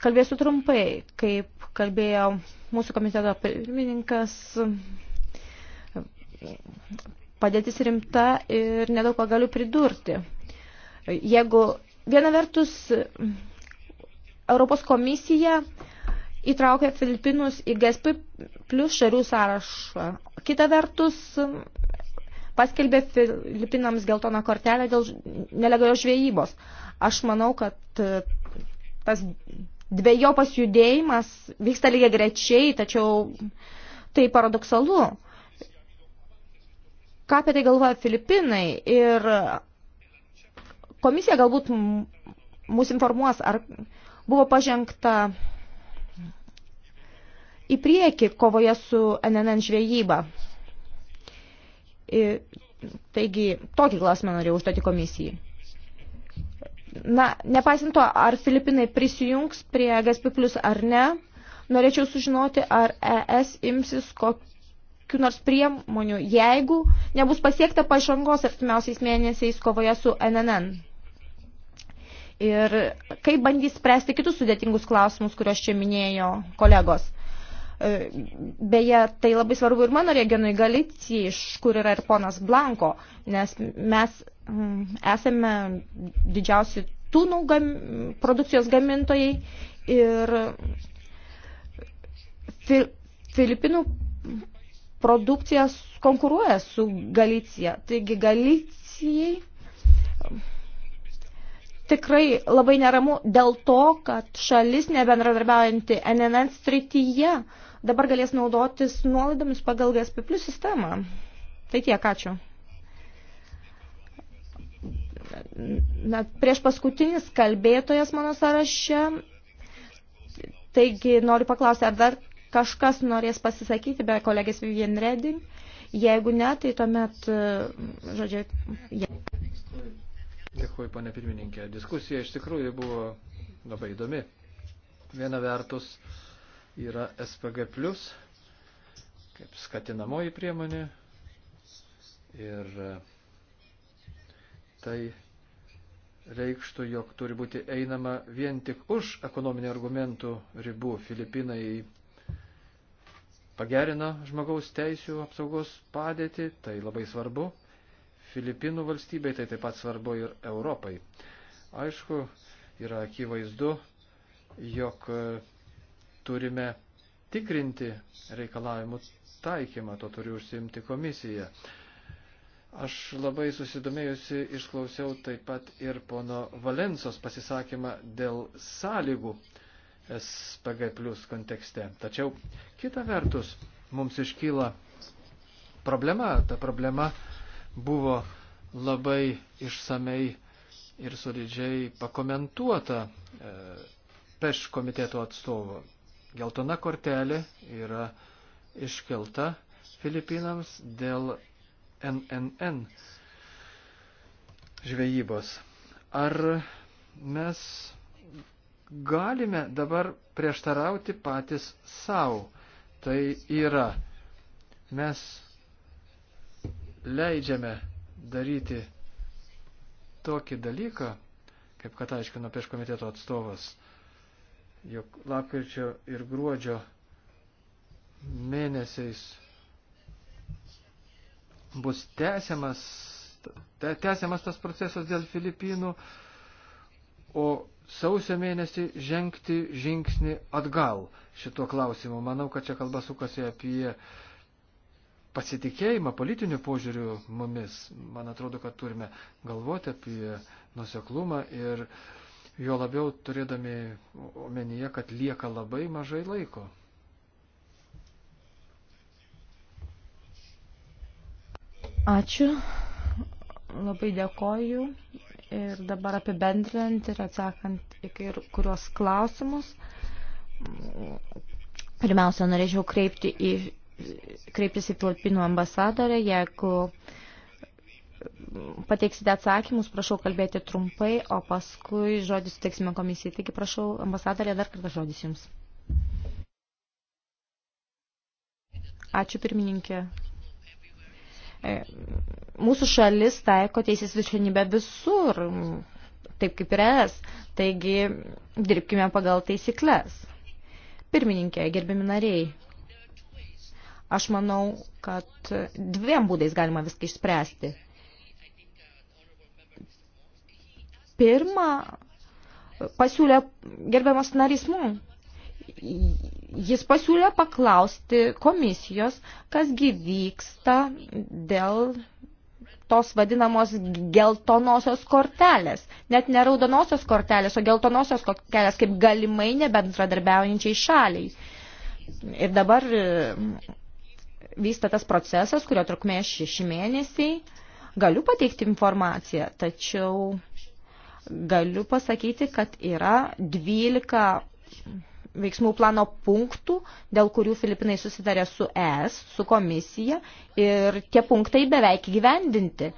Kalbėsiu trumpai, kaip kalbėjo mūsų komiteto pirmininkas. Padėtis rimta ir nedaug ką galiu pridurti. Jeigu viena vertus Europos komisija įtraukė Filipinus į GSP plus šalių sąrašą. Kita vertus, paskelbė Filipinams geltoną kortelę dėl nelegalios žvejybos. Aš manau, kad e, tas dviejopas judėjimas vyksta lygiai grečiai, tačiau tai paradoksalu. Ką apie tai galvoja Filipinai ir komisija galbūt mus informuos, ar buvo pažengta į priekį kovoje su NNN žvejyba. Taigi, tokį klausimą norėjau užduoti komisijai. Na, nepaisant to, ar Filipinai prisijungs prie GSP plus ar ne, norėčiau sužinoti, ar ES imsis kokiu nors priemonių, jeigu nebus pasiekta pažangos artimiausiais mėnesiais kovoje su NNN. Ir kaip bandys spręsti kitus sudėtingus klausimus, kuriuos čia minėjo kolegos. E, beje, tai labai svarbu ir mano regionui Galicijai, iš kur yra ir ponas Blanko, nes mes mm, esame didžiausi tūnų gam, produkcijos gamintojai ir fil, Filipinų produkcija konkuruoja su Galicija. Taigi Galicijai mm, tikrai labai neramu dėl to, kad šalis nebendradarbiaujanti NNN srityje uh, dabar galės naudotis nuolaidomis pagal GSP plus sistemą. Tai tiek, ačiū. Na, prieš paskutinis kalbėtojas mano sąraše. Taigi noriu paklausti, ar dar kažkas norės pasisakyti be kolegės Vivian Redding. Jeigu ne, tai tuomet, žodžiu, jie. Dėkuoju, pane pirmininkė. Diskusija iš tikrųjų buvo labai įdomi. Viena vertus, yra SPG, kaip skatinamoji priemonė. Ir e, tai reikštų, jog turi būti einama vien tik už ekonominių argumentų ribų. Filipinai pagerina žmogaus teisų apsaugos padėtį, tai labai svarbu. Filipinų valstybei tai taip pat svarbu ir Europai. Aišku, yra akivaizdu, jog e, turime tikrinti reikalavimų taikymą, to turi užsiimti komisija. Aš labai susidomėjusi išklausiau taip pat ir pono Valensos pasisakymą dėl sąlygų SPG plus kontekste. Tačiau kita vertus mums iškyla problema. Ta problema buvo labai išsamei ir solidžiai pakomentuota e, peš komiteto atstovo. Geltona kortelė yra iškelta Filipinams dėl NNN žvejybos. Ar mes galime dabar prieštarauti patys savo? Tai yra, mes leidžiame daryti tokį dalyką, kaip kad aiškino prieš komiteto atstovas, jog lapkričio ir gruodžio mėnesiais bus tęsiamas, tęsiamas tas procesas dėl Filipinų, o sausio mėnesį žengti žingsnį atgal šituo klausimu. Manau, kad čia kalba sukasi apie pasitikėjimą politiniu požiūriu mumis. Man atrodo, kad turime galvoti apie nuseklumą ir uh, jo labiau turėdami omenyje, kad lieka labai mažai laiko. Ačiū, labai dėkoju ir dabar apibendrinant ir atsakant į kuriuos klausimus. Pirmiausia, norėčiau kreipti į, kreiptis į Filipinų ambasadorę, jeigu uh, pateiksite atsakymus, prašau kalbėti trumpai, o paskui žodį suteiksime komisijai. Taigi prašau, ambasadorė, dar kartą žodis jums. Ačiū pirmininkė. E, mūsų šalis taiko teisės viršenybę visur, taip kaip ir es, taigi dirbkime pagal taisyklės. Pirmininkė, gerbiami nariai, aš manau, kad dviem būdais galima viską išspręsti pirmą pasiūlė gerbiamas narys mum. Jis pasiūlė paklausti komisijos, kas gyvyksta dėl tos vadinamos geltonosios kortelės. Net ne raudonosios kortelės, o geltonosios kortelės kaip galimai nebendradarbiaujančiai šaliai. Ir dabar e, vyksta tas procesas, kurio trukmė šeši mėnesiai. Galiu pateikti informaciją, tačiau galiu pasakyti, kad yra 12 veiksmų plano punktų, dėl kurių Filipinai susidarė su ES, su komisija ir tie punktai beveik gyvendinti.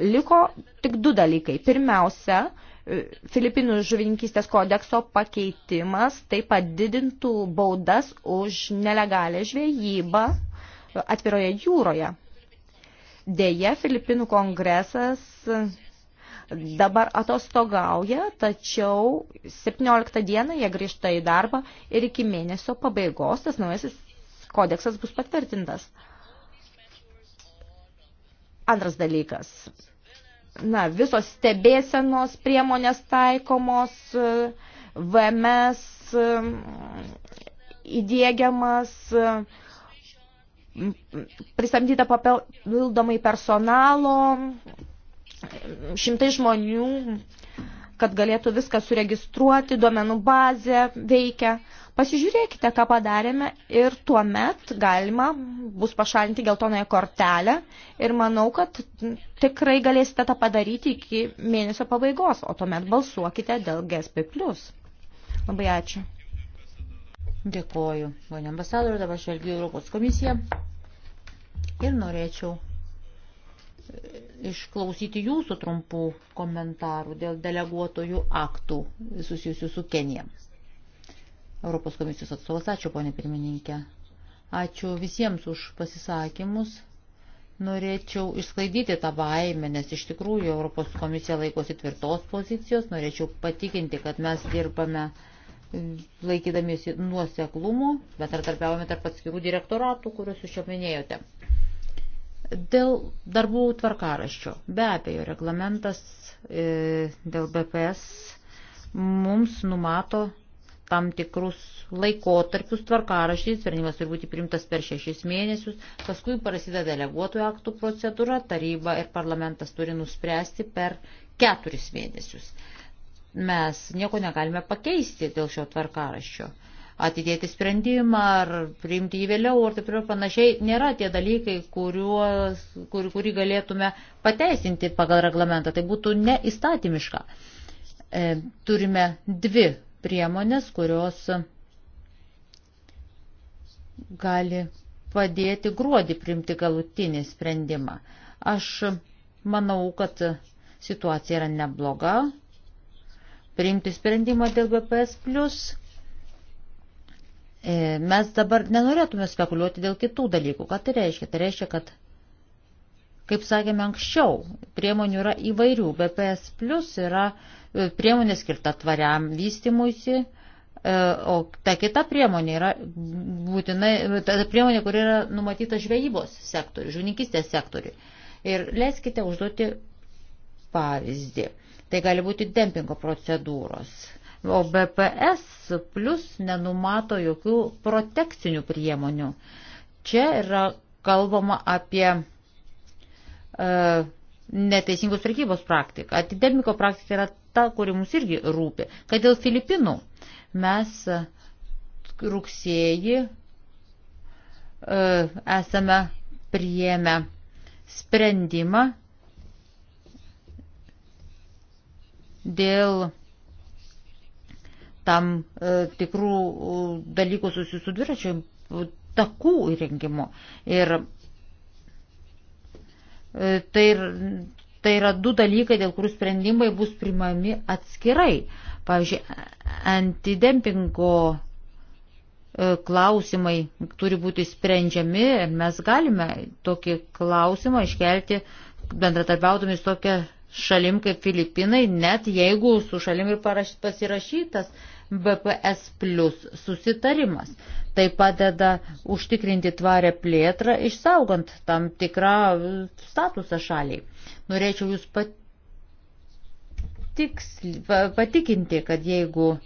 Liko tik du dalykai. Pirmiausia, Filipinų žuvininkystės kodekso pakeitimas taip pat didintų baudas už nelegalę žvejybą atviroje jūroje. Deja, Filipinų kongresas dabar atostogauja, tačiau 17 dieną jie grįžta į darbą ir iki mėnesio pabaigos tas naujasis kodeksas bus patvirtintas. Antras dalykas. Na, visos stebėsenos priemonės taikomos, VMS įdėgiamas, prisamdyta papildomai personalo, šimtai žmonių, kad galėtų viską suregistruoti, duomenų bazė veikia. Pasižiūrėkite, ką padarėme ir tuomet galima bus pašalinti geltonąją kortelę ir manau, kad tikrai galėsite tą padaryti iki mėnesio pabaigos, o tuomet balsuokite dėl GSP+. Labai ačiū. Dėkoju, ponė ambasadoriu, dabar žvelgiu Europos komisiją ir norėčiau išklausyti jūsų trumpų komentarų dėl deleguotojų aktų susijusių su Kenija. Europos komisijos atstovas, ačiū ponė pirmininkė. Ačiū visiems už pasisakymus. Norėčiau išsklaidyti tą baimę, nes iš tikrųjų Europos komisija laikosi tvirtos pozicijos. Norėčiau patikinti, kad mes dirbame laikydamiesi nuoseklumo, bet ar tarpiavome tarp atskirų direktoratų, kuriuos jūs čia minėjote. Dėl darbų tvarkaraščio. Be abejo, reglamentas e, dėl BPS mums numato tam tikrus laikotarpius tvarkaraštys, sprendimas turi būti primtas per šešis mėnesius, paskui prasideda deleguotojų aktų procedūra, taryba ir parlamentas turi nuspręsti per keturis mėnesius. Mes nieko negalime pakeisti dėl šio tvarkaraščio. E, atidėti sprendimą ar priimti jį vėliau ir taip toliau panašiai, nėra tie dalykai, kuriuos, kur, kurį galėtume pateisinti pagal reglamentą. Tai būtų neįstatymiška. E, turime dvi priemonės, kurios gali padėti gruodį priimti galutinį sprendimą. Aš manau, kad situacija yra nebloga. Priimti sprendimą dėl BPS plus E, mes dabar nenorėtume spekuliuoti dėl kitų dalykų. Ką tai reiškia? Tai reiškia, kad, kaip sakėme anksčiau, priemonių yra įvairių. BPS plus yra e, priemonė skirta tvariam vystimuisi, e, o ta kita priemonė yra būtinai, ta priemonė, kur yra numatyta žvejybos sektoriui, žuvininkistės sektoriui. Ir leiskite užduoti pavyzdį. Tai gali būti dempingo procedūros O BPS plus nenumato jokių protekcinių priemonių. Čia yra kalbama apie e, neteisingus prekybos praktiką. Atidemiko praktika yra ta, kuri mums irgi rūpi. Kad dėl Filipinų mes rugsėjį e, esame priėmę sprendimą dėl tam e, tikrų e, dalykų susijusių su dviračių e, takų įrengimu. Ir e, tai, tai yra du dalykai, dėl kurių sprendimai bus primami atskirai. Pavyzdžiui, antidempingo e, klausimai turi būti sprendžiami ir mes galime tokį klausimą iškelti bendratarbiaudami su tokia šalim kaip Filipinai, net jeigu su šalim ir pasirašytas BPS plus susitarimas. Tai padeda užtikrinti tvarę plėtrą, išsaugant tam tikrą e, statusą šaliai. Norėčiau Jūs patiksli, patikinti, kad jeigu e,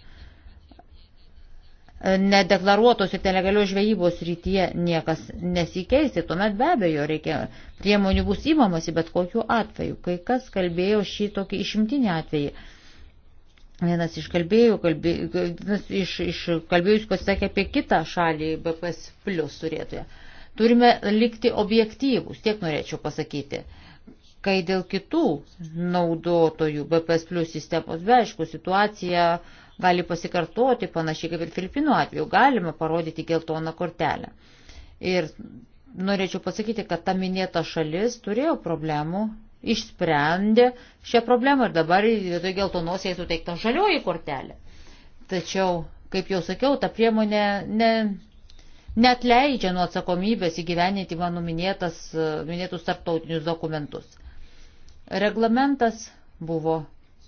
nedeklaruotos ir nelegalios žvejybos rytyje niekas nesikeisti, tuomet be abejo reikia priemonių bus įmamasi bet kokiu atveju. Kai kas kalbėjo šį tokį išimtinį atvejį Vienas iš kalbėjų, kalbė, vienas iš, iš kalbėjus pasakė apie kitą šalį BPS plus turėtoje. Turime likti objektyvus, tiek norėčiau pasakyti. Kai dėl kitų naudotojų BPS plus sistemos, be aišku, situacija gali pasikartoti, panašiai kaip ir Filipinų atveju, galima parodyti geltoną kortelę. Ir norėčiau pasakyti, kad ta minėta šalis turėjo problemų išsprendė šią problemą ir dabar vietoj geltonos jai suteikta žalioji kortelė. Tačiau, kaip jau sakiau, ta priemonė ne, net leidžia nuo atsakomybės įgyveninti mano minėtas, minėtus tarptautinius dokumentus. Reglamentas buvo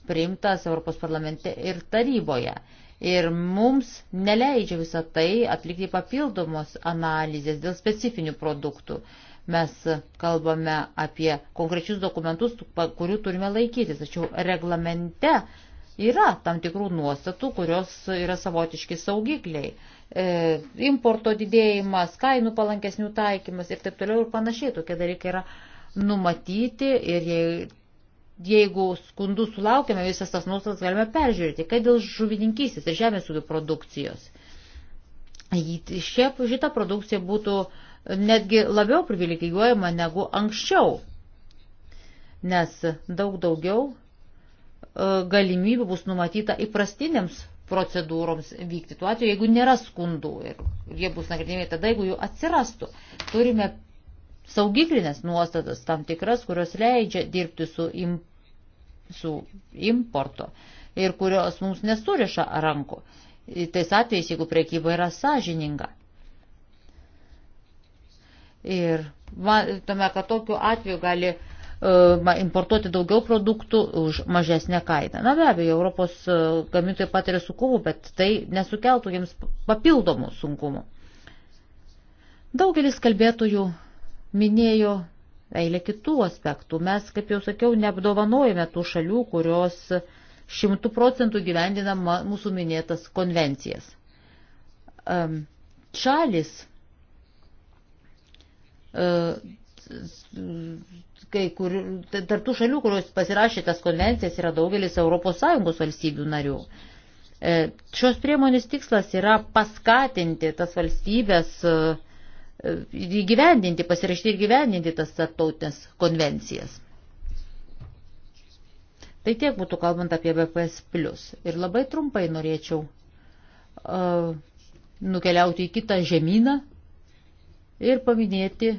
priimtas Europos parlamente ir taryboje. Ir mums neleidžia visą tai atlikti papildomos analizės dėl specifinių produktų. Uh, Mes kalbame apie konkrečius dokumentus, kurių turime laikytis, tačiau reglamente yra tam tikrų nuostatų, kurios yra savotiški saugikliai. E, importo didėjimas, kainų palankesnių taikymas ir taip toliau ir panašiai tokie dalykai yra numatyti ir jei, jeigu skundų sulaukime, visas tas nuostatas galime peržiūrėti, kai dėl žuvininkystės ir žemės ūkio produkcijos. Šia, šita produkcija būtų uh, netgi labiau privilegijuojama negu anksčiau, nes daug daugiau e, galimybių bus numatyta įprastinėms procedūroms vykti tuo atveju, jeigu nėra skundų ir jie bus nagrinėjami tada, jeigu jų atsirastų. Turime saugiklinės nuostatas tam tikras, kurios leidžia dirbti su, im, su importo ir kurios mums nesuriša rankų. Tais atvejais, jeigu priekyba yra sąžininga. Ir matome, kad tokiu atveju gali e, importuoti daugiau produktų už mažesnę kainą. Na be abejo, Europos e, gamintojai patiria sunkumų, bet tai nesukeltų jiems papildomų sunkumų. Daugelis kalbėtojų minėjo eilė kitų aspektų. Mes, kaip jau sakiau, neapdovanojame tų šalių, kurios šimtų procentų gyvendina mūsų minėtas konvencijas. Šalis E, kai kur, tarp tų šalių, kurios pasirašė tas konvencijas, yra daugelis ES valstybių narių. E, šios priemonės tikslas yra paskatinti tas valstybės e, įgyvendinti, pasirašyti ir gyvendinti tas tarptautinės konvencijas. Tai tiek būtų kalbant apie BPS. Ir labai trumpai norėčiau uh, nukeliauti į kitą žemyną, ir paminėti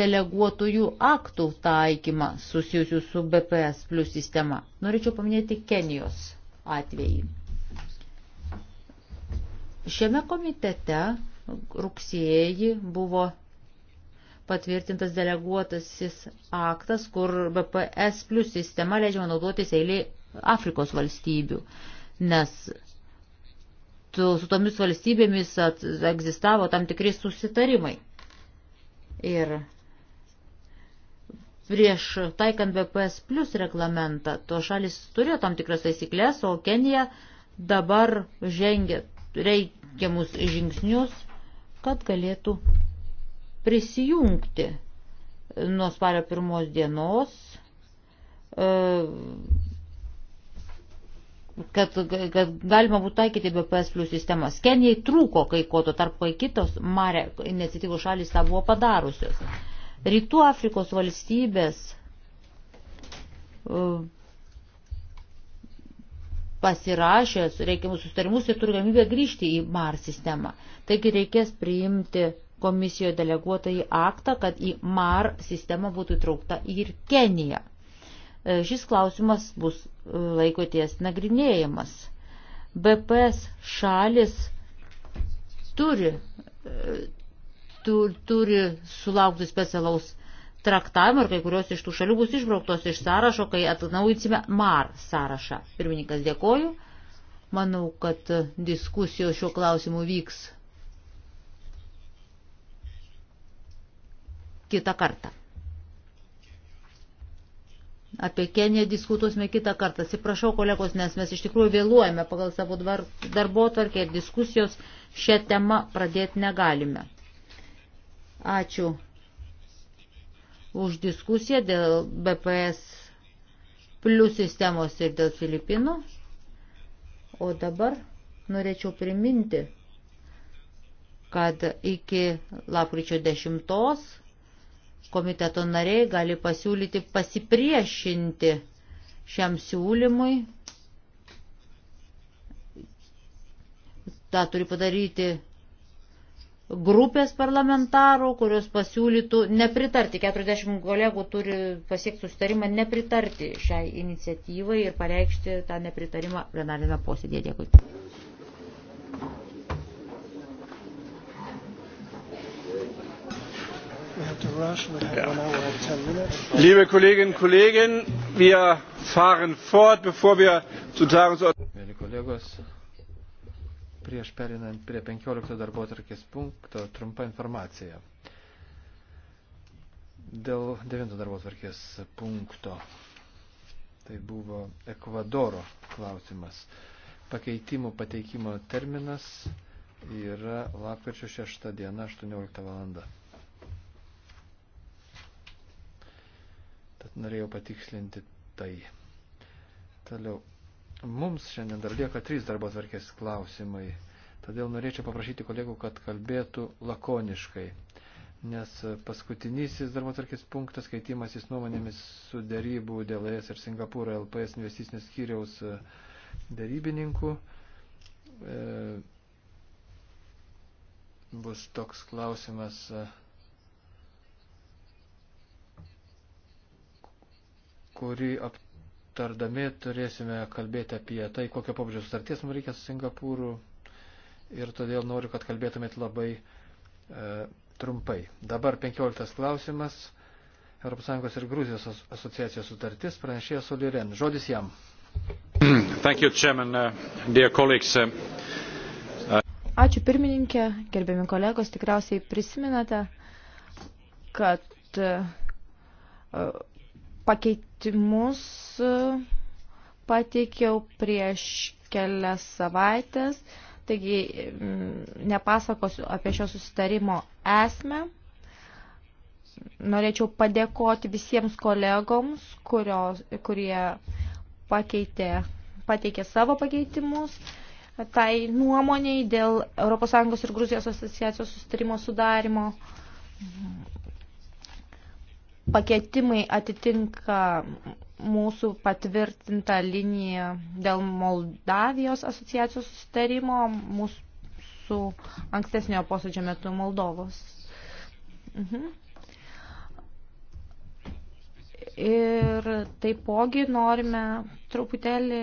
deleguotojų aktų taikymą susijusių su BPS plus sistema. Norėčiau paminėti Kenijos atvejį. Šiame komitete rugsėjį buvo patvirtintas deleguotasis aktas, kur BPS plus sistema leidžiama naudotis eilė Afrikos valstybių, nes su tomis valstybėmis at, egzistavo tam tikri susitarimai. Ir prieš taikant BPS plus reglamentą, to šalis turėjo tam tikras taisyklės, o Kenija dabar žengia reikiamus žingsnius, kad galėtų prisijungti nuo spalio pirmos dienos e, kad, kad galima būtų taikyti BPS plus sistemas. Kenijai trūko kai ko, to tarp kai kitos Mare iniciatyvų šalis tą buvo padarusios. Rytų Afrikos valstybės uh, pasirašęs reikiamus sustarimus ir turi galimybę grįžti į MAR sistemą. Taigi reikės priimti komisijoje deleguotą į aktą, kad į MAR sistemą būtų įtraukta ir Kenija šis klausimas bus e, laiko ties nagrinėjimas. BPS šalis turi, e, tu, turi sulaukti specialaus traktavimo ir kai kurios iš tų šalių bus išbrauktos iš sąrašo, kai atnaujinsime MAR sąrašą. Pirmininkas dėkoju. Manau, kad diskusijos šiuo klausimu vyks kitą kartą. Apie Keniją diskutuosime kitą kartą. Atsiprašau, kolegos, nes mes iš tikrųjų vėluojame pagal savo darbo tvarkę ir diskusijos šią temą pradėti negalime. Ačiū už diskusiją dėl BPS plus sistemos ir dėl Filipinų. O dabar norėčiau priminti, kad iki lapkričio 10 komiteto nariai gali pasiūlyti pasipriešinti šiam siūlymui. Ta turi padaryti grupės parlamentarų, kurios pasiūlytų nepritarti. 40 kolegų turi pasiekti sustarimą nepritarti šiai iniciatyvai ir pareikšti tą nepritarimą plenarinėme posėdėje. Dėkui. Liebe Kolleginnen und Kollegen, wir fahren fort, bevor wir zu Tagesordnung. Prieš perinant prie 15 darbo atrakės punkto, trumpa informacija. Dėl 9 darbo atrakės punkto. Tai buvo Ekvadoro klausimas. Pakeitimų pateikimo terminas yra lapkričio 6 diena 18 valanda. Tad norėjau patikslinti tai. Toliau. Mums šiandien dar lieka trys darbo tvarkės klausimai. Todėl norėčiau paprašyti kolegų, kad kalbėtų lakoniškai. Nes paskutinysis darbo tvarkės punktas keitimasis nuomonėmis su dėrybų dėl ES ir Singapūro LPS investicinės skyriaus e, dėrybininkų. E, bus toks klausimas. E, kurį aptardami turėsime kalbėti apie tai, kokio pobūdžio sutarties mums reikia su Singapūru. Ir todėl noriu, kad kalbėtumėt labai e, trumpai. Dabar 15 klausimas. ES ir Gruzijos asociacijos sutartis pranešė Soliren. Žodis jam. Thank you, Chairman, uh, dear colleagues. Uh, uh Ačiū pirmininkė, gerbiami kolegos, tikriausiai prisiminate, kad uh, Pakeitimus e, pateikiau prieš kelias savaitės, taigi mm, nepasakosiu apie šio susitarimo esmę. Norėčiau padėkoti visiems kolegoms, kurios, kurie pakeitė, pateikė savo pakeitimus tai nuomoniai dėl ES ir Gruzijos asociacijos sustarimo sudarimo. Paketimai atitinka mūsų patvirtinta linija dėl Moldavijos asociacijos sustarimo, mūsų ankstesnio posėdžio metu Moldovos. Mhm. Ir taipogi norime truputėlį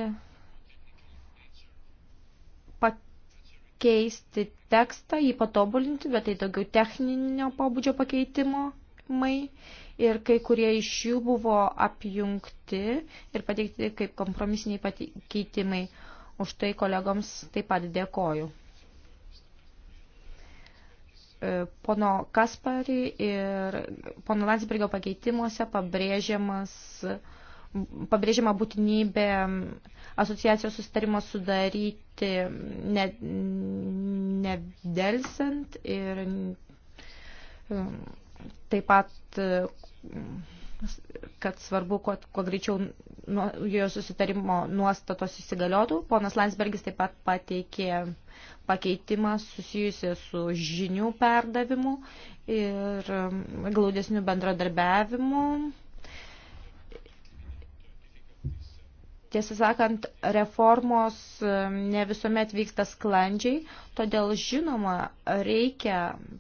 pakeisti tekstą, jį patobulinti, bet tai daugiau techninio pobūdžio pakeitimo mai ir kai kurie iš jų buvo apjungti ir pateikti kaip kompromisiniai pakeitimai. Už tai kolegoms taip pat dėkoju. E, pono Kasparį ir pono Landsbergio pakeitimuose pabrėžiamas pabrėžiama būtinybė asociacijos sustarimą sudaryti nedelsant ne, ne ir Taip pat, e, kad svarbu, kuo, kuo greičiau nuo, jo susitarimo nuostatos įsigaliotų. Ponas Landsbergis taip pat pateikė pakeitimą susijusi su žinių perdavimu ir e, glaudesniu bendradarbiavimu Tiesą sakant, reformos ne visuomet vyksta sklandžiai, todėl žinoma reikia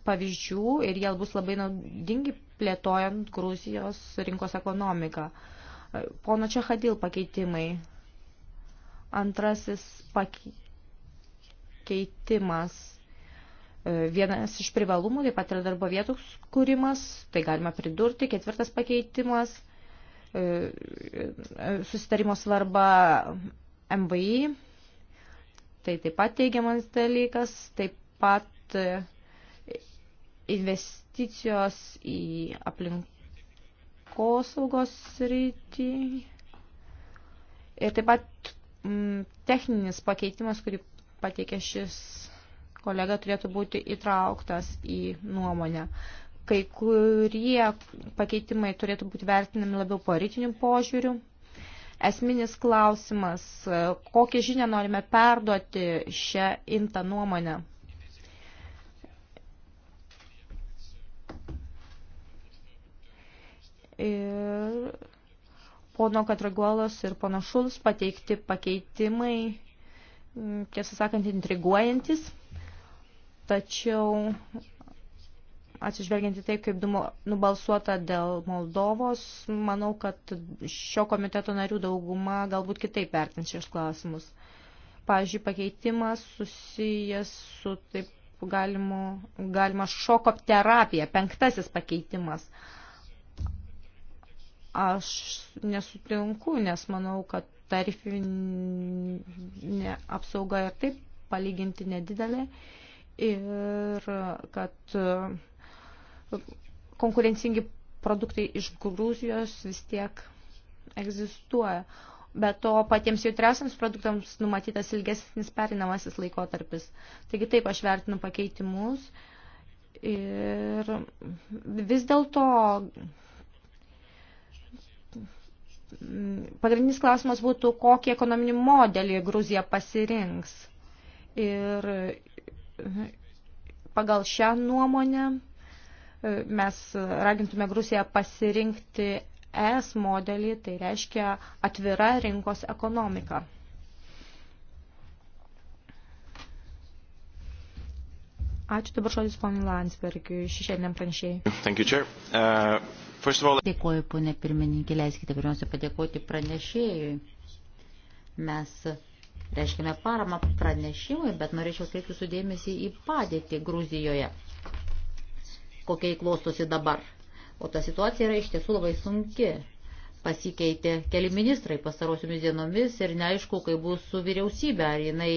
pavyzdžių ir jie bus labai naudingi plėtojant Gruzijos rinkos ekonomiką. Pono Čehadil pakeitimai. Antrasis pakeitimas. E, vienas iš privalumų taip pat yra darbo vietų kūrimas, tai galima pridurti. Ketvirtas pakeitimas – susitarimo svarba MVI, tai taip pat teigiamas dalykas, taip pat investicijos į aplinkosaugos sritį ir taip pat m, mm, techninis pakeitimas, kurį pateikė šis kolega, turėtų būti įtrauktas į nuomonę kai kurie pakeitimai turėtų būti vertinami labiau politiniu požiūriu. Esminis klausimas, kokią žinią norime perduoti šią imtą nuomonę. Ir pono Katriguolos ir pono Šulus pateikti pakeitimai, tiesą sakant, intriguojantis, tačiau atsižvelgiant į tai, kaip nubalsuota dėl Moldovos, manau, kad šio komiteto narių dauguma galbūt kitaip vertins šios klausimus. Pavyzdžiui, pakeitimas susijęs su taip galimu, galima šoko terapija, penktasis pakeitimas. Aš nesutinku, nes manau, kad tarifinė apsauga ir taip palyginti nedidelė ir kad uh, konkurencingi produktai iš Gruzijos vis tiek egzistuoja. Be to patiems jautriausiams produktams numatytas ilgesnis perinamasis laikotarpis. Taigi taip aš vertinu pakeitimus ir vis dėlto mm, pagrindinis klausimas būtų, kokį ekonominį modelį Gruzija pasirinks. Ir pagal šią nuomonę Mes ragintume Grusiją pasirinkti ES modelį, tai reiškia atvira rinkos ekonomika. Ačiū dabar žodis ponui Landsbergiui, šešėliniam pranešėjai. Thank you, Chair. Uh, first of all... Dėkuoju, ponė pirmininkė, leiskite pirmiausia padėkoti pranešėjui. Mes reiškime paramą pranešimui, bet norėčiau kreipti sudėmesį į padėtį Gruzijoje kokie klostosi dabar. O ta situacija yra iš tiesų labai sunki. Pasikeitė keli ministrai pastarosiomis dienomis ir neaišku, kaip bus su vyriausybė, ar jinai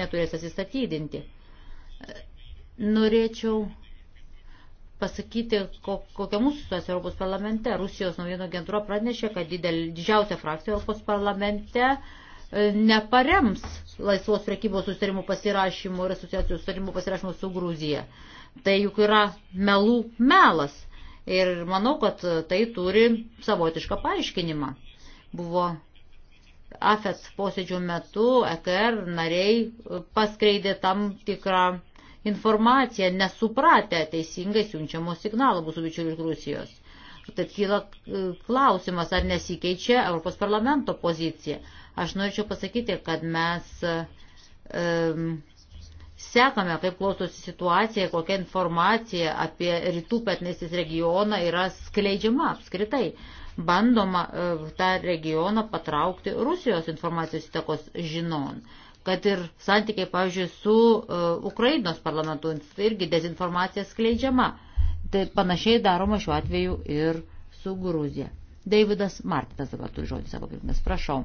neturės atsistatydinti. Norėčiau pasakyti, kokia mūsų situacija Europos parlamente. Rusijos naujienų agentūra pranešė, kad didel, didžiausia frakcija Europos parlamente e, neparems laisvos prekybos susitarimų pasirašymų ir asociacijų susitarimų pasirašymų su Gruzija. Tai juk yra melų melas. Ir manau, kad tai turi savotišką paaiškinimą. Buvo AFET posėdžių metu EKR nariai paskleidė tam tikrą informaciją, nesupratę teisingai siunčiamo signalo mūsų bičiulių iš Rusijos. Tad kyla e, klausimas, ar nesikeičia Europos parlamento pozicija. Aš norėčiau pasakyti, kad mes um, e, sekame, kaip klostosi situacija, kokia informacija apie rytų petnesis regioną yra skleidžiama apskritai. Bandoma e, tą regioną patraukti Rusijos informacijos įtakos žinon kad ir santykiai, pavyzdžiui, su uh, Ukrainos parlamentu irgi dezinformacija skleidžiama. Tai panašiai daroma šiuo atveju ir su Gruzija. Davidas Martinas dabar turi žodį savo pirmės. Prašau.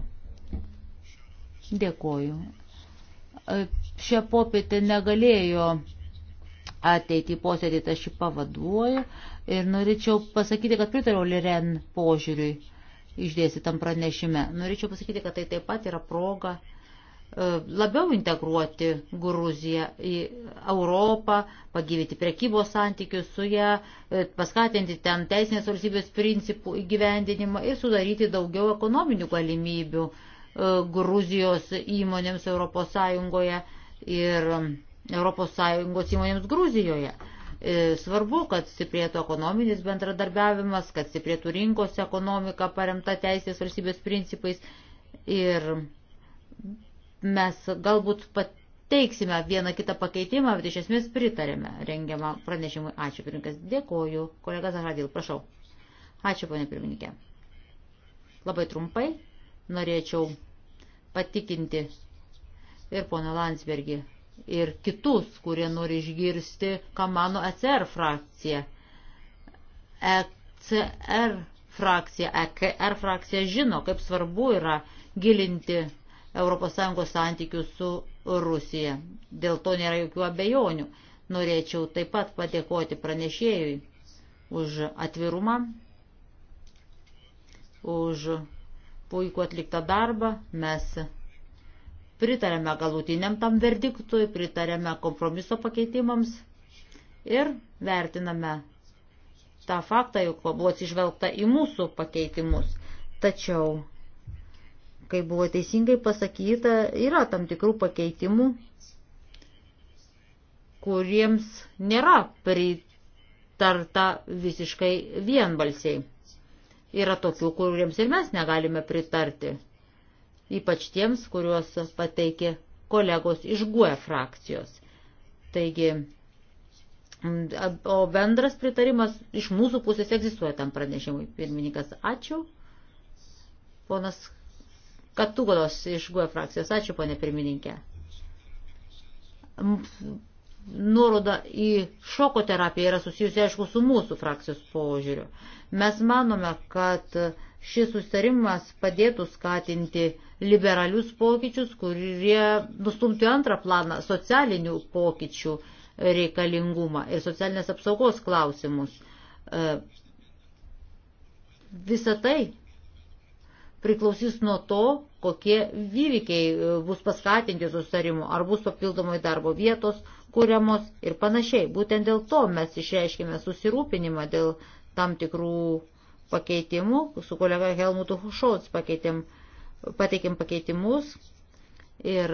Dėkoju šią popietę negalėjo ateiti į posėdį, tai aš jį pavaduoju ir norėčiau pasakyti, kad pritariau Liren požiūriui išdėstytam pranešime. Norėčiau pasakyti, kad tai taip pat yra proga e, labiau integruoti Gruziją į Europą, pagyvyti prekybos santykius su ją, e, paskatinti ten teisinės valstybės principų įgyvendinimą ir sudaryti daugiau ekonominių galimybių uh, E, Gruzijos įmonėms ES ir ES įmonėms Gruzijoje. E, svarbu, kad stiprėtų ekonominis bendradarbiavimas, kad stiprėtų rinkos ekonomika paremta teisės valstybės principais ir mes galbūt pateiksime vieną kitą pakeitimą, bet iš esmės pritarėme rengiamą pranešimui. Ačiū, pirmininkas. Dėkoju. Kolega Zahradil, prašau. Ačiū, ponė pirmininkė. Labai trumpai norėčiau patikinti ir poną Landsbergį, ir kitus, kurie nori išgirsti, ką mano ECR frakcija. ECR frakcija, EKR frakcija žino, kaip svarbu yra gilinti ES santykius su Rusija. Dėl to nėra jokių abejonių. Norėčiau taip pat padėkoti pranešėjui už atvirumą, už puikų atliktą darbą. Mes pritarėme galutiniam tam verdiktui, pritarėme kompromiso pakeitimams ir vertiname tą faktą, jog buvo atsižvelgta į mūsų pakeitimus. Tačiau, kai buvo teisingai pasakyta, yra tam tikrų pakeitimų, kuriems nėra pritarta visiškai vienbalsiai. Yra tokių, kuriems ir mes negalime pritarti, ypač tiems, kuriuos pateikė kolegos iš GUE frakcijos. Taigi, o bendras pritarimas iš mūsų pusės egzistuoja tam pranešimui. Pirmininkas, ačiū. Ponas Katugalos iš GUE frakcijos, ačiū, ponė pirmininkė nuoroda į šoko terapiją yra susijusi, aišku, su mūsų frakcijos požiūriu. Mes manome, kad šis sustarimas padėtų skatinti liberalius pokyčius, kurie nustumti antrą planą socialinių pokyčių reikalingumą ir socialinės apsaugos klausimus. E, Visą tai priklausys nuo to, kokie vyrikiai e, bus paskatinti susitarimu, ar bus papildomai darbo vietos kūriamos ir panašiai. Būtent dėl to mes išreiškime susirūpinimą dėl tam tikrų pakeitimų, su kolega Helmutu Hušauts pateikėm pakeitimus ir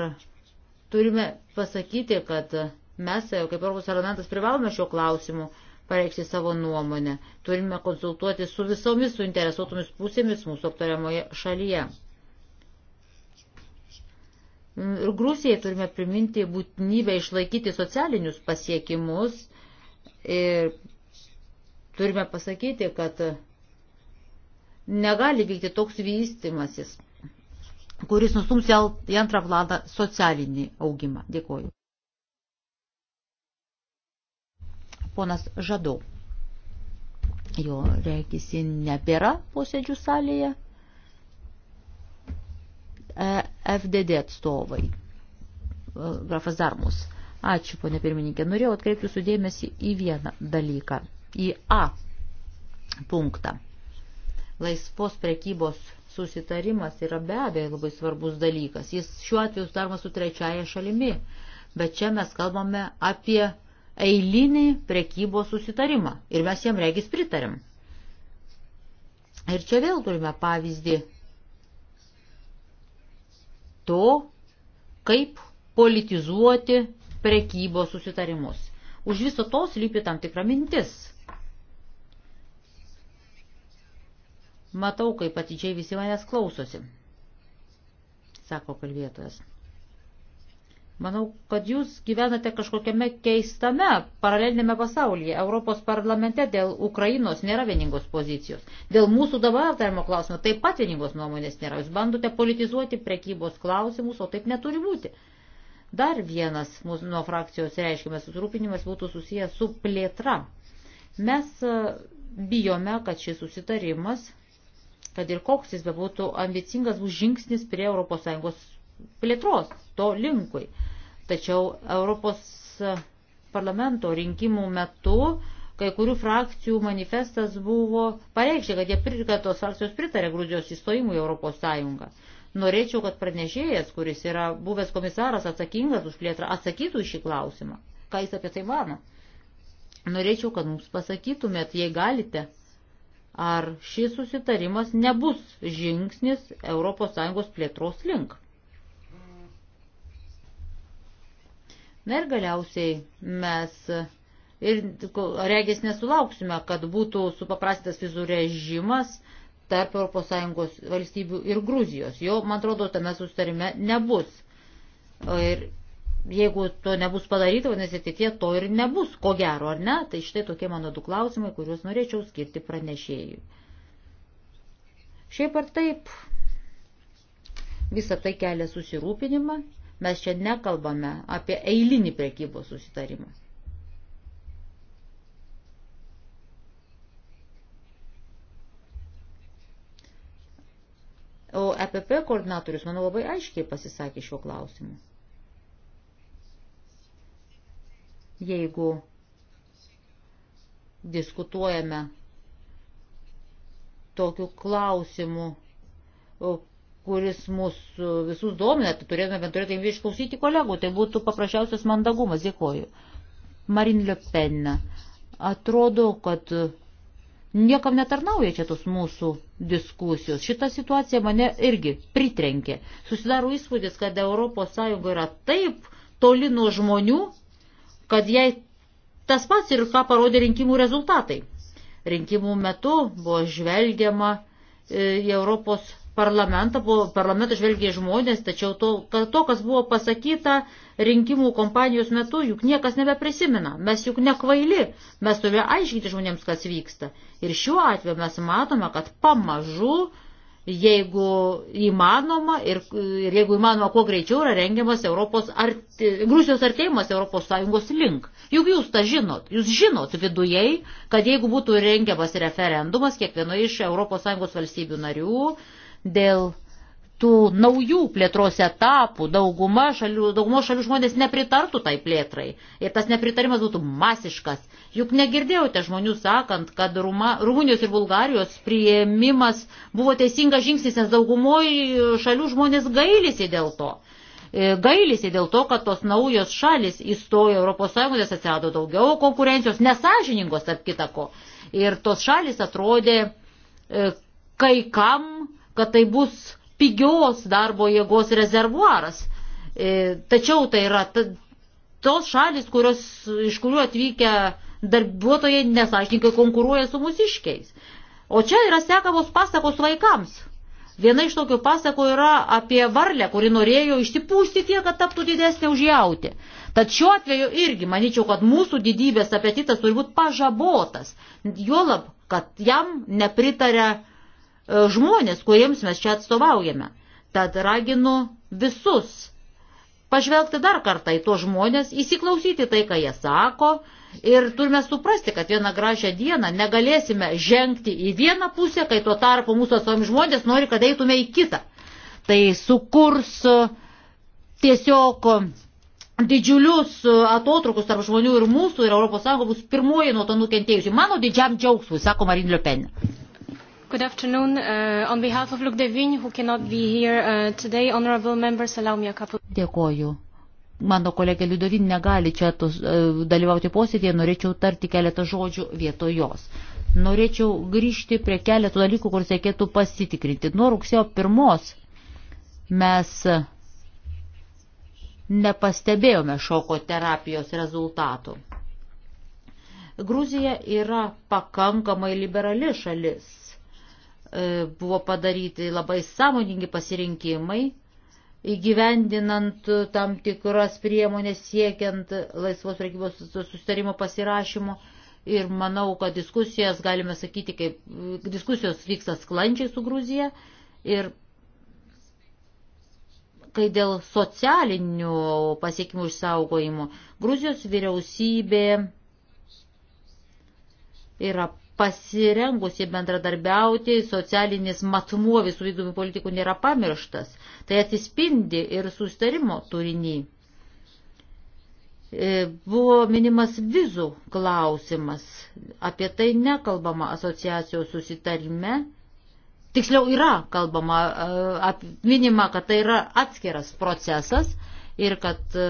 turime pasakyti, kad mes, e, kaip Europos parlamentas, privalome šio klausimu pareikšti savo nuomonę. Turime konsultuoti su visomis suinteresuotomis pusėmis mūsų aptariamoje šalyje. Ir Grūsijai turime priminti būtinybę išlaikyti socialinius pasiekimus ir turime pasakyti, kad negali vykti toks vystimasis, kuris nustums į antrą planą socialinį augimą. Dėkuoju. ponas Žadau. Jo, reikisi, nebėra posėdžių salėje. E, FDD atstovai. E, grafas Darmus. Ačiū, ponė pirmininkė. Norėjau atkreipti jūsų dėmesį į vieną dalyką. Į A punktą. Laisvos prekybos susitarimas yra be abejo labai svarbus dalykas. Jis šiuo atveju sudaromas su trečiaja šalimi. Bet čia mes kalbame apie eilinį prekybos susitarimą ir mes jam regis pritarėm. Ir čia vėl turime pavyzdį to, kaip politizuoti prekybos susitarimus. Už viso to slypi tam tikra mintis. Matau, kaip atidžiai visi manęs klausosi, sako kalbėtojas. Manau, kad jūs gyvenate kažkokiame keistame paralelinėme pasaulyje. Europos parlamente dėl Ukrainos nėra vieningos pozicijos. Dėl mūsų dabar aptarimo klausimo taip pat vieningos nuomonės nėra. Jūs bandote politizuoti prekybos klausimus, o taip neturi būti. Dar vienas mūsų nuo frakcijos reiškimas susirūpinimas būtų susijęs su plėtra. Mes e, bijome, kad šis susitarimas, kad ir koks jis bebūtų ambicingas, bus žingsnis prie ES plėtros to linkui. Tačiau Europos parlamento rinkimų metu kai kurių frakcijų manifestas buvo pareikšti, kad, jie, kad tos frakcijos pritarė Gruzijos įstojimui į Europos Sąjungą. Norėčiau, kad pranešėjas, kuris yra buvęs komisaras atsakingas už plėtrą, atsakytų šį klausimą. Ką jis apie tai mano? Norėčiau, kad mums pasakytumėt, jei galite, ar šis susitarimas nebus žingsnis ES plėtros link. Na ir galiausiai mes ir regis nesulauksime, kad būtų supaprastas vizų režimas tarp ES valstybių ir Gruzijos. Jo, man atrodo, tame sustarime nebus. Ir jeigu to nebus padaryta, vadinasi, ateitie to ir nebus, ko gero, ar ne? Tai štai tokie mano du klausimai, kuriuos norėčiau skirti pranešėjui. Šiaip ar taip, visą tai kelia susirūpinimą Mes čia nekalbame apie eilinį prekybos susitarimą. O EPP koordinatorius, manau, labai aiškiai pasisakė šiuo klausimu. Jeigu diskutuojame tokiu klausimu, kuris mūsų visus domina, tai turėtume bent turėti galimybę išklausyti kolegų, tai būtų paprasčiausias mandagumas, dėkoju. Marin Le Pen, atrodo, kad niekam netarnauja čia tos mūsų diskusijos. Šita situacija mane irgi pritrenkė. Susidaro įspūdis, kad ES yra taip toli nuo žmonių, kad jai tas pats ir ką parodė rinkimų rezultatai. Rinkimų metu buvo žvelgiama e, į Europos parlamentą, parlamentą žvelgia žmonės, tačiau to, to, kas buvo pasakyta rinkimų kompanijos metu, juk niekas nebeprisimena. Mes juk nekvaili, mes turime aiškinti žmonėms, kas vyksta. Ir šiuo atveju mes matome, kad pamažu, jeigu įmanoma ir, ir jeigu įmanoma, kuo greičiau yra rengiamas Europos arti, Grūsijos artėjimas Europos Sąjungos link. Juk jūs tą žinot, jūs žinot vidujei, kad jeigu būtų rengiamas referendumas kiekvienoje iš Europos Sąjungos valstybių narių, dėl tų naujų plėtros etapų dauguma šalių, dauguma šalių žmonės nepritartų tai plėtrai. Ir tas nepritarimas būtų masiškas. Juk negirdėjote žmonių sakant, kad Ruma, Rumunijos ir Bulgarijos prieimimas buvo teisingas žingsnis, nes daugumoje šalių žmonės gailisi dėl to. E, gailisi dėl to, kad tos naujos šalis įstojo Europos Sąjungos, nes atsirado daugiau konkurencijos, nesažiningos tarp kitako. Ir tos šalis atrodė e, kai kam kad tai bus pigios darbo jėgos rezervuaras. E, tačiau tai yra tos šalis, kurios, iš kurių atvykę darbuotojai nesažininkai konkuruoja su mūsiškiais. O čia yra sekamos pasakos vaikams. Viena iš tokių pasakų yra apie varlę, kuri norėjo ištipūsti tiek, kad taptų didesnė už jauti. Tad šiuo atveju irgi manyčiau, kad mūsų didybės apetitas turi būti pažabotas. Juolab, kad jam nepritaria E, žmonės, kuriems mes čia atstovaujame. Tad raginu visus pažvelgti dar kartą į tuos žmonės, įsiklausyti tai, ką jie sako ir turime suprasti, kad vieną gražią dieną negalėsime žengti į vieną pusę, kai tuo tarpu mūsų atstovami žmonės nori, kad eitume į kitą. Tai sukurs e, tiesiog e, didžiulius atotrukus tarp žmonių ir mūsų ir ES bus pirmoji nuo to nukentėjusi. Mano didžiam džiaugsmui, sako Marin Le Pen. Good afternoon. Uh, on behalf of Luc Devigne, who cannot be here uh, today, honorable members, allow me a couple. Dėkoju. Mano kolegė Liudovin negali čia tos, uh, dalyvauti posėdėje, norėčiau tarti keletą žodžių vietoj jos. Norėčiau grįžti prie keletų dalykų, kur reikėtų pasitikrinti. Nuo rugsėjo pirmos mes nepastebėjome šoko terapijos rezultatų. Gruzija yra pakankamai liberali šalis E, buvo padaryti labai sąmoningi pasirinkimai, įgyvendinant tam tikras priemonės siekiant laisvos prekybos sustarimo pasirašymo. Ir manau, kad diskusijas, galime sakyti, kaip diskusijos vyksta sklandžiai su Gruzija. Ir kai dėl socialinių pasiekimų išsaugojimo Gruzijos vyriausybė yra pasirengusi bendradarbiauti, socialinis matmuo visų vykdomų politikų nėra pamirštas. Tai atsispindi ir sustarimo turiniai. E, buvo minimas vizų klausimas. Apie tai nekalbama asociacijos susitarime. Tiksliau yra kalbama, e, minima, kad tai yra atskiras procesas ir kad e,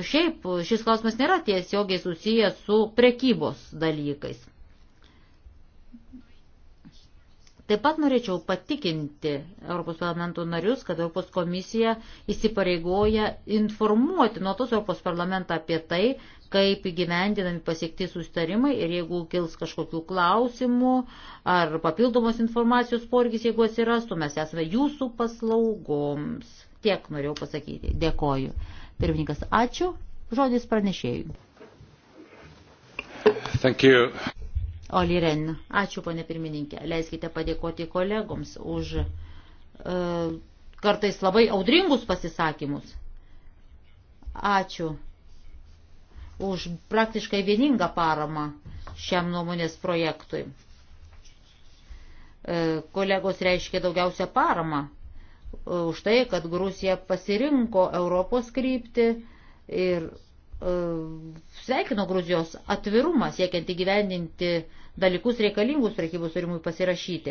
šiaip šis klausimas nėra tiesiogiai susijęs su prekybos dalykais. Taip pat norėčiau patikinti Europos parlamento narius, kad Europos komisija įsipareigoja informuoti nuotos Europos parlamentą apie tai, kaip įgyvendinami pasiekti sustarimai ir jeigu kils kažkokių klausimų ar papildomos informacijos porgis, jeigu atsirastų, mes esame jūsų paslaugoms. Tiek norėjau pasakyti. Dėkoju. Pirmininkas, ačiū. Žodis pranešėjui. Thank you. Oliren. Ačiū, ponė pirmininkė. Leiskite padėkoti kolegoms už e, kartais labai audringus pasisakymus. Ačiū už praktiškai vieningą paramą šiam nuomonės projektui. E, kolegos reiškia daugiausia paramą e, už tai, kad Grūsija pasirinko Europos kryptį ir e, sveikino Gruzijos atvirumą siekiant įgyvendinti dalykus reikalingus prekybos surimui pasirašyti.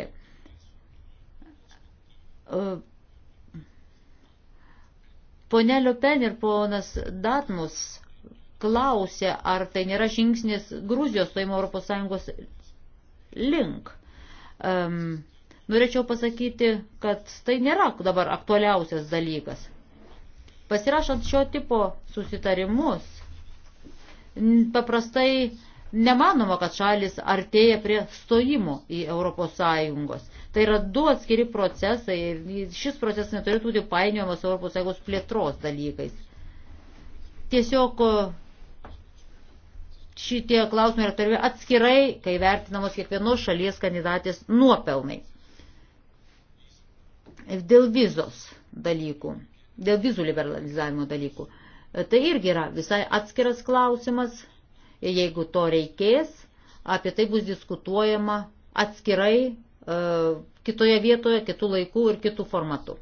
E, Pone Liupen ir ponas Datmus klausė, ar tai nėra žingsnis Gruzijos stojimo Europos Sąjungos link. Um, norėčiau pasakyti, kad tai nėra dabar aktualiausias dalykas. Pasirašant šio tipo susitarimus, paprastai Nemanoma, kad šalis artėja prie stojimo į ES. Tai yra du atskiri procesai ir šis procesas neturėtų būti painiojamas ES plėtros dalykais. Tiesiog e, šitie klausimai yra tarvi atskirai, kai vertinamos kiekvienos šalies kandidatės nuopelnai. Dėl vizos dalykų, dėl vizų liberalizavimo dalykų. E, tai irgi yra visai atskiras klausimas, ir jeigu to reikės, apie tai bus diskutuojama atskirai e, kitoje vietoje, kitų laikų ir kitų formatų.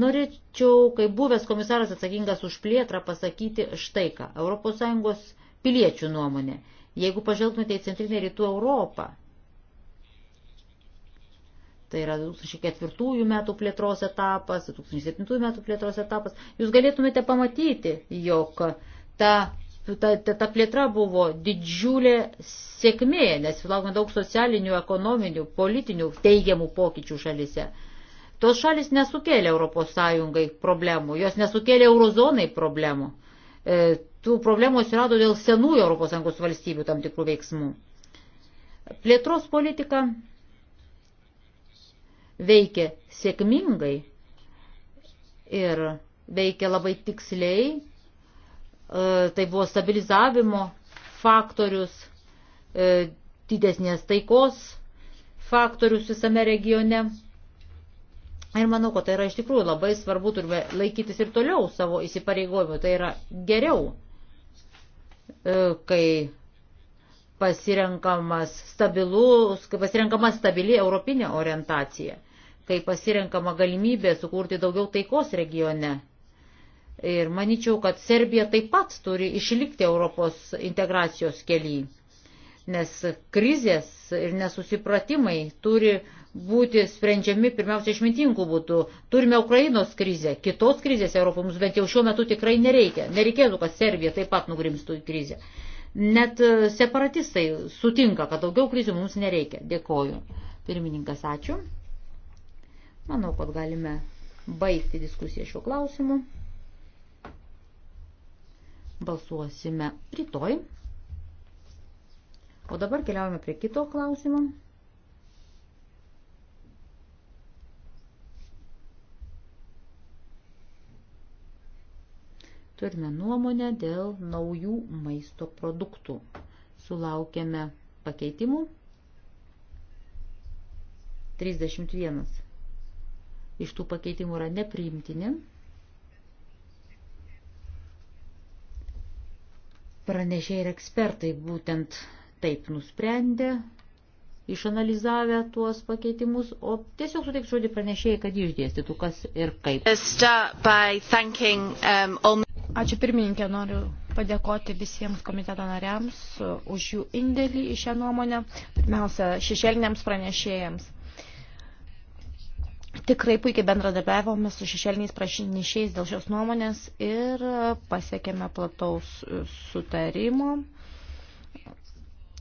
Norėčiau, kaip buvęs komisaras atsakingas už plėtrą, pasakyti štai ką. ES piliečių nuomonė. Jeigu pažvelgtumėte į Centrinę Rytų Europą, tai yra 2004 metų plėtros etapas, 2007 metų plėtros etapas, jūs galėtumėte pamatyti, jog ta ta, ta, ta plėtra buvo didžiulė sėkmė, nes sulaukime daug socialinių, ekonominių, politinių teigiamų pokyčių šalise. Tos šalis nesukėlė ES problemų, jos nesukėlė eurozonai problemų. E, tų problemų atsirado dėl senųjų ES valstybių tam tikrų veiksmų. Plėtros politika veikia sėkmingai ir veikia labai tiksliai E, tai buvo stabilizavimo faktorius, e, didesnės taikos faktorius visame regione. Ir manau, kad tai yra iš tikrųjų labai svarbu, turime laikytis ir toliau savo įsipareigojimų. Tai yra geriau, e, kai pasirenkamas stabilus, kai pasirenkama stabili europinė orientacija, kai pasirenkama galimybė sukurti daugiau taikos regione Ir manyčiau, kad Serbija taip pat turi išlikti Europos integracijos kelyje, nes krizės ir nesusipratimai turi būti sprendžiami pirmiausia išmintingų būtų. Turime Ukrainos krizę, kitos krizės Europoje mums bent jau šiuo metu tikrai nereikia. Nereikėtų, kad Serbija taip pat nugrimstų į krizę. Net e, separatistai sutinka, kad daugiau krizių mums nereikia. Dėkoju. Pirmininkas, ačiū. Manau, kad galime baigti diskusiją šiuo klausimu balsuosime rytoj. O dabar keliaujame prie kito klausimo. Turime nuomonę dėl naujų maisto produktų. Sulaukėme pakeitimų. 31. Iš tų pakeitimų yra nepriimtini. Pranešiai ir ekspertai būtent taip nusprendė, išanalizavę tuos pakeitimus, o tiesiog suteiks žodį pranešėjai, kad išdėstytų kas ir kaip. Um, Ačiū pirmininkė, noriu padėkoti visiems komiteto nariams uh, už jų indėlį į šią nuomonę, pirmiausia, šešėliniams pranešėjams. Tikrai puikiai bendradarbiavome su šešėliniais prašinišiais dėl šios nuomonės ir pasiekėme plataus sutarimo.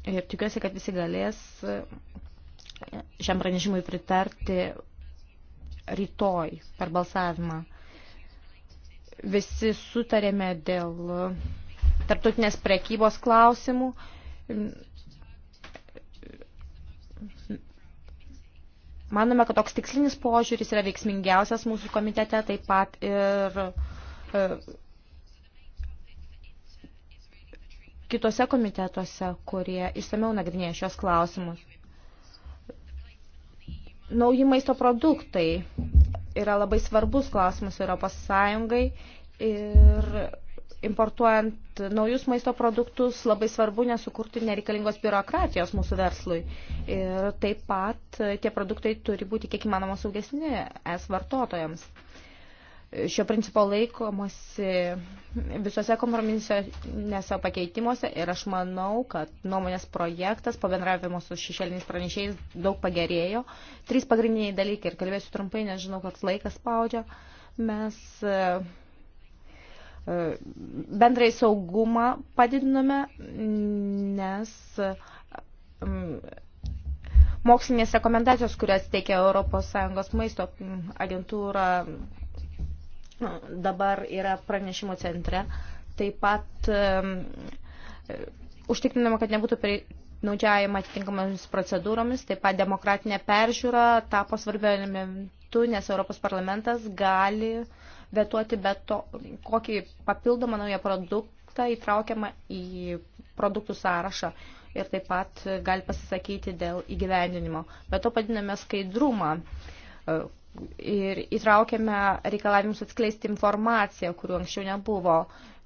Ir tikiuosi, kad visi galės šiam pranešimui pritarti rytoj per balsavimą. Visi sutarėme dėl tarptautinės prekybos klausimų Manome, kad toks tikslinis požiūris yra veiksmingiausias mūsų komitete, taip pat ir e, kitose komitetuose, kurie išsameu nagrinėja šios klausimus. Nauji maisto produktai yra labai svarbus klausimas Europos Sąjungai ir importuojant naujus maisto produktus labai svarbu nesukurti nereikalingos biurokratijos mūsų verslui. Ir taip pat tie produktai turi būti kiek įmanoma saugesni es vartotojams. Šio principo laikomasi visose kompromisinėse pakeitimuose ir aš manau, kad nuomonės projektas po bendravimo su šešėliniais pranešėjais daug pagerėjo. Trys pagrindiniai dalykai ir kalbėsiu trumpai, nes žinau, kad laikas spaudžia. Mes uh, bendrai saugumą padidinome, nes mm, mokslinės rekomendacijos, kurias teikia ES maisto agentūra dabar yra pranešimo centre. Taip pat um, užtikrinama, kad nebūtų naudžiajama atitinkamomis procedūromis, taip pat demokratinė peržiūra tapo svarbiu elementu, nes Europos parlamentas gali uh, vetuoti bet to, kokį papildomą naują produktą įtraukiamą į produktų sąrašą ir taip pat gali pasisakyti dėl įgyvendinimo. Bet to padiname skaidrumą e, ir įtraukiame reikalavimus atskleisti informaciją, kurių anksčiau nebuvo.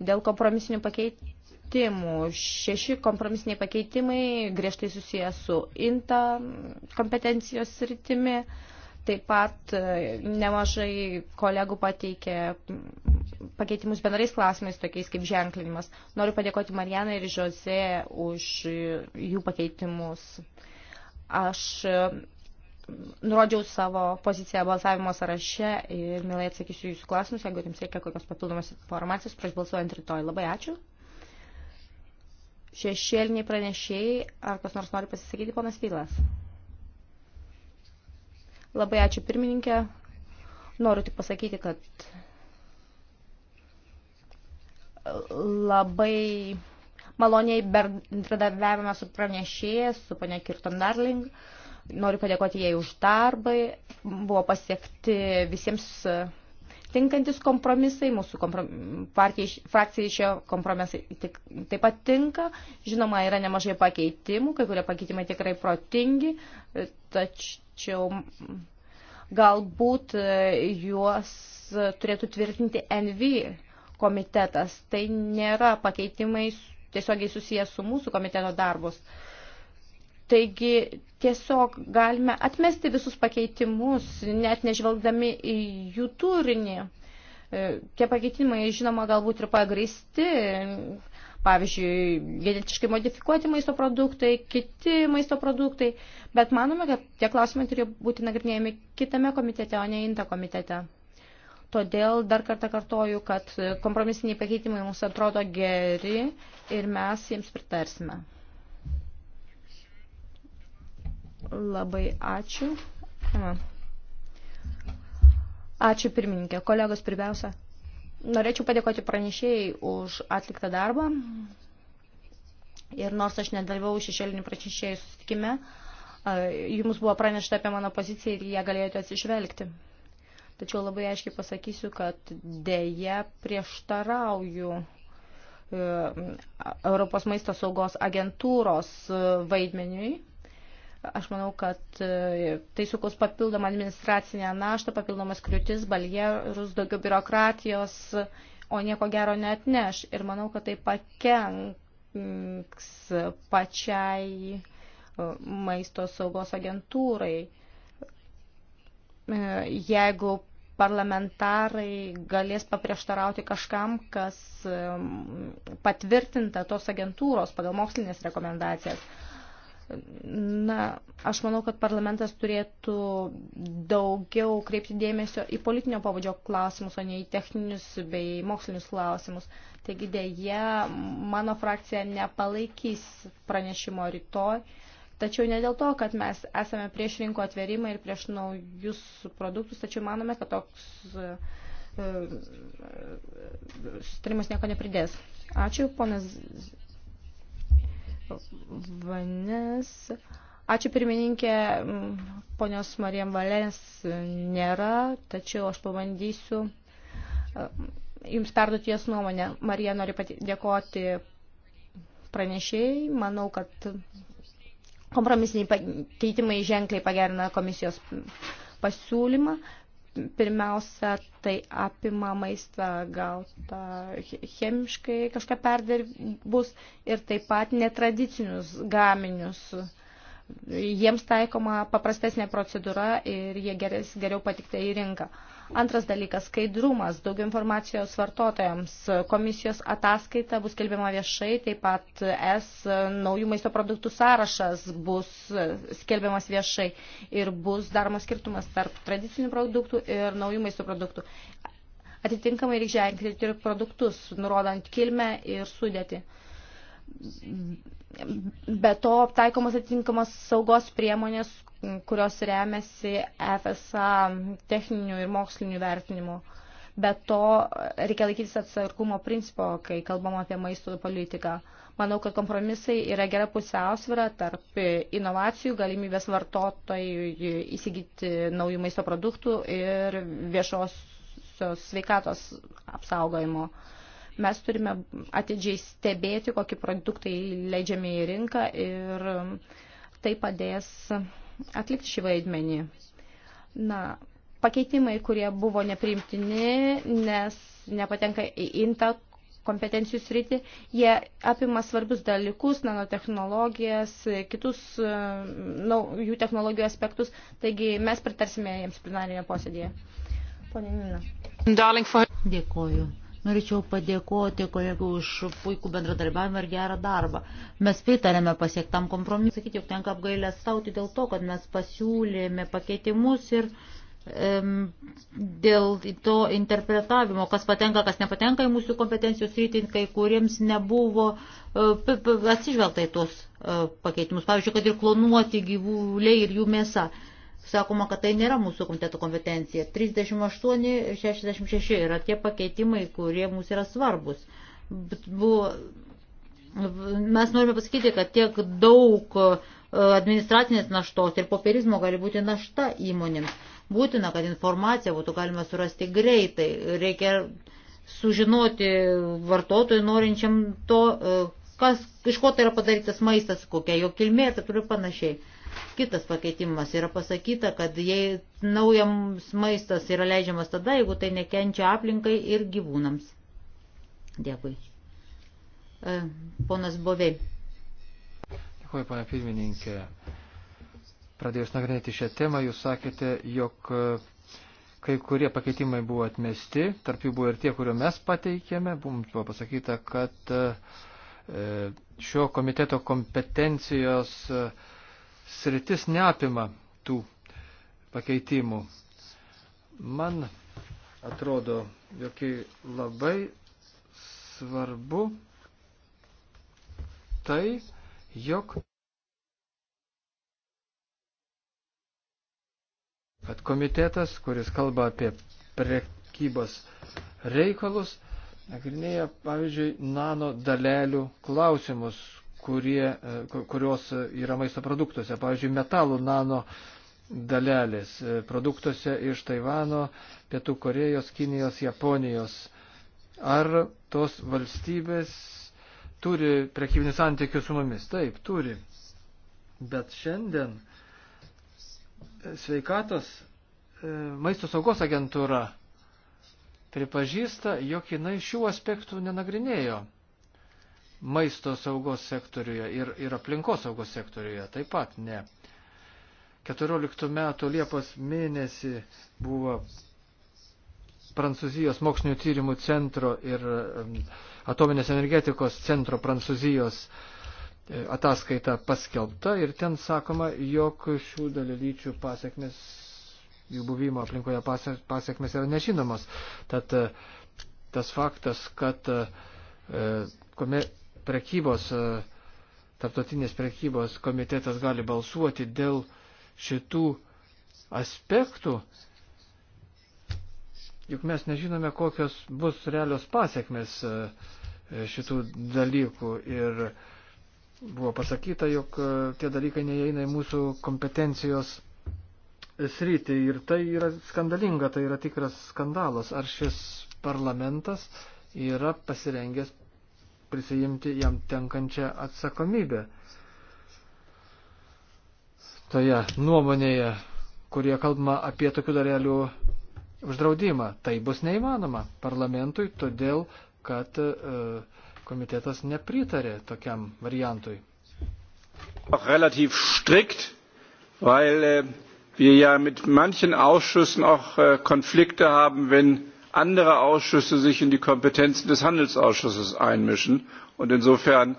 Dėl kompromisinių pakeitimų. Šeši kompromisiniai pakeitimai griežtai susijęs su INTA kompetencijos rytimi. Uh, Taip pat e, nemažai kolegų pateikė pakeitimus bendrais klausimais, tokiais kaip ženklinimas. Noriu padėkoti Marijanai ir Žozė už jų pakeitimus. Aš e, nurodžiau savo poziciją balsavimo sąraše ir mielai atsakysiu jūsų klausimus, jeigu jums reikia kokios papildomos informacijos, prieš balsuojant rytoj. Labai ačiū. Šešėliniai pranešėjai, ar kas nors nori pasisakyti, ponas Vylas? Labai ačiū pirmininkė. Noriu tik pasakyti, kad labai maloniai bendradarbiavime su pranešėjas, su ponia Kirton Darling. Noriu padėkoti jai už darbą. Buvo pasiekti visiems tinkantis kompromisai, mūsų komprom... partijai, frakcijai šio kompromisai tik, taip pat tinka. Žinoma, yra nemažai pakeitimų, kai kurie pakeitimai tikrai protingi, tač, tačiau galbūt e, juos turėtų tvirtinti NV komitetas. Tai nėra pakeitimai tiesiogiai susijęs su mūsų komiteto darbus. Taigi tiesiog galime atmesti visus pakeitimus, net nežvelgdami į jų turinį. E, tie pakeitimai, žinoma, galbūt ir pagristi, pavyzdžiui, genetiškai modifikuoti maisto produktai, kiti maisto produktai, bet manome, kad tie klausimai turi būti nagrinėjami kitame komitete, o ne INTA komitete. Todėl dar kartą kartoju, kad kompromisiniai pakeitimai mums atrodo geri ir mes jiems pritarsime. Labai ačiū. Ačiū pirmininkė. Kolegos, pirmiausia, Norėčiau padėkoti pranešėjai už atliktą darbą. Ir nors aš nedalyvau šešėlinių pranešėjų susitikime, jums buvo pranešta apie mano poziciją ir ją galėjote atsižvelgti. Tačiau labai aiškiai pasakysiu, kad dėja prieštarauju e, Europos maisto saugos agentūros e, vaidmeniui Aš manau, kad e, tai sukurs papildomą administracinę naštą, papildomas kliūtis, baljerus, daugiau biurokratijos, o nieko gero net neš. Ir manau, kad tai pakenks pačiai e, maisto saugos agentūrai. E, jeigu parlamentarai galės paprieštarauti kažkam, kas patvirtinta tos agentūros pagal mokslinės rekomendacijas Na, aš manau, kad parlamentas turėtų daugiau kreipti dėmesio į politinio pavadžio klausimus, o ne į techninius bei mokslinius klausimus. Taigi dėje mano frakcija nepalaikys pranešimo rytoj, tačiau ne dėl to, kad mes esame prieš rinko atverimą ir prieš naujus produktus, tačiau manome, kad toks e, e, sustarimas nieko nepridės. Ačiū, ponas Vanes. Ačiū pirmininkė, mm, ponios Marijam Valens nėra, tačiau aš pabandysiu mm, jums perduoti jos nuomonę. Marija nori dėkoti pranešėjai. Manau, kad kompromisiniai keitimai ženkliai pagerina komisijos pasiūlymą pirmiausia, tai apima maistą gautą chemiškai kažką perdirbus ir taip pat netradicinius gaminius. Jiems taikoma paprastesnė procedūra ir jie geris, geriau patikta į rinką. Uh, Antras dalykas - skaidrumas, daugiau informacijos vartotojams. Komisijos ataskaita bus kelbiama viešai, taip pat S naujų maisto produktų sąrašas bus skelbiamas viešai ir bus daromas skirtumas tarp tradicinių produktų ir naujų maisto produktų. Atitinkamai reikia ženklinti ir produktus, nurodant kilmę ir sudėtį. Uh, Be to, taikomos atitinkamos saugos priemonės, kurios remiasi FSA techninių ir mokslinių vertinimų. Be to, reikia laikytis atsargumo principo, kai kalbam apie maisto politiką. Manau, kad kompromisai yra gera pusiausvyrą tarp inovacijų, galimybės vartotojų įsigyti naujų maisto produktų ir viešosios sveikatos apsaugojimo. Uh, Mes turime atidžiai stebėti, kokie produktai leidžiami į rinką ir um, tai padės atlikti šį vaidmenį. Na, pakeitimai, kurie buvo nepriimtini, nes nepatenka į intą kompetencijų sritį, jie apima svarbius dalykus, nanotehnologijas, kitus um, naujų technologijų aspektus, taigi mes pritarsime jiems plenarinėje posėdėje. Pone Nina. Dėkoju. Norėčiau padėkoti kolegų už puikų bendradarbiavimą ir gerą darbą. Mes pritarėme pasiektam kompromisui. Sakyti, jog tenka apgailę stauti dėl to, kad mes pasiūlėme pakeitimus ir dėl to interpretavimo, kas patenka, kas nepatenka į mūsų kompetencijos rytį, kai kuriems nebuvo e, atsižvelgta į tuos e, pakeitimus. Pavyzdžiui, kad ir klonuoti gyvuliai ir jų mėsa sakoma, kad tai nėra mūsų komiteto kompetencija. 38 ir 66 yra tie pakeitimai, kurie mums yra svarbus. Buvo, mes norime pasakyti, kad tiek daug e, administracinės naštos ir popierizmo gali būti našta įmonėms. Būtina, kad informaciją būtų galima surasti greitai. Reikia sužinoti vartotojui norinčiam to, e, kas, iš ko tai yra padarytas maistas, kokia jo kilmė ir taip toliau panašiai. Kitas pakeitimas yra pasakyta, kad jei naujams maistas yra leidžiamas tada, jeigu tai nekenčia aplinkai ir gyvūnams. Dėkui. E, ponas Bovei. Dėkui, pana pirmininkė. Pradėjus nagrinėti šią temą, jūs sakėte, jog e, kai kurie pakeitimai buvo atmesti, tarp jų buvo ir tie, kuriuo mes pateikėme, mums buvo pasakyta, kad e, šio komiteto kompetencijos uh, sritis neapima tų pakeitimų. Man atrodo, jog labai svarbu tai, jog kad komitetas, kuris kalba apie prekybos reikalus, nagrinėja, pavyzdžiui, nano dalelių klausimus, kurie, e, kurios yra maisto produktuose. Pavyzdžiui, metalų nano dalelės e, produktuose iš Taivano, Pietų Korejos, Kinijos, Japonijos. Ar tos valstybės turi prekybinių santykių su mumis? Taip, turi. Bet šiandien sveikatos e, maisto saugos agentūra pripažįsta, jog jinai šių aspektų nenagrinėjo maisto saugos sektoriuje ir, ir aplinkos saugos sektoriuje taip pat ne. 14 metų Liepos mėnesį buvo Prancūzijos mokslinio tyrimų centro ir um, atominės energetikos centro Prancūzijos e, ataskaita paskelbta ir ten sakoma, jog šių dalelyčių pasiekmes, jų buvimo aplinkoje pasiekmes yra nežinomos. Tad e, tas faktas, kad e, prekybos, e, tarptautinės prekybos komitetas gali balsuoti dėl šitų aspektų, juk mes nežinome, kokios bus realios pasiekmes e, šitų dalykų. Ir buvo pasakyta, jog e, tie dalykai neįeina į mūsų kompetencijos sritį. Ir tai yra skandalinga, tai yra tikras skandalas. Ar šis parlamentas yra pasirengęs prisijimti jam tenkančią atsakomybę. Toje nuomonėje, kurie kalbama apie tokių darelių uždraudimą, tai bus neįmanoma parlamentui, todėl kad e, komitetas nepritarė tokiam variantui. Relativ strikt, weil äh, wir ja mit manchen Ausschüssen auch äh, Konflikte haben, wenn andere Ausschüsse sich in die Kompetenzen des Handelsausschusses einmischen. Und insofern,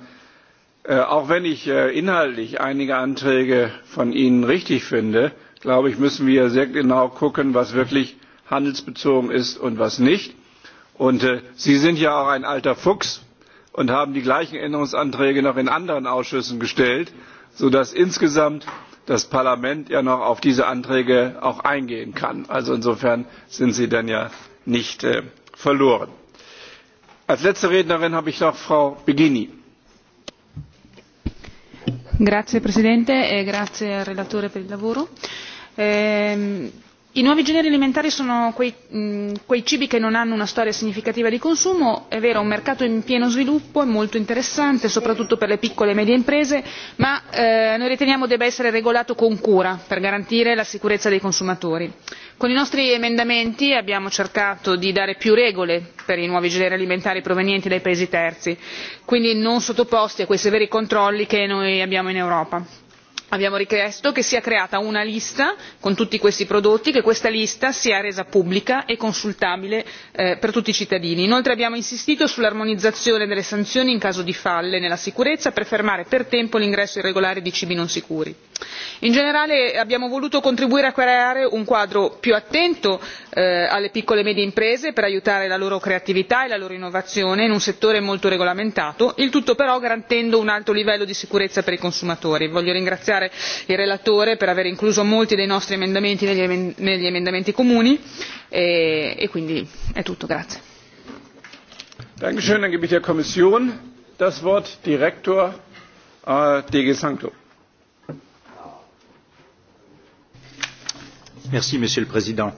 äh, auch wenn ich äh, inhaltlich einige Anträge von Ihnen richtig finde, glaube ich, müssen wir sehr genau gucken, was wirklich handelsbezogen ist und was nicht. Und äh, Sie sind ja auch ein alter Fuchs und haben die gleichen Änderungsanträge noch in anderen Ausschüssen gestellt, sodass insgesamt das Parlament ja noch auf diese Anträge auch eingehen kann. Also insofern sind Sie dann ja nicht äh, verloren. als letzte rednerin habe ich noch frau beghin. grazie presidente e grazie al relatore per il lavoro. Ehm, i nuovi generi alimentari sono quei, mh, quei cibi che non hanno una storia significativa di consumo è vero un mercato in pieno sviluppo è molto interessante soprattutto per le piccole e medie imprese ma eh, noi riteniamo debba essere regolato con cura per garantire la sicurezza dei consumatori con i nostri emendamenti abbiamo cercato di dare più regole per i nuovi generi alimentari provenienti dai paesi terzi quindi non sottoposti a quei severi controlli che noi abbiamo in europa. abbiamo richiesto che sia creata una lista con tutti questi prodotti che questa lista sia resa pubblica e consultabile eh, per tutti i cittadini. inoltre abbiamo insistito sull'armonizzazione delle sanzioni in caso di falle nella sicurezza per fermare per tempo l'ingresso irregolare di cibi non sicuri in generale abbiamo voluto contribuire a creare un quadro più attento eh, alle piccole e medie imprese per aiutare la loro creatività e la loro innovazione in un settore molto regolamentato il tutto però garantendo un alto livello di sicurezza per i consumatori. voglio ringraziare il relatore per aver incluso molti dei nostri emendamenti negli emendamenti comuni e, e quindi è tutto. dankeschön. dann gebe ich der kommission das wort direktor äh, dg sanco. Merci, Monsieur le Président.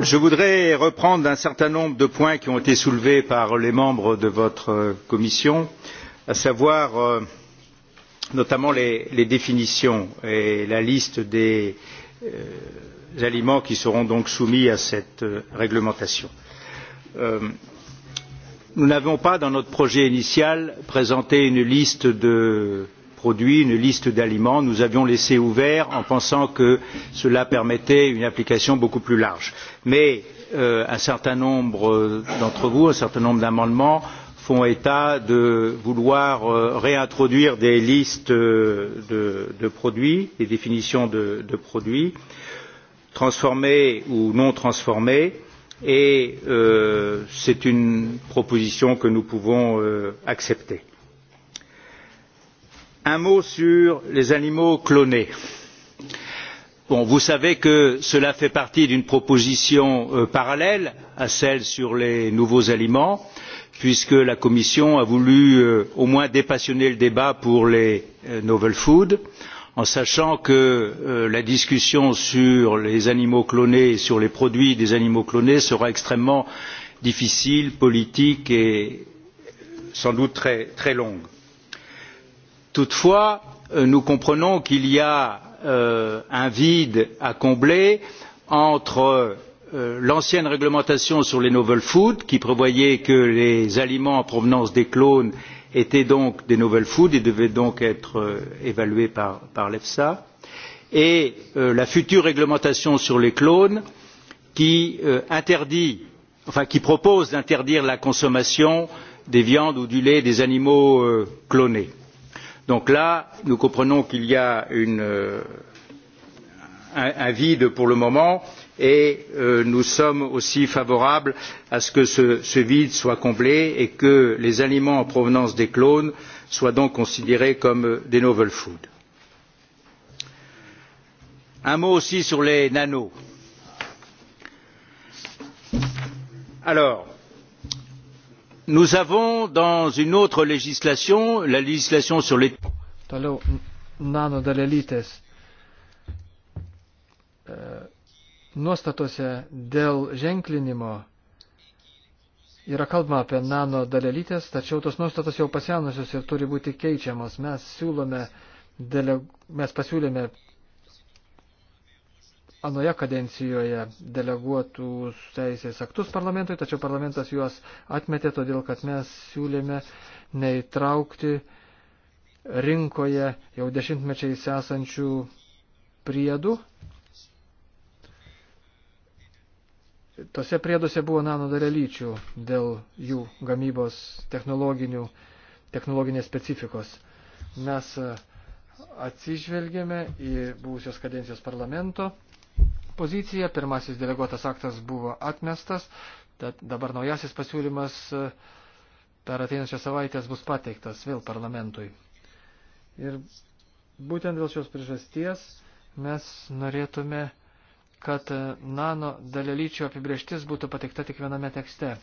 je voudrais reprendre un certain nombre de points qui ont été soulevés par les membres de votre commission à savoir euh, notamment les, les définitions et la liste des euh, aliments qui seront donc soumis à cette euh, réglementation. Euh, nous n'avons pas dans notre projet initial présenté une liste de produits une liste d'aliments nous avions laissé ouvert en pensant que cela permettait une application beaucoup plus large. mais euh, un certain nombre euh, d'entre vous un certain nombre d'amendements font état de vouloir euh, réintroduire des listes euh, de, de produits des définitions de, de produits transformés ou non transformés et euh, c'est une proposition que nous pouvons euh, accepter un mot sur les animaux clonés. Bon, vous savez que cela fait partie d'une proposition euh, parallèle à celle sur les nouveaux aliments puisque la commission a voulu euh, au moins dépassionner le débat pour les euh, novel foods en sachant que euh, la discussion sur les animaux clonés et sur les produits des animaux clonés sera extrêmement difficile politique et euh, sans doute très, très longue toutefois euh, nous comprenons qu'il y a euh, un vide à combler entre euh, l'ancienne réglementation sur les novel foods qui prévoyait que les aliments en provenance des clones étaient donc des novel foods et devaient donc être euh, évalués par, par l'efsa et euh, la future réglementation sur les clones qui euh, interdit enfin qui propose d'interdire la consommation des viandes ou du lait des animaux clonés donc là nous comprenons qu'il y a une, euh, un, un vide pour le moment et euh, nous sommes aussi favorables à ce que ce, ce vide soit comblé et que les aliments en provenance des clones soient donc considérés comme des novel foods. un mot aussi sur les nanos. alors nous avons dans une autre législation la législation sur les Toliau nanodalelytės e, nuostatose dėl ženklinimo yra kalbama apie nanodalelytės, tačiau tos nuostatos jau pasenusios ir turi būti keičiamos. Mes siūlome, dele, mes pasiūlėme anoje kadencijoje deleguotų teisės aktus parlamentui, tačiau parlamentas juos atmetė, todėl kad mes siūlėme neįtraukti rinkoje jau dešimtmečiais esančių priedų. Tose prieduose buvo nanodalelyčių dėl jų gamybos technologinės specifikos. Mes atsižvelgėme į būsios kadencijos parlamento poziciją, pirmasis deleguotas aktas buvo atmestas, tad dabar naujasis pasiūlymas e, per ateinančią savaitę bus pateiktas vėl parlamentui. Ir būtent dėl šios priežasties mes norėtume, kad e, nano dalelyčio apibrieštis būtų pateikta tik viename tekste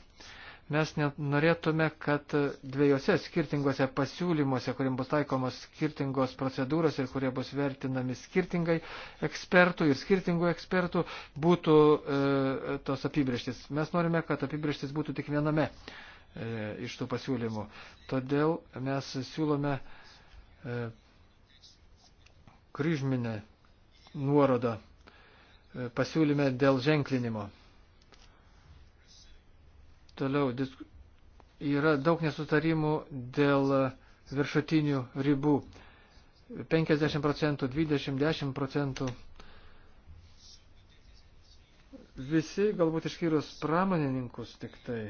mes norėtume, kad dviejose skirtingose pasiūlymuose, kuriems bus taikomos skirtingos procedūros ir kurie bus vertinami skirtingai ekspertų ir skirtingų ekspertų, būtų e, tos apibrieštis. Mes norime, kad apibrieštis būtų tik viename e, iš tų pasiūlymų. Todėl mes siūlome e, kryžminę nuorodą e, pasiūlyme dėl ženklinimo. Toliau disk... yra daug nesutarimų dėl viršutinių ribų. 50 procentų, 20, 10 procentų. Visi, galbūt išskyrus pramonininkus tik tai.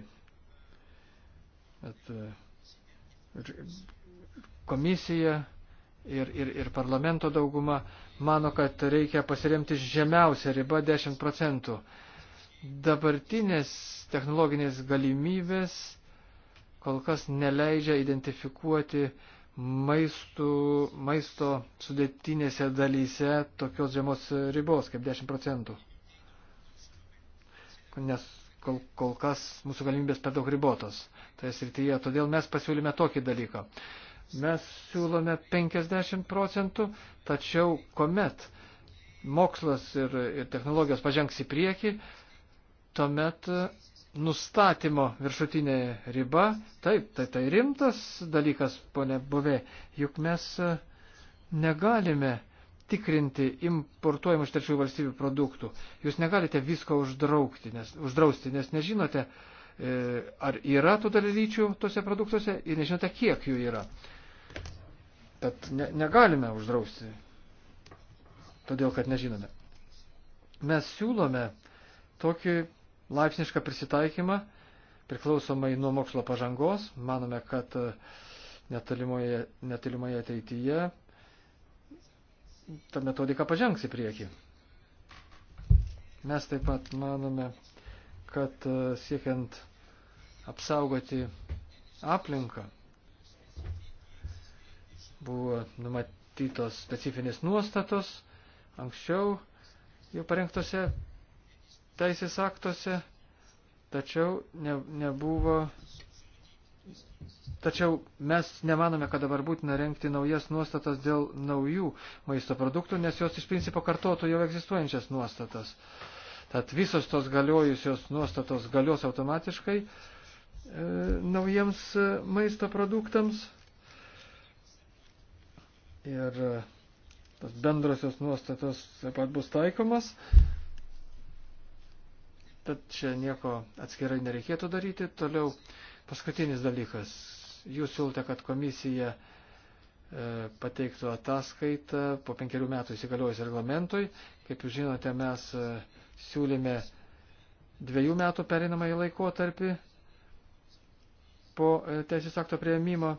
Bet e, komisija ir, ir, ir parlamento dauguma mano, kad reikia pasiremti žemiausią ribą 10 procentų. Dabartinės technologinės galimybės kol kas neleidžia identifikuoti maistų, maisto sudėtinėse dalyse tokios žemos ribos kaip 10 procentų. Nes kol, kol kas mūsų galimybės per daug ribotos toje srityje. Todėl mes pasiūlyme tokį dalyką. Mes siūlome 50 procentų, tačiau kuomet mokslas ir, ir technologijos pažengs į priekį, tuomet e, nustatymo viršutinė riba, taip, tai tai rimtas dalykas, ponė Buvė, juk mes e, negalime tikrinti importuojamų iš trečiųjų valstybių produktų. Jūs negalite visko uždraukti, nes, uždrausti, nes nežinote, e, ar yra tų dalelyčių tose produktuose ir nežinote, kiek jų yra. Tad ne, negalime uždrausti, todėl kad nežinome. Mes siūlome tokį laipsnišką prisitaikymą, priklausomai nuo mokslo pažangos. Manome, kad e, netolimoje, netolimoje ateityje ta metodika pažengs į priekį. Mes taip pat manome, kad e, siekiant apsaugoti aplinką buvo numatytos specifinės nuostatos anksčiau jau parengtose teisės aktuose, tačiau ne, nebuvo. Tačiau mes nemanome, kad dabar būtina renkti naujas nuostatas dėl naujų maisto produktų, nes jos iš principo kartotų jau egzistuojančias nuostatas. Tad visos tos galiojusios nuostatos galios automatiškai e, naujiems e, maisto produktams. Ir e, tas bendrosios nuostatos taip pat bus taikomas. E, Tad čia nieko atskirai nereikėtų daryti. Toliau paskutinis dalykas. Jūs siūlote, kad komisija e, pateiktų ataskaitą po penkerių metų įsigaliojus reglamentui. Kaip jūs žinote, mes e, siūlėme dviejų metų perinamąjį laikotarpį po e, teisės akto prieimimo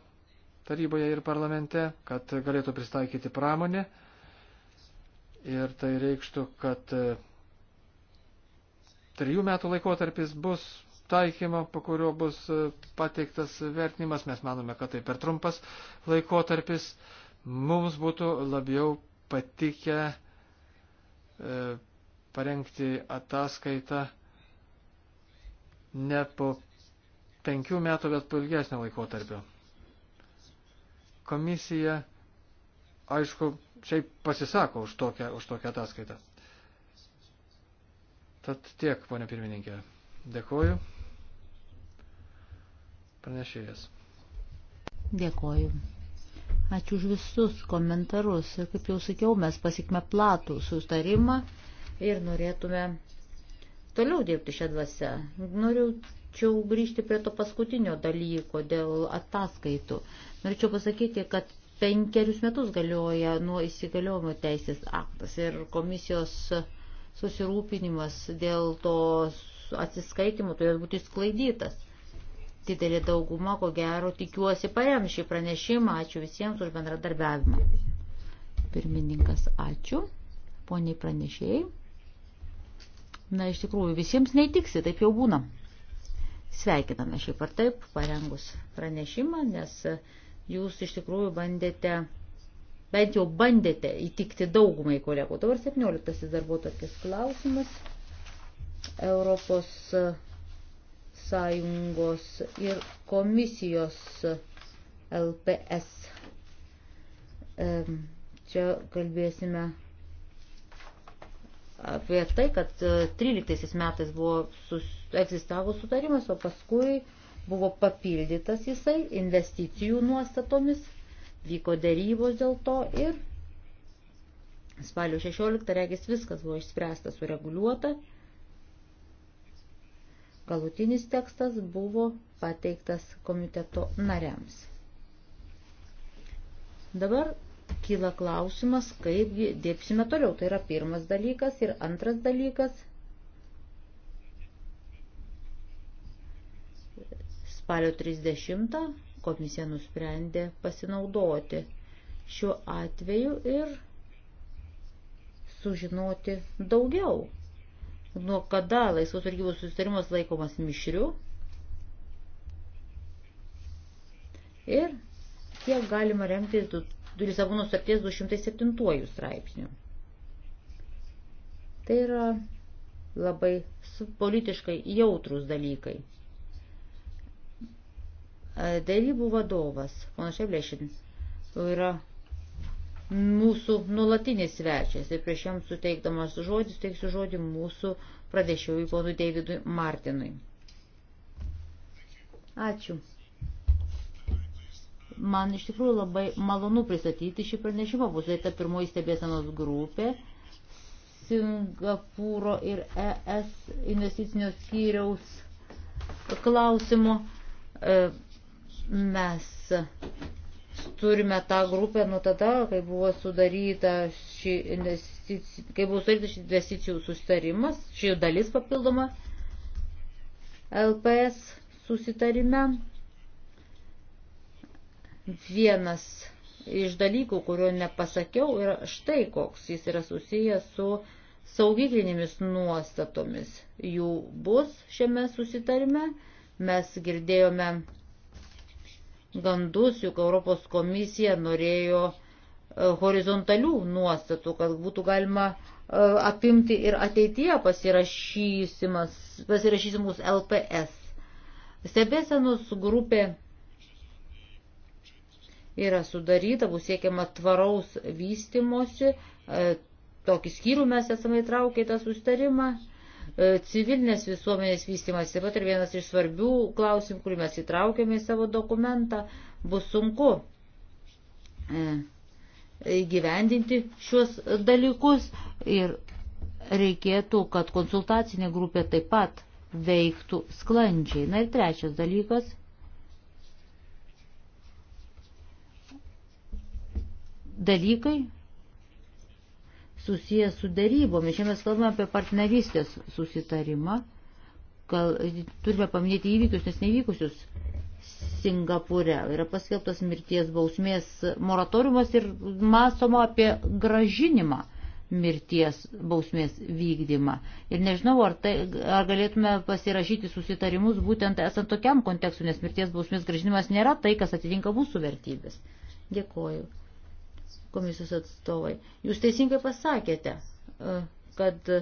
taryboje ir parlamente, kad galėtų pristaikyti pramonę. Ir tai reikštų, kad e, trijų metų laikotarpis bus taikymo, po kurio bus e, pateiktas vertinimas. Mes manome, kad tai per trumpas laikotarpis. Mums būtų labiau patikę e, parengti ataskaitą ne po penkių metų, bet po ilgesnio laikotarpio. Komisija, aišku, šiaip pasisako už tokią, už tokią ataskaitą. Tad tiek, ponia pirmininkė. Dėkoju. Pranešėjas. Dėkoju. Ačiū už visus komentarus. Ir kaip jau sakiau, mes pasikme platų sustarimą ir norėtume toliau dirbti šią dvasę. Noriu čia grįžti prie to paskutinio dalyko dėl ataskaitų. Norėčiau pasakyti, kad penkerius metus galioja nuo įsigaliojimo teisės aktas ir komisijos uh, susirūpinimas dėl to atsiskaitimo turėtų būti sklaidytas. Didelė dauguma, ko gero, tikiuosi parem šį pranešimą. Ačiū visiems už bendradarbiavimą. Pirmininkas, ačiū. Poniai pranešėjai. Na, iš tikrųjų, visiems neįtiksi, taip jau būna. Sveikiname šiaip ar taip parengus pranešimą, nes jūs iš tikrųjų bandėte bent jau bandėte įtikti daugumai kolegų. Dabar 17 darbo tokias klausimas. Europos e, Sąjungos ir komisijos e, LPS. E, čia kalbėsime apie tai, kad 13 metais buvo sus, egzistavo sutarimas, o paskui buvo papildytas jisai investicijų nuostatomis vyko dėrybos dėl to ir spalio 16 regis viskas buvo išspręsta, sureguliuota. Galutinis tekstas buvo pateiktas komiteto nariams. Dabar kyla klausimas, kaip dirbsime toliau. Tai yra pirmas dalykas ir antras dalykas. Spalio 30 komisija nusprendė pasinaudoti šiuo atveju ir sužinoti daugiau. Nuo kada laisvos vargybos susitarimas laikomas mišriu ir kiek galima remtis Lisabono sutarties 207 straipsnių. Tai yra labai politiškai jautrus dalykai. Dėrybų vadovas, ponas Šeblešin, yra mūsų nulatinis svečias ir prieš jam suteikdamas žodį, suteiksiu žodį mūsų pradėšiau ponui Davidui Martinui. Ačiū. Man iš tikrųjų labai malonu pristatyti šį pranešimą. Bus tai ta pirmoji stebėsenos grupė Singapūro ir ES investicinio skyriaus klausimų. E, Mes turime tą grupę nuo tada, kai buvo sudaryta ši investicijų, kai buvo sudaryta ši investicijų sustarimas, ši dalis papildoma LPS susitarime. Vienas iš dalykų, kurio nepasakiau, yra štai koks. Jis yra susijęs su saugiklinėmis nuostatomis. Jų bus šiame susitarime. Mes girdėjome gandus, juk Europos komisija norėjo e, horizontalių nuostatų, kad būtų galima e, apimti ir ateitie pasirašysimus LPS. Stebėsenos grupė yra sudaryta, bus siekiama tvaraus vystimosi, e, tokį skyrių mes esame įtraukę į tą sustarimą E, civilinės visuomenės vystimas taip pat ir vienas iš svarbių klausimų, kurį mes įtraukėme į savo dokumentą, bus sunku e, įgyvendinti šiuos dalykus ir reikėtų, kad konsultacinė grupė taip pat veiktų sklandžiai. Na ir trečias dalykas. Dalykai, susijęs su darybomis. Šiandien mes kalbame apie partnerystės susitarimą. Kal, turime paminėti įvykius, nes nevykusius Singapūre. Yra paskelbtas mirties bausmės moratoriumas ir mąstoma apie gražinimą mirties bausmės vykdymą. Ir nežinau, ar, tai, ar galėtume pasirašyti susitarimus būtent esant tokiam kontekstui, nes mirties bausmės gražinimas nėra tai, kas atitinka mūsų vertybės. Dėkuoju komisijos atstovai. Jūs teisingai pasakėte, e, kad e,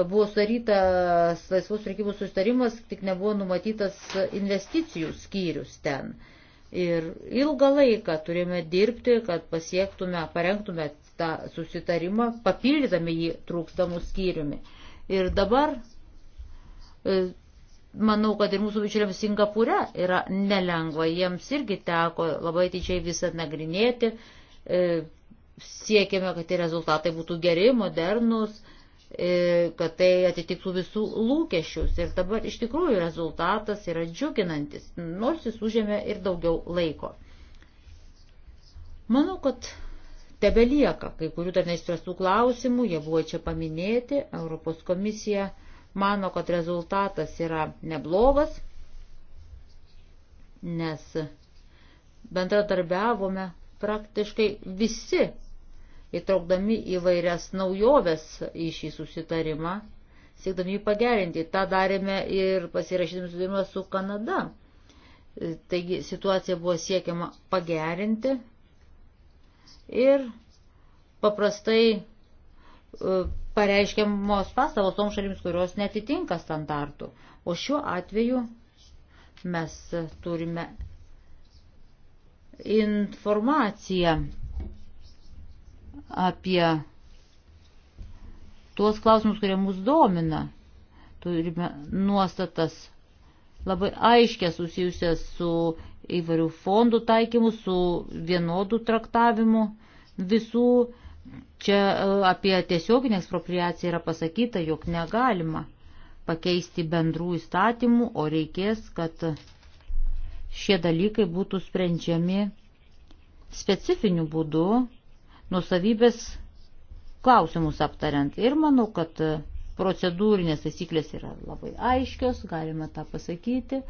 buvo sudarytas laisvos prekybos sustarimas, tik nebuvo numatytas investicijų skyrius ten. Ir ilgą laiką turėjome dirbti, kad pasiektume, parengtume tą susitarimą, papildydami jį trūkstamų skyriumi. Ir dabar, e, manau, kad ir mūsų bičiuliams Singapūre yra nelengva, jiems irgi teko labai tyčiai visą nagrinėti, siekėme, kad tie rezultatai būtų geri, modernus, e, kad tai atitiktų visų lūkesčius. Ir dabar iš tikrųjų rezultatas yra džiuginantis, nors jis užėmė ir daugiau laiko. Manau, kad tebe lieka kai kurių dar neišspręstų klausimų, jie buvo čia paminėti, Europos komisija mano, kad rezultatas yra neblogas, nes bendradarbiavome praktiškai visi įtraukdami įvairias naujoves į šį susitarimą, siekdami jį pagerinti. Ta darėme ir pasirašydami sutarimą su Kanada. Taigi situacija buvo siekiama pagerinti ir paprastai e, pareiškiamos pastabos toms šalims, kurios netitinka standartų. O šiuo atveju mes turime informaciją apie tuos klausimus, kurie mus domina. Turime nuostatas labai aiškia susijusias su įvairių fondų taikymu, su vienodų traktavimu visų. Čia e, apie tiesioginę ekspropriaciją yra pasakyta, jog negalima pakeisti bendrų įstatymų, o reikės, kad šie dalykai būtų sprendžiami specifiniu būdu nusavybės klausimus aptariant. Ir manau, kad procedūrinės taisyklės yra labai aiškios, galima tą pasakyti.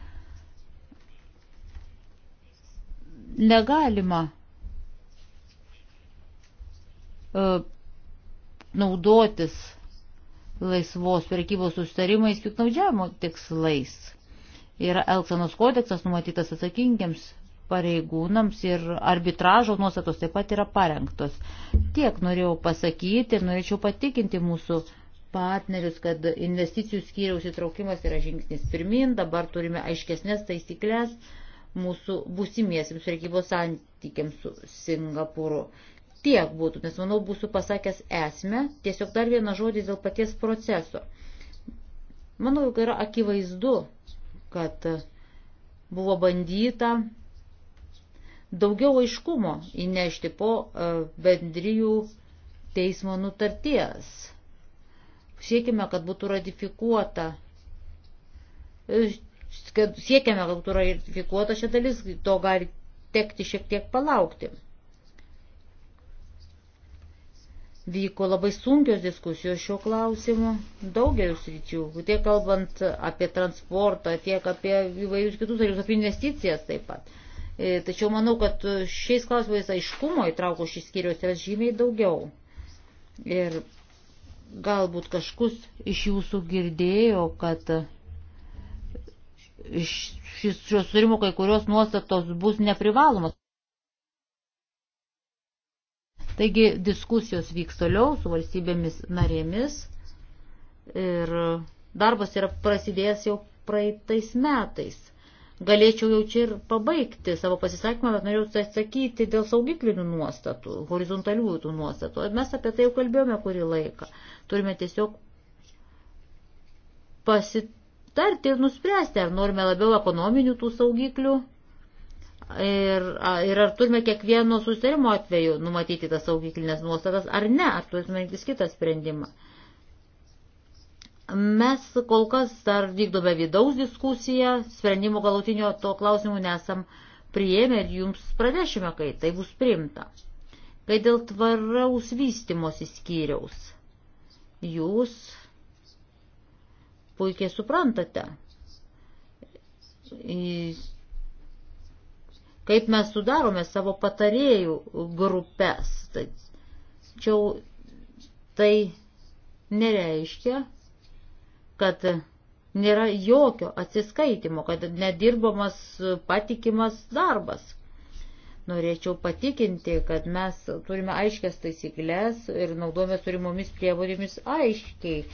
Negalima e, naudotis laisvos prekybos sustarimais piknaudžiavimo tikslais. Yra Elksanos kodeksas numatytas atsakingiams pareigūnams ir arbitražo nuostatos taip pat yra parengtos. Tiek norėjau pasakyti ir norėčiau patikinti mūsų partnerius, kad investicijų skyriaus įtraukimas yra žingsnis pirmin, dabar turime aiškesnės taisyklės mūsų busimiesiams reikybos santykiams su Singapūru. Tiek būtų, nes manau, būsiu pasakęs esmę, tiesiog dar vieną žodį dėl paties proceso. Manau, jog yra akivaizdu, kad buvo bandyta daugiau aiškumo įnešti po e, bendrijų teismo nutarties. Siekime, kad būtų ratifikuota. E, kad siekiame, kad būtų ratifikuota šią dalis, to gali tekti šiek tiek palaukti. Vyko labai sunkios diskusijos šiuo klausimu daugelius ryčių, tiek kalbant apie transportą, tiek apie įvairius kitus dalykus, apie investicijas taip pat. E, tačiau manau, kad šiais klausimais aiškumo įtrauko šis skyrius yra žymiai daugiau. Ir galbūt kažkus iš jūsų girdėjo, kad šis šios surimo kai kurios nuostatos bus neprivalomas. Taigi diskusijos vyks toliau su valstybėmis narėmis ir darbas yra prasidėjęs jau praeitais metais Galėčiau jau čia ir pabaigti savo pasisakymą, bet norėjau tai atsakyti dėl saugiklinių nuostatų, horizontalių tų nuostatų. Mes apie tai jau kalbėjome kurį laiką. Turime tiesiog pasitarti ir nuspręsti, ar norime labiau ekonominių tų saugiklių ir, ir ar turime kiekvieno susitarimo atveju numatyti tas saugiklinės nuostatas, ar ne, ar turime rinktis kitą sprendimą. Mes kol kas dar vykdome vidaus diskusiją, sprendimo galutinio to klausimų nesam priėmę ir jums pranešime, kai tai bus priimta. Kai dėl tvaraus vystimosi skyriaus, jūs puikiai suprantate, kaip mes sudarome savo patarėjų grupės. Tačiau tai nereiškia, kad nėra jokio atsiskaitimo, kad nedirbamas patikimas darbas. Norėčiau patikinti, kad mes turime aiškias taisyklės ir naudojame turimomis priemonėmis aiškiai.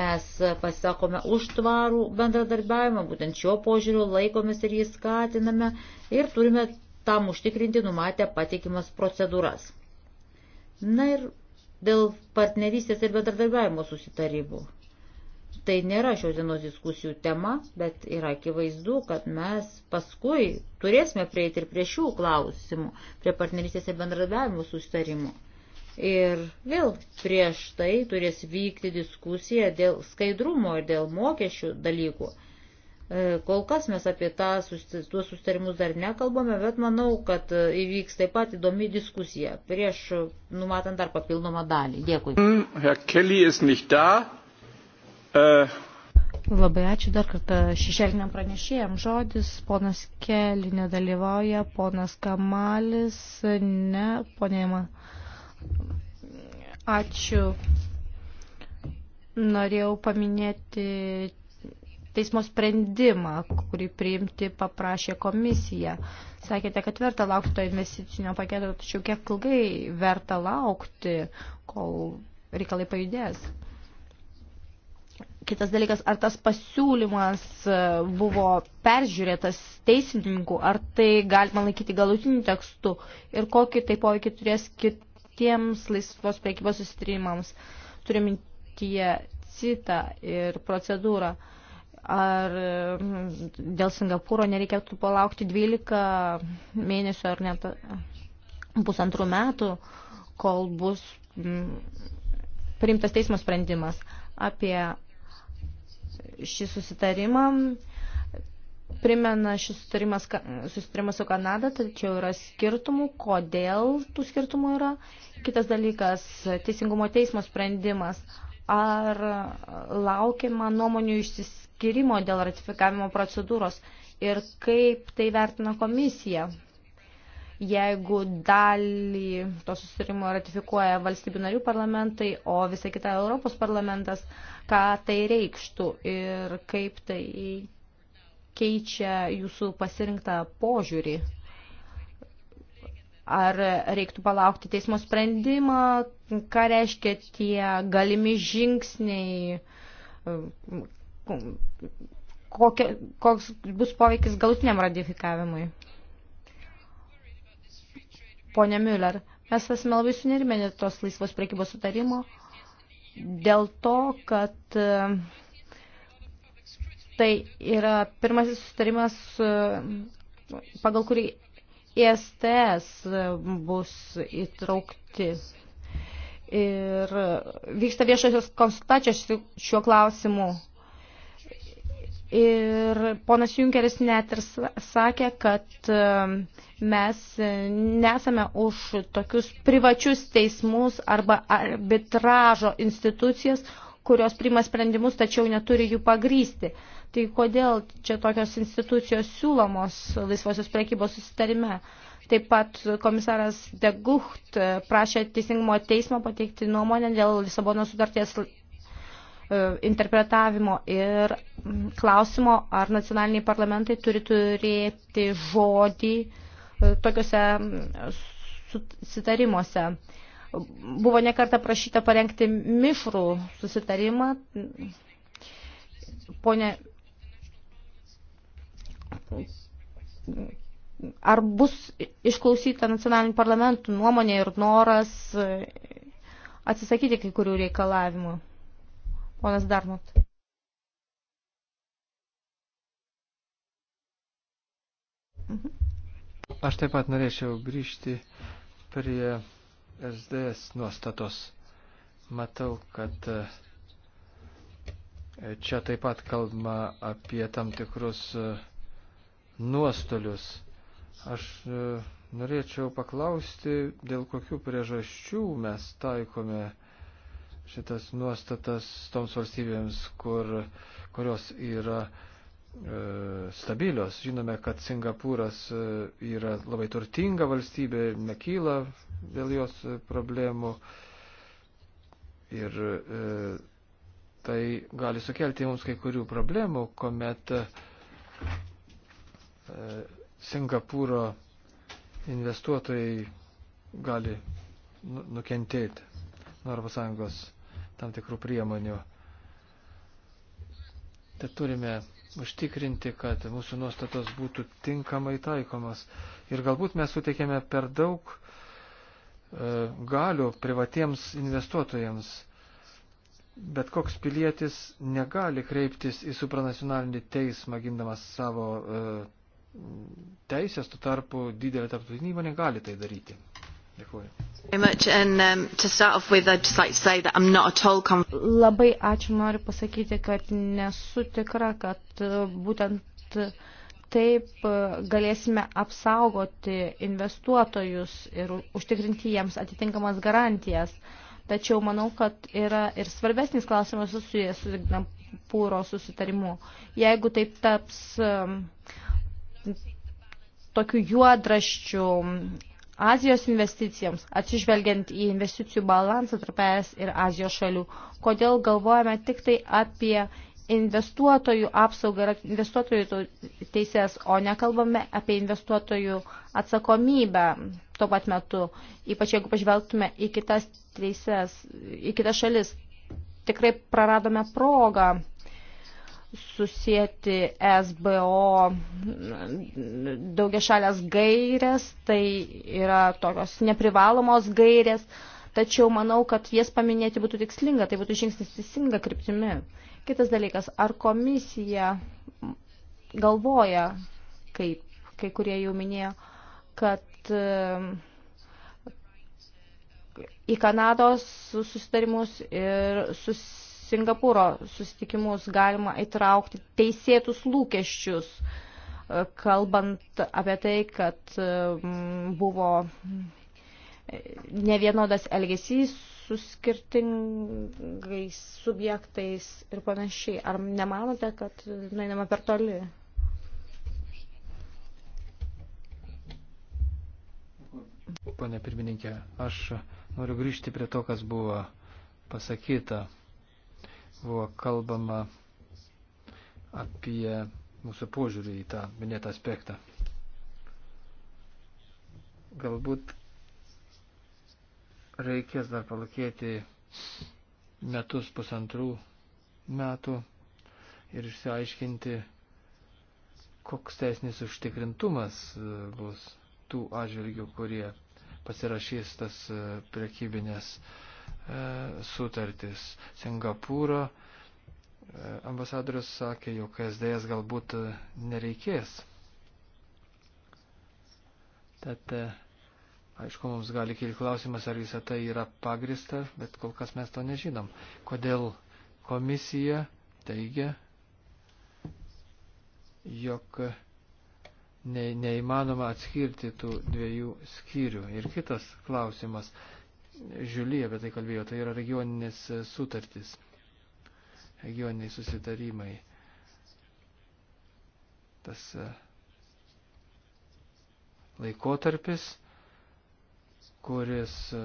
Mes pasakome už tvarų bendradarbiavimą, būtent šio požiūrio laikomės ir jį skatiname ir turime tam užtikrinti numatę patikimas procedūras. Na ir dėl partnerystės ir bendradarbiavimo susitarimų. Tai nėra šios dienos diskusijų tema, bet yra akivaizdu, kad mes paskui turėsime prieiti ir prie šių klausimų, prie partnerystės ir bendradavimo sustarimų. Ir vėl prieš tai turės vykti diskusija dėl skaidrumo ir dėl mokesčių dalykų. E, kol kas mes apie tą, tuos sustarimus dar nekalbame, bet manau, kad e, įvyks taip pat įdomi diskusija prieš numatant dar papildomą dalį. Dėkui. Hm, Herr Kelly ist nicht da. Uh. Labai ačiū dar kartą šešėliniam pranešėjam žodis. Ponas Keli nedalyvauja, ponas Kamalis, ne, ponėma. Ačiū. Norėjau paminėti teismo sprendimą, kurį priimti paprašė komisija. Sakėte, kad verta laukti to investicinio paketo, tačiau kiek ilgai verta laukti, kol reikalai pajudės? Kitas dalykas, ar tas pasiūlymas e, buvo peržiūrėtas teisininkų, ar tai galima laikyti galutiniu tekstu ir kokį tai poveikį turės kitiems laisvos priekybos susitrimams. Turim mintyje citą ir procedūrą. Ar mm, dėl Singapūro nereikėtų palaukti 12 mėnesių ar net pusantrų metų, kol bus mm, priimtas teismo sprendimas apie šį susitarimą. Primena šis susitarimas, susitarimas su Kanada, tačiau yra skirtumų, kodėl tų skirtumų yra. Kitas dalykas - teisingumo teismo sprendimas. Ar laukiama nuomonių išsiskirimo dėl ratifikavimo procedūros ir kaip tai vertina komisija? jeigu dalį to susirimo ratifikuoja valstybių narių parlamentai, o visą kitą Europos parlamentas, ką tai reikštų ir kaip tai keičia jūsų pasirinktą požiūrį. Ar reiktų palaukti teismo sprendimą, ką reiškia tie galimi žingsniai, kokia, koks bus poveikis galutiniam ratifikavimui? Pone Müller, mes esame labai sunerimę dėl tos laisvos prekybos sutarimo, dėl to, kad e, tai yra pirmasis sutarimas, e, pagal kurį ESTS e, bus įtraukti. Ir vyksta viešosios konsultacijos šiuo klausimu Ir ponas Junkeris net ir sakė, kad um, mes nesame už tokius privačius teismus arba arbitražo institucijas, kurios priima sprendimus, tačiau neturi jų pagrysti. Tai kodėl čia tokios institucijos siūlomos laisvosios prekybos susitarime? Taip pat komisaras Degucht prašė Teisingumo teismo pateikti nuomonę dėl Lisabono sutarties E, interpretavimo ir klausimo, ar nacionaliniai parlamentai turi turėti žodį e, tokiuose susitarimuose. Buvo nekarta prašyta parengti mišrų susitarimą. Pone, ar bus išklausyta nacionalinių parlamentų nuomonė ir noras e, atsisakyti kai kurių reikalavimų? Ponas Darmot. Mhm. Aš taip pat norėčiau grįžti prie SDS nuostatos. Matau, kad e, čia taip pat kalbama apie tam tikrus e, nuostolius. Aš e, norėčiau paklausti, dėl kokių priežasčių mes taikome šitas nuostatas toms valstybėms, kur, kurios yra e, stabilios. Žinome, kad Singapūras e, yra labai turtinga valstybė, nekyla dėl jos e, problemų ir e, tai gali sukelti mums kai kurių problemų, kuomet e, Singapūro investuotojai gali nu, nukentėti nuo Europos Sąjungos tam tikrų priemonių. Tad turime užtikrinti, kad mūsų nuostatos būtų tinkamai taikomas. Ir galbūt mes suteikėme per daug e, galių privatiems investuotojams. Bet koks pilietis negali kreiptis į supranacionalinį teismą gindamas savo e, teisės, tu tarpu didelė tarptautinė įmonė gali tai daryti. Dėkuoju. Um, Labai ačiū, noriu pasakyti, kad nesu tikra, kad uh, būtent taip uh, galėsime apsaugoti investuotojus ir užtikrinti jiems atitinkamas garantijas. Tačiau manau, kad yra ir svarbesnis klausimas susijęs su Singapūro susitarimu. Jeigu taip taps um, tokiu juodraščiu Azijos investicijoms, atsižvelgiant į investicijų balansą tarp ES ir Azijos šalių? Kodėl galvojame tik tai apie investuotojų apsaugą ir investuotojų teises, o nekalbame apie investuotojų atsakomybę tuo pat metu, ypač jeigu pažvelgtume į kitas teises, į kitas šalis. Tikrai praradome progą susijęti SBO daugiašalės gairės, tai yra tokios neprivalomos gairės, tačiau manau, kad jas paminėti būtų tikslinga, tai būtų žingsnis teisinga kryptimi. Kitas dalykas, ar komisija galvoja, kaip kai kurie jau minėjo, kad e, į Kanados susitarimus ir susitarimus Singapūro susitikimus galima įtraukti teisėtus lūkesčius, e, kalbant apie tai, kad e, buvo e, nevienodas elgesys su skirtingais subjektais ir panašiai. Ar nemanote, kad nueinama per toli? Pane pirmininkė, aš noriu grįžti prie to, kas buvo pasakyta buvo kalbama apie mūsų požiūrį į tą minėtą aspektą. Galbūt reikės dar palakėti metus pusantrų metų ir išsiaiškinti, koks teisinis užtikrintumas e, bus tų atžvilgių, kurie pasirašys tas e, prekybinės uh, E, sutartis. Singapūro e, ambasadorius sakė, jog SDS galbūt e, nereikės. Tad, aišku, mums gali kilti klausimas, ar visa tai yra pagrista, bet kol kas mes to nežinom. Kodėl komisija teigia, jog ne, neįmanoma atskirti tų dviejų skyrių. Ir kitas klausimas, Žiuly apie tai kalbėjo, tai yra regioninės sutartys, regioniniai susitarimai. Tas e, laikotarpis, kuris e,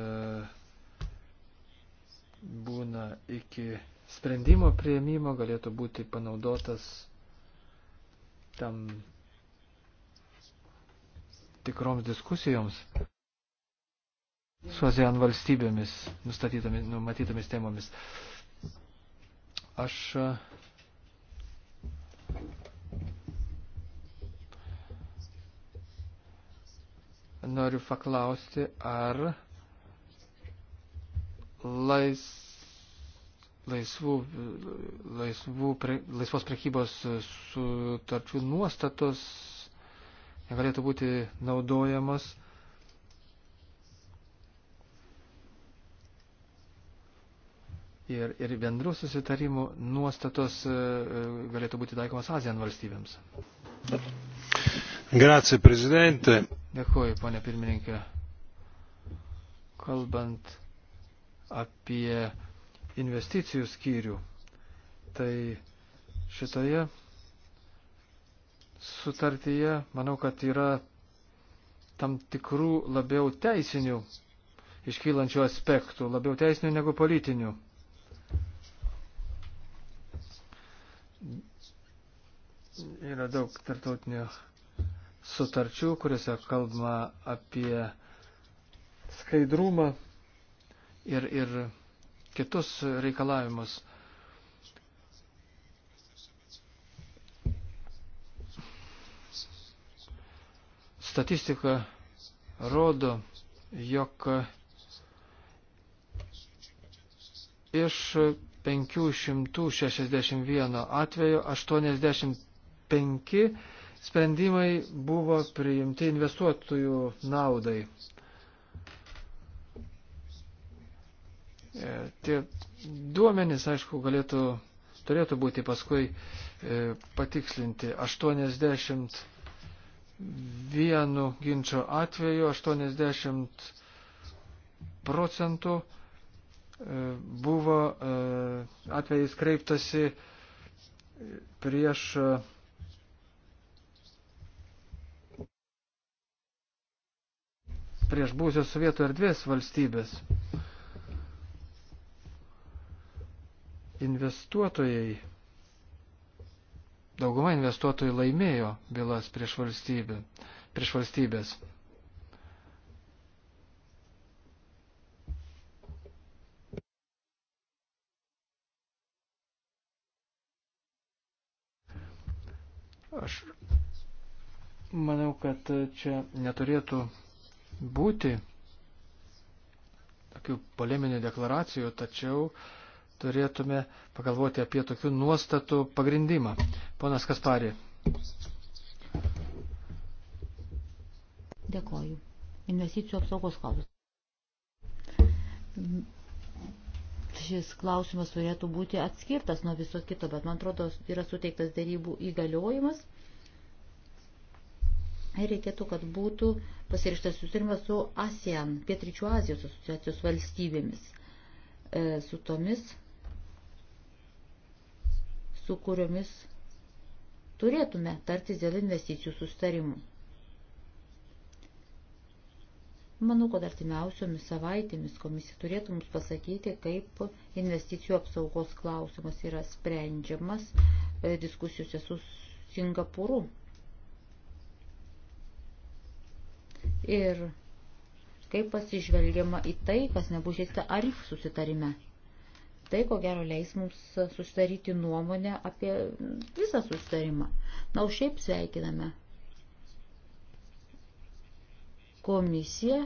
būna iki sprendimo prieimimo, galėtų būti panaudotas tam tikroms diskusijoms su ASEAN valstybėmis numatytomis temomis. Aš e, noriu paklausti, ar lais, laisvų, laisvų, pre, laisvos prekybos sutarčių nuostatos negalėtų būti naudojamos ir, ir bendrų susitarimų nuostatos e, e, galėtų būti taikomas ASEAN valstybėms. Grazie, prezidente. Dėkuoju, ponė pirmininkė. Kalbant apie investicijų skyrių, tai šitoje sutartyje, manau, kad yra tam tikrų labiau teisinių iškylančių aspektų, labiau teisinių negu politinių. yra daug tartautinių sutarčių, kuriuose kalbama apie skaidrumą ir, ir kitus reikalavimus. Statistika rodo, jog iš 561 atveju 85 sprendimai buvo priimti investuotojų naudai. E, tie duomenys, aišku, galėtų, turėtų būti paskui e, patikslinti 80 vienu ginčio atveju 80 procentų buvo e, atvejais kreiptasi prieš e, prieš būsios sovietų erdvės valstybės. Investuotojai, dauguma investuotojų laimėjo bylas prieš, valstybę, prieš valstybės. Aš manau, kad čia neturėtų būti tokių poleminių deklaracijų, tačiau turėtume pagalvoti apie tokių nuostatų pagrindimą. Ponas Kasparė. Dėkoju. Investicijų apsaugos klausimas šis klausimas turėtų būti atskirtas nuo viso kito, bet man atrodo, yra suteiktas dėrybų įgaliojimas. Ir reikėtų, kad būtų pasirištas susirimas su ASEAN, Pietričių Azijos asociacijos valstybėmis, e, su tomis, su kuriomis turėtume tartis dėl investicijų sustarimų. Manau, kad artimiausiomis savaitėmis komisija turėtų mums pasakyti, kaip investicijų apsaugos klausimas yra sprendžiamas e, diskusijose su Singapūru. Ir kaip pasižvelgiama į tai, kas nebužėsta Arif susitarime. Tai, ko gero, leis mums susidaryti nuomonę apie visą susitarimą. Na, o šiaip sveikiname komisija,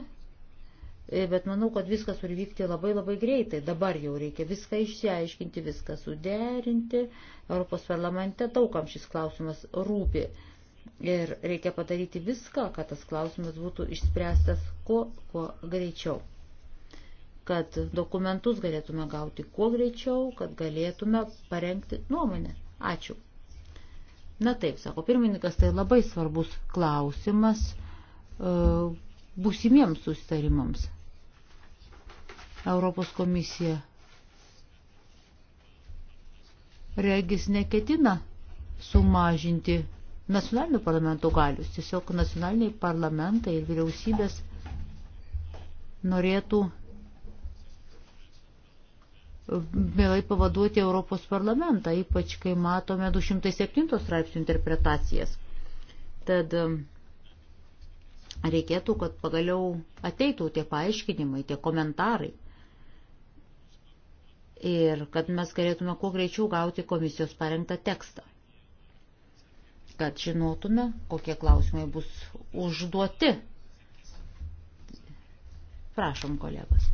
e, bet manau, kad viskas turi vykti labai labai greitai. Dabar jau reikia viską išsiaiškinti, viską suderinti. Europos parlamente daugam šis klausimas rūpi. Ir reikia padaryti viską, kad tas klausimas būtų išspręstas kuo, kuo greičiau. Kad dokumentus galėtume gauti kuo greičiau, kad galėtume parengti nuomonę. Ačiū. Na taip, sako pirmininkas, tai labai svarbus klausimas. Uh, būsimiems susitarimams. Europos komisija regis neketina sumažinti nacionalinių parlamentų galius. Tiesiog nacionaliniai parlamentai ir vyriausybės norėtų mielai pavaduoti Europos parlamentą, ypač kai matome 207 straipsnių interpretacijas. Tad Reikėtų, kad pagaliau ateitų tie paaiškinimai, tie komentarai. Ir kad mes galėtume kuo greičiau gauti komisijos parengtą tekstą. Kad žinotume, kokie klausimai bus užduoti. Prašom, kolegos.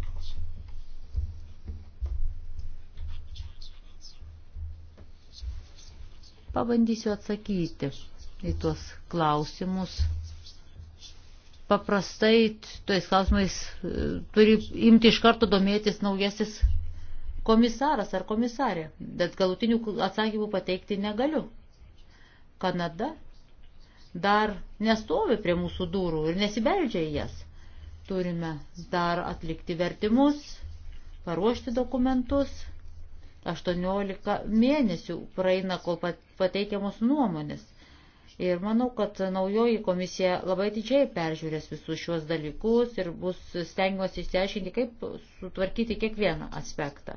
Pabandysiu atsakyti į tuos klausimus paprastai tais klausimais e, turi imti iš karto domėtis naujasis komisaras ar komisarė, bet galutinių atsakymų pateikti negaliu. Kanada dar nestovi prie mūsų durų ir nesibeldžia į jas. Turime dar atlikti vertimus, paruošti dokumentus. 18 mėnesių praeina, kol pateikiamos nuomonės. Ir manau, kad naujoji komisija labai didžiai peržiūrės visus šiuos dalykus ir bus stengiamas išsiaiškinti, kaip sutvarkyti kiekvieną aspektą.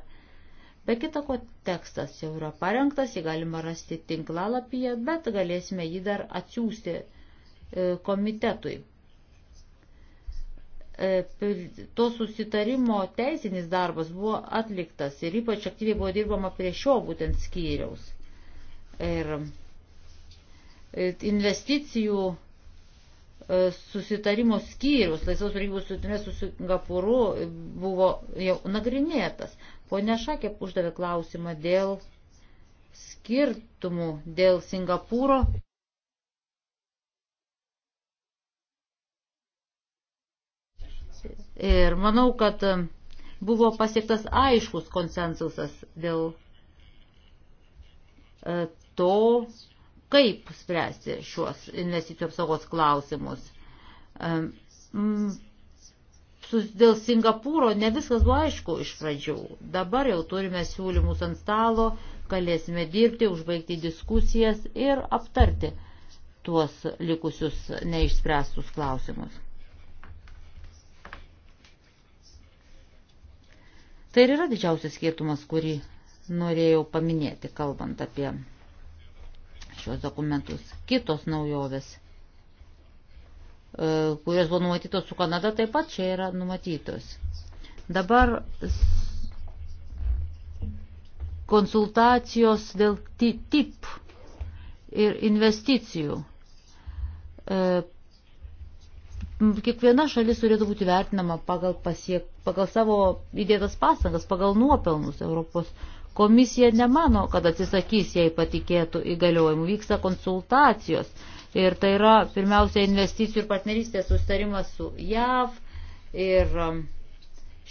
Be kita ko, tekstas jau yra parengtas, jį galima rasti tinklalapyje, bet galėsime jį dar atsiųsti e, komitetui. E, to susitarimo teisinis darbas buvo atliktas ir ypač aktyviai buvo dirbama prie šio būtent skyriaus. Ir E, investicijų e, susitarimo skyrius, laisvos prekybos sutarimas su Singapūru e, buvo jau nagrinėtas. Pone Šakė uždavė klausimą dėl skirtumų dėl Singapūro. Ir manau, kad buvo pasiektas aiškus konsensusas dėl to, kaip spręsti šiuos investicijų apsaugos klausimus. Dėl Singapūro ne viskas buvo aišku iš pradžių. Dabar jau turime siūlymus ant stalo, galėsime dirbti, užbaigti diskusijas ir aptarti tuos likusius neišspręstus klausimus. Tai ir yra didžiausias skirtumas, kurį norėjau paminėti, kalbant apie šios dokumentus. Kitos naujovės, e, kurios buvo numatytos su Kanada, taip pat čia yra numatytos. Dabar konsultacijos dėl TTIP ir investicijų. E, kiekviena šalis turėtų būti vertinama pagal, pasiek, pagal savo įdėtas pastangas, pagal nuopelnus Europos Komisija nemano, kad atsisakys jai patikėtų įgaliojimų. Vyksta konsultacijos. Ir tai yra pirmiausia investicijų ir partnerystės sustarimas su JAV. Ir um,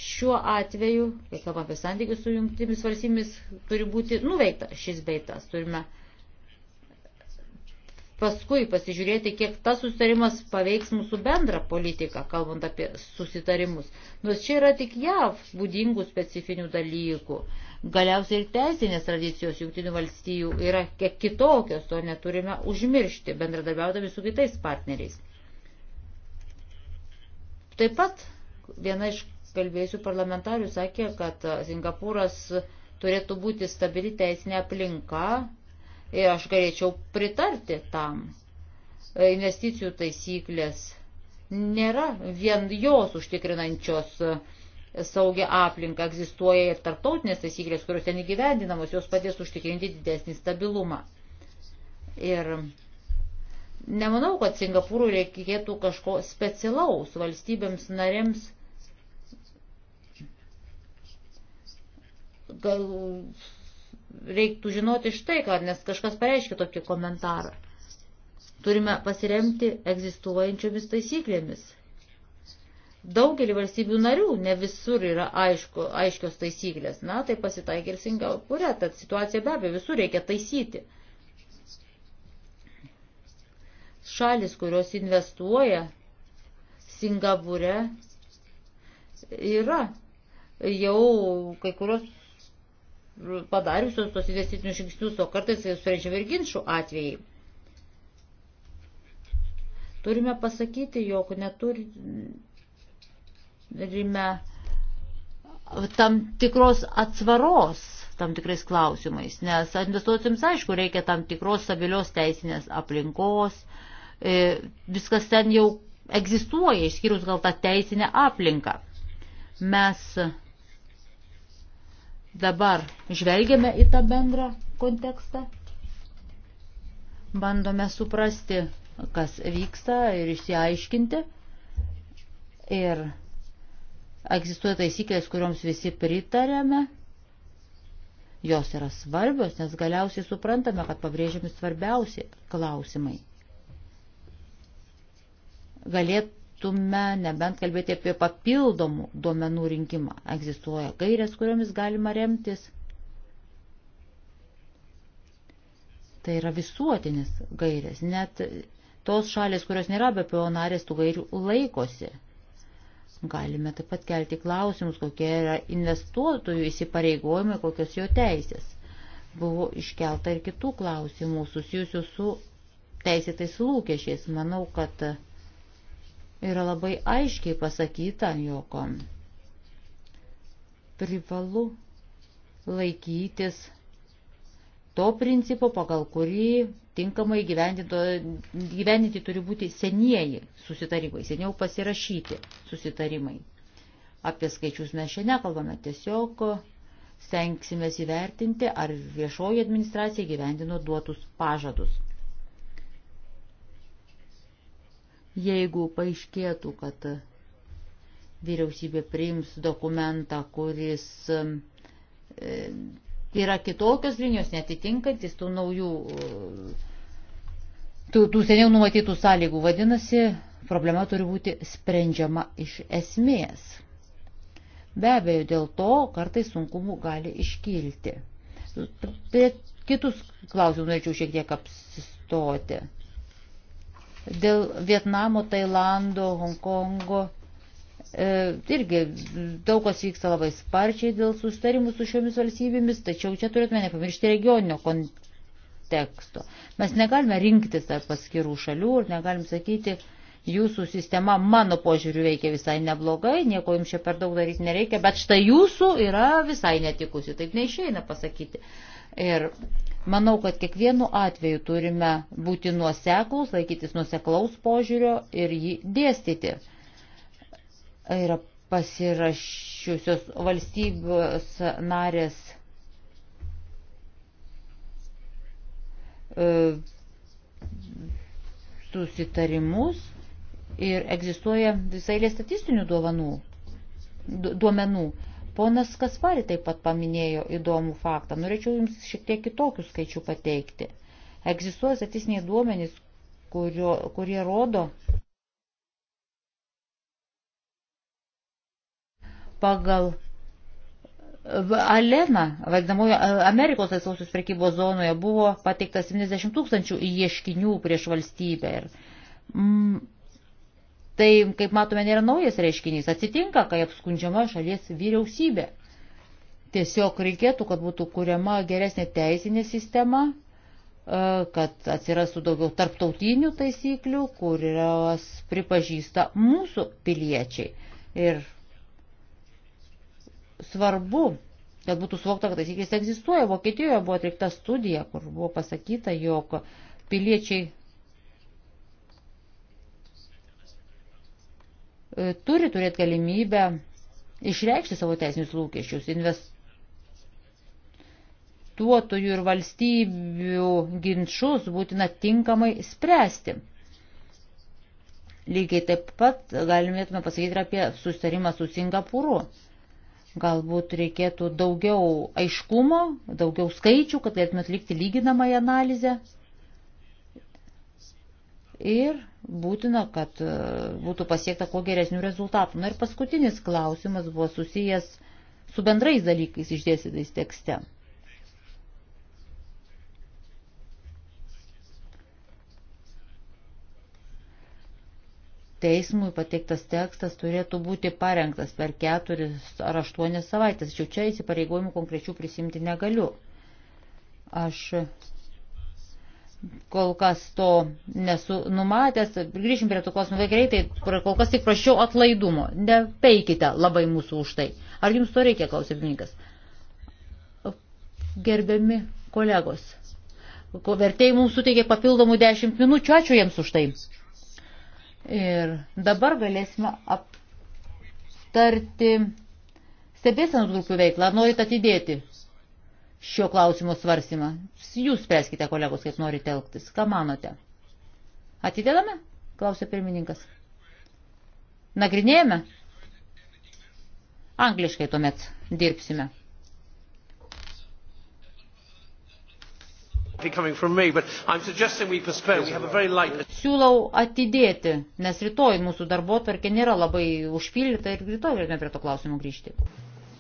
šiuo atveju, kai kalbame apie santykius su jungtimis valstybėmis, turi būti nuveikta šis beitas. Turime uh, paskui pasižiūrėti, kiek tas susitarimas paveiks mūsų bendrą politiką, kalbant apie susitarimus. Nors čia yra tik jav būdingų specifinių dalykų. Galiausiai ir teisinės tradicijos jungtinių valstijų yra kiek kitokios, to neturime užmiršti, bendradarbiaudami su kitais partneriais. Taip pat viena iš kalbėjusių parlamentarių sakė, kad Singapūras turėtų būti stabili teisinė aplinka, Ir aš galėčiau pritarti tam. Investicijų taisyklės nėra vien jos užtikrinančios saugia aplinka, egzistuoja ir tarptautinės taisyklės, kurios ten įgyvendinamos, jos padės užtikrinti didesnį stabilumą. Ir nemanau, kad Singapūrui reikėtų kažko specialaus valstybėms narėms gal reiktų žinoti štai ką, nes kažkas pareiškia tokį komentarą. Turime pasiremti egzistuojančiomis taisyklėmis. Daugelį valstybių narių ne visur yra aišku, aiškios taisyklės. Na, tai pasitaikė ir Singapūre, tad situacija be abejo visur reikia taisyti. Šalis, kurios investuoja Singapūre, yra jau kai kurios padariusios tos investicinius žingsnius, o kartais sprendžiami ir ginčių atvejai. Turime pasakyti, jog neturime tam tikros atsvaros tam tikrais klausimais, nes investuotojams aišku reikia tam tikros stabilios teisinės aplinkos, e, viskas ten jau egzistuoja, išskyrus gal tą teisinę aplinką. Mes dabar žvelgiame į tą bendrą kontekstą, bandome suprasti, kas vyksta ir išsiaiškinti. Ir egzistuoja taisyklės, kuriuoms visi pritarėme. Jos yra svarbios, nes galiausiai suprantame, kad pabrėžiami svarbiausi klausimai. Galėt, galėtume nebent kalbėti apie papildomų duomenų rinkimą. Egzistuoja gairės, kuriomis galima remtis. Tai yra visuotinis gairės. Net tos šalės, kurios nėra BPO narės, tų gairių laikosi. Galime taip pat kelti klausimus, kokie yra investuotojų įsipareigojimai, kokios jo teisės. Buvo iškelta ir kitų klausimų susijusių su teisėtais lūkesčiais. Manau, kad yra labai aiškiai pasakyta, jog privalu laikytis to principo, pagal kurį tinkamai gyveninti turi būti senieji susitarimai, seniau pasirašyti susitarimai. Apie skaičius mes šiandien kalbame tiesiog stengsime įvertinti, ar viešoji administracija gyvendino duotus pažadus. Jeigu paaiškėtų, kad vyriausybė priims dokumentą, kuris e, yra kitokios linijos, netitinkantis tų naujų, e, tų, tų seniau numatytų sąlygų. Vadinasi, problema turi būti sprendžiama iš esmės. Be abejo, dėl to kartais sunkumų gali iškilti. Prie kitus klausimus norėčiau šiek tiek apsistoti. Dėl Vietnamo, Tailando, Hongkongo e, irgi daug kas vyksta labai sparčiai dėl sustarimų su šiomis valstybėmis, tačiau čia turėtume nepamiršti regioninio konteksto. Mes negalime rinktis tarp paskirų šalių ir negalim sakyti, jūsų sistema mano požiūriu veikia visai neblogai, nieko jums čia per daug daryti nereikia, bet štai jūsų yra visai netikusi, taip neišeina pasakyti. Ir Manau, kad kiekvienu atveju turime būti nuoseklus, laikytis nuoseklaus požiūrio ir jį dėstyti. Yra pasirašiusios valstybės narės e, susitarimus ir egzistuoja visai lė statistinių duomenų. duomenų. Ponas Kaspari taip pat paminėjo įdomų faktą. Norėčiau Jums šiek tiek kitokių skaičių pateikti. Egzistuoja statistiniai duomenys, kurio, kurie rodo pagal Alena, vadinamojo Amerikos laisvosios prekybos zonoje, buvo pateiktas 70 tūkstančių ieškinių prieš valstybę. Ir, mm, Tai, kaip matome, nėra naujas reiškinys. Atsitinka, kai apskundžiama šalies vyriausybė. Tiesiog reikėtų, kad būtų kuriama geresnė teisinė sistema, e, kad atsirastų daugiau tarptautinių taisyklių, kurios pripažįsta mūsų piliečiai. Ir svarbu, kad būtų suvokta, kad taisyklės egzistuoja. Vokietijoje buvo atlikta studija, kur buvo pasakyta, jog piliečiai E, turi turėti galimybę išreikšti savo teisinius lūkesčius investuotojų ir valstybių ginčius būtina tinkamai spręsti. Lygiai taip pat galimėtume pasakyti ir apie susitarimą su Singapūru. Galbūt reikėtų daugiau aiškumo, daugiau skaičių, kad galėtume atlikti lyginamąją analizę ir būtina, kad e, būtų pasiekta kuo geresnių rezultatų. Na ir paskutinis klausimas buvo susijęs su bendrais dalykais išdėstytais tekste. Teismui pateiktas tekstas turėtų būti parengtas per keturis ar aštuonias savaitės, tačiau čia įsipareigojimų konkrečių prisimti negaliu. Aš kol kas to nesu numatęs, grįžim prie to klausimo greitai, kol kas tik prašiau atlaidumo, nepeikite labai mūsų už tai. Ar jums to reikia, klausimninkas? Gerbiami kolegos, vertėjai mums suteikė papildomų 10 minučių, ačiū jiems už tai. Ir dabar galėsime aptarti stebėsenos grupių veiklą, norit atidėti šio klausimo svarstymą. Jūs spręskite, kolegos, kaip norite elgtis. Ką manote? Atidedame? Klausė pirmininkas. Nagrinėjame? Angliškai tuomet dirbsime. Siūlau atidėti, nes rytoj mūsų darbo tvarkė nėra labai užpildyta ir rytoj galime prie to klausimo grįžti.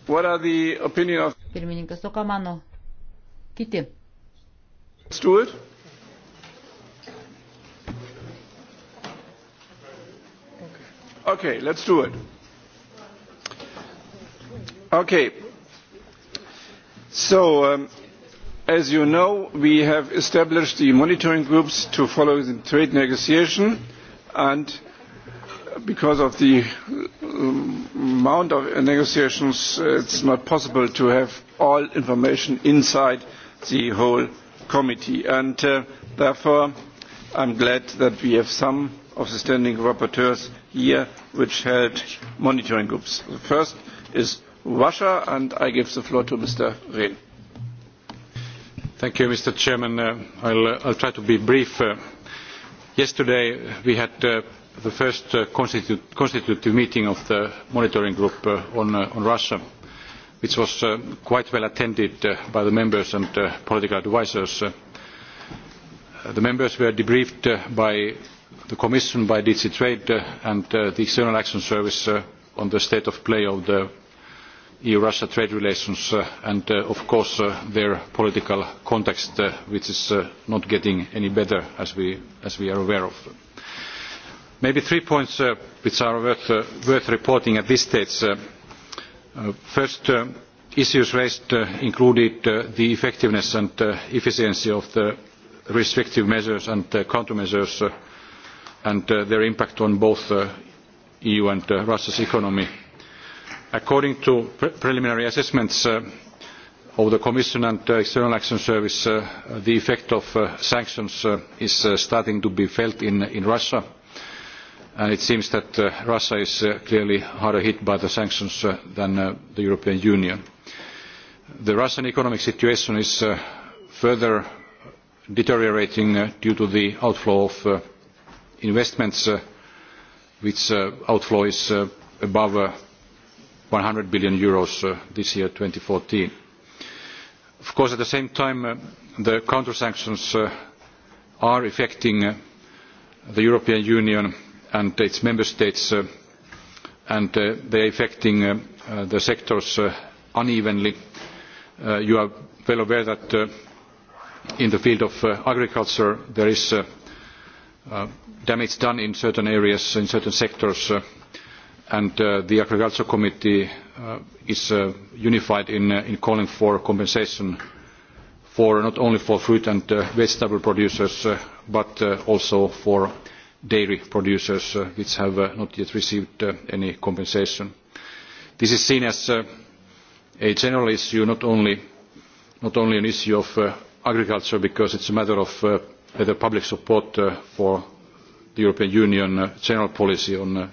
Of... Pirmininkas, o ką mano kiti. Stuart? Okay, let's do it. Okay. So, um, as you know, we have established the monitoring groups to follow the trade negotiation, and because of the um, amount of negotiations, it's not possible to have all information inside the whole committee. And uh, therefore, I'm glad that we have some of the standing rapporteurs here which held monitoring groups. The first is Russia, and I give the floor to Mr. Rehn. Thank you, Mr. Chairman. Uh, I'll, uh, I'll try to be brief. Uh, yesterday we had uh, the first uh, constitu constitutive meeting of the monitoring group uh, on, uh, on Russia. Uh, which was uh, quite well attended uh, by the members and uh, political advisers. Uh, the members were debriefed uh, by the Commission, by DG Trade uh, and uh, the External Action Service uh, on the state of play of the EU-Russia trade relations uh, and, uh, of course, uh, their political context, uh, which is uh, not getting any better, as we, as we are aware of. Maybe three points uh, which are worth, uh, worth reporting at this stage. Uh, Uh, first uh, issues raised uh, included the effectiveness and efficiency of the restrictive measures and countermeasures and their impact on both the eu and russia's economy. according to preliminary assessments of the commission and the external action service the effect of sanctions is starting to be felt in russia and uh, it seems that uh, Russia is uh, clearly harder hit by the sanctions uh, than uh, the European Union. The Russian economic situation is uh, further deteriorating uh, due to the outflow of uh, investments, uh, which uh, outflow is uh, above uh, 100 billion euros uh, this year, 2014. Of course, at the same time, uh, the counter sanctions uh, are affecting uh, the European Union and its member states uh, and uh, they are affecting uh, uh, the sectors uh, unevenly. Uh, you are well aware that uh, in the field of uh, agriculture there is uh, uh, damage done in certain areas, in certain sectors, uh, and uh, the Agriculture Committee uh, is uh, unified in, uh, in calling for compensation for not only for fruit and uh, vegetable producers, uh, but uh, also for dairy producers uh, which have uh, not yet received uh, any compensation. This is seen as uh, a general issue, not only, not only an issue of uh, agriculture, because it's a matter of uh, whether public support uh, for the European Union uh, general policy on, uh,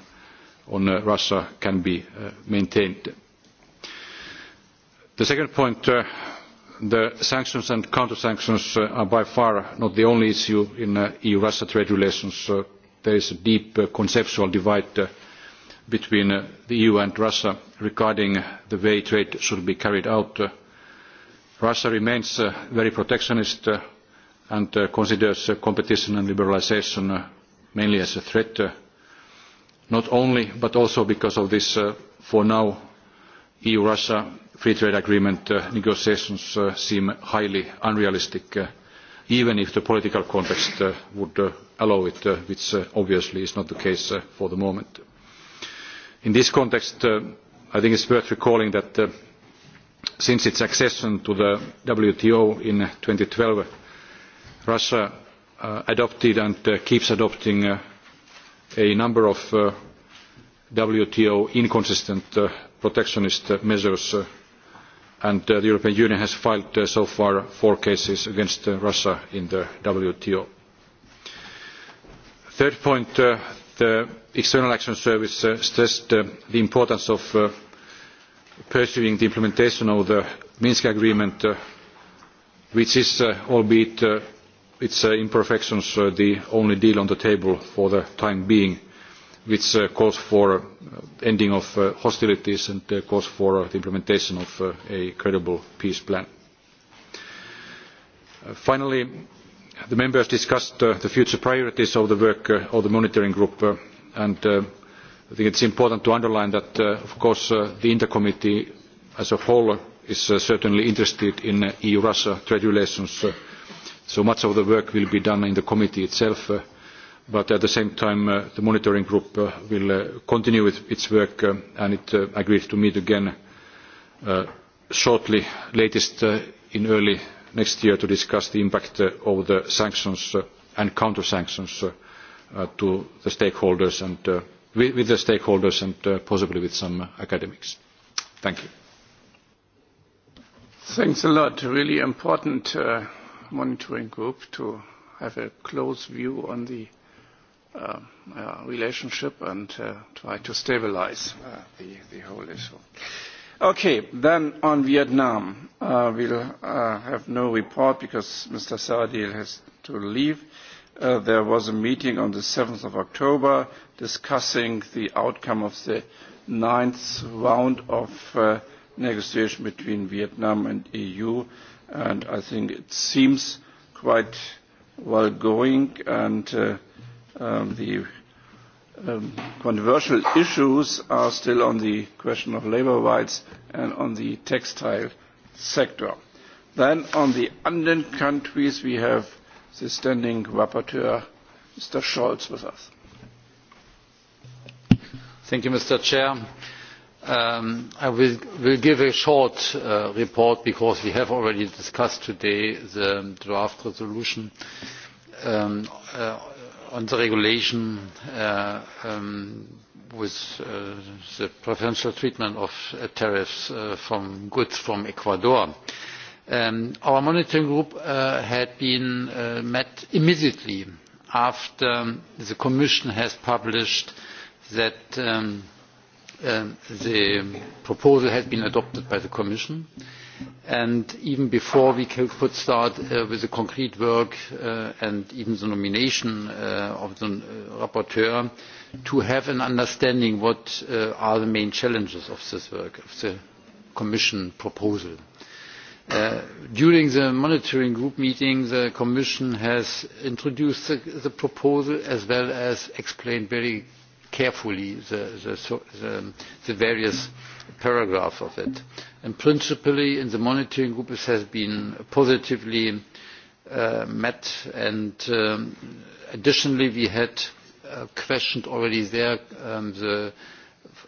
on uh, Russia can be uh, maintained. The second point, uh, the sanctions and counter-sanctions uh, are by far not the only issue in uh, EU-Russia trade relations. Uh, there is a deep uh, conceptual divide uh, between uh, the EU and Russia regarding the way trade should be carried out. Uh, Russia remains uh, very protectionist uh, and uh, considers uh, competition and liberalisation uh, mainly as a threat, uh, not only but also because of this, uh, for now, EU-Russia free trade agreement uh, negotiations uh, seem highly unrealistic. Uh, even if the political context uh, would uh, allow it, uh, which uh, obviously is not the case uh, for the moment. In this context, uh, I think it's worth recalling that uh, since its accession to the WTO in 2012, Russia uh, adopted and uh, keeps adopting uh, a number of uh, WTO inconsistent uh, protectionist uh, measures uh, and uh, the european union has filed uh, so far four cases against uh, russia in the wto. third point the external action service stressed the importance of pursuing the implementation of the minsk agreement which is albeit its imperfections the only deal on the table for the time being which uh, calls for uh, ending of uh, hostilities and uh, calls for uh, the implementation of uh, a credible peace plan. Uh, finally, the members discussed uh, the future priorities of the work uh, of the monitoring group uh, and uh, I think it's important to underline that, uh, of course, uh, the intercommittee as a whole is uh, certainly interested in uh, EU-Russia trade relations, uh, so much of the work will be done in the committee itself. Uh, but at the same time uh, the monitoring group uh, will uh, continue with its work uh, and it uh, agreed to meet again uh, shortly, latest uh, in early next year to discuss the impact uh, of the sanctions uh, and counter-sanctions uh, uh, to the stakeholders and uh, with, with the stakeholders and uh, possibly with some uh, academics. Thank you. Thanks a lot. Really important uh, monitoring group to have a close view on the uh, uh, relationship and uh, try to stabilize uh, the, the whole issue. Okay, then on Vietnam, uh, we'll uh, have no report because Mr. Saradil has to leave. Uh, there was a meeting on the 7th of October discussing the outcome of the ninth round of uh, negotiation between Vietnam and EU, and I think it seems quite well going, and uh, um, the um, controversial issues are still on the question of labor rights and on the textile sector. Then on the Anden countries, we have the standing rapporteur, Mr. Scholz, with us. Thank you, Mr. Chair. Um, I will, will give a short uh, report because we have already discussed today the draft resolution um, uh, on the regulation uh, um, with uh, the preferential treatment of uh, tariffs uh, from goods from ecuador um, our monitoring group uh, had been uh, met immediately after the commission has published that um, um the proposal had been adopted by the commission and and even before we could start uh, with the concrete work uh, and even the nomination uh, of the uh, rapporteur to have an understanding of what uh, are the main challenges of this work of the commission proposal. Uh, during the monitoring group meeting the commission has introduced the, the proposal as well as explained very carefully the, the, the various mm -hmm paragraph of it. And principally, in the monitoring group, it has been positively uh, met. And um, additionally, we had uh, questioned already there um, the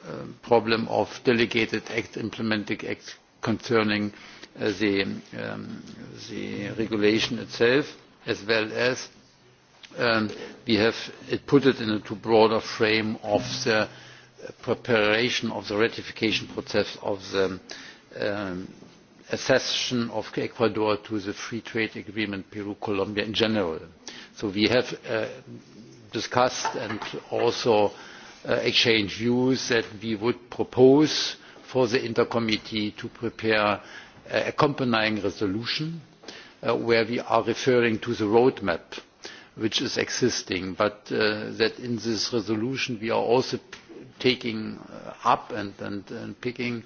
uh, problem of delegated acts, implementing acts concerning uh, the, um, the regulation itself, as well as um, we have it put it in a too broader frame of the preparation of the ratification process of the um, accession of ecuador to the free trade agreement peru colombia in general. so we have uh, discussed and also uh, exchanged views that we would propose for the inta committee to prepare an accompanying resolution uh, where we are referring to the roadmap which is existing but uh, that in this resolution we are also taking uh, up and, and, and picking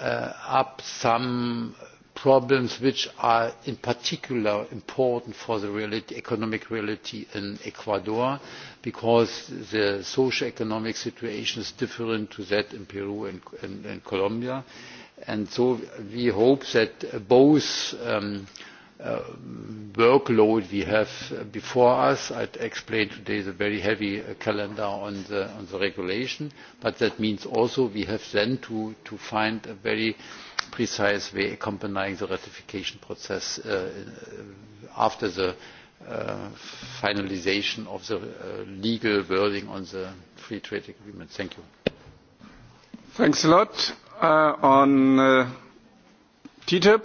uh, up some problems which are in particular important for the reality, economic reality in Ecuador because the socio-economic situation is different to that in Peru and, and, and Colombia. And so we hope that both um, uh, Uh, workload we have before us. i explained today the very heavy uh, calendar on the, on the regulation but that means also we have then to, to find a very precise way accompanying the ratification process uh, uh after the uh, finalisation of the uh, legal wording on the free trade agreement. thank you. thanks a lot. on ttip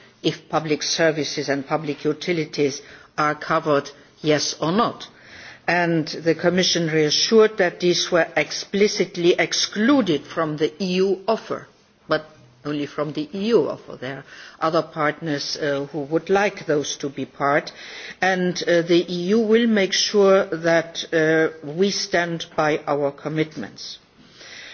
if public services and public utilities are covered yes or not and the commission reassured that these were explicitly excluded from the eu offer but only from the eu offer there are other partners uh, who would like those to be part and uh, the eu will make sure that uh, we stand by our commitments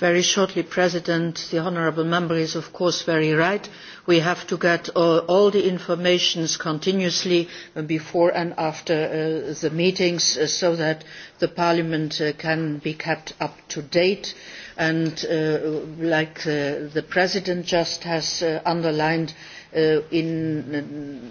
very shortly president the honourable member is of course very right we have to get all, all the information continuously before and after uh, the meetings uh, so that parliament uh, can be kept up to date and uh, like uh, the president just has uh, underlined in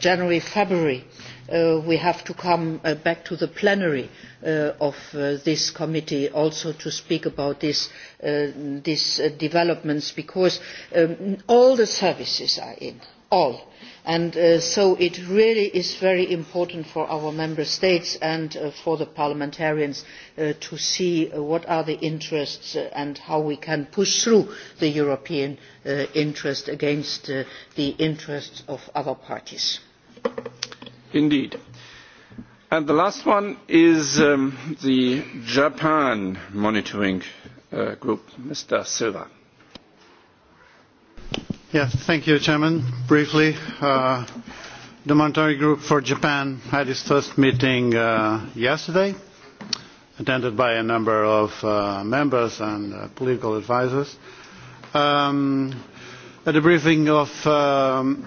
january february uh, we have to come uh, back to the plenary uh, of uh, this committee also to speak about this, uh, these uh, developments because um, all the services are in all and so it really is very important for our member states and for the parliamentarians to see what are the interests and how we can push through the european interest against the interests of other parties. Indeed. And the last one is um, the Japan monitoring uh, group, Mr. Silva. Yeah, thank you, Chairman. Briefly, uh, the monitoring group for Japan had its first meeting uh, yesterday, attended by a number of uh, members and uh, political advisors. Um, at the briefing of um,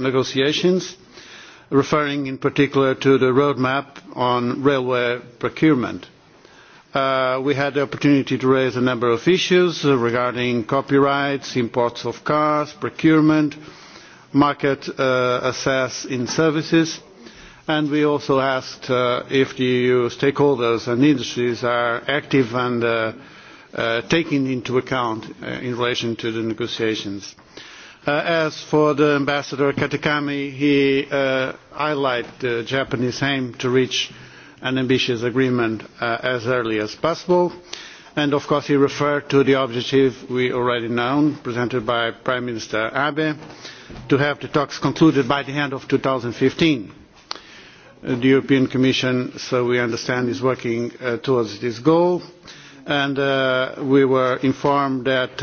negotiations, referring in particular to the roadmap on railway procurement. Uh, we had the opportunity to raise a number of issues uh, regarding copyrights, imports of cars, procurement, market uh, access in services, and we also asked uh, if the EU stakeholders and industries are active and uh, uh, taken into account uh, in relation to the negotiations. Uh, Uh, as for the ambassador katakami he uh, highlighted the japanese aim to reach an ambitious agreement uh, as early as possible and of course he referred to the objective we already know presented by prime minister abe to have the talks concluded by the end of. two thousand and fifteen uh, the european commission so we understand is working uh, towards this goal and uh, we were informed that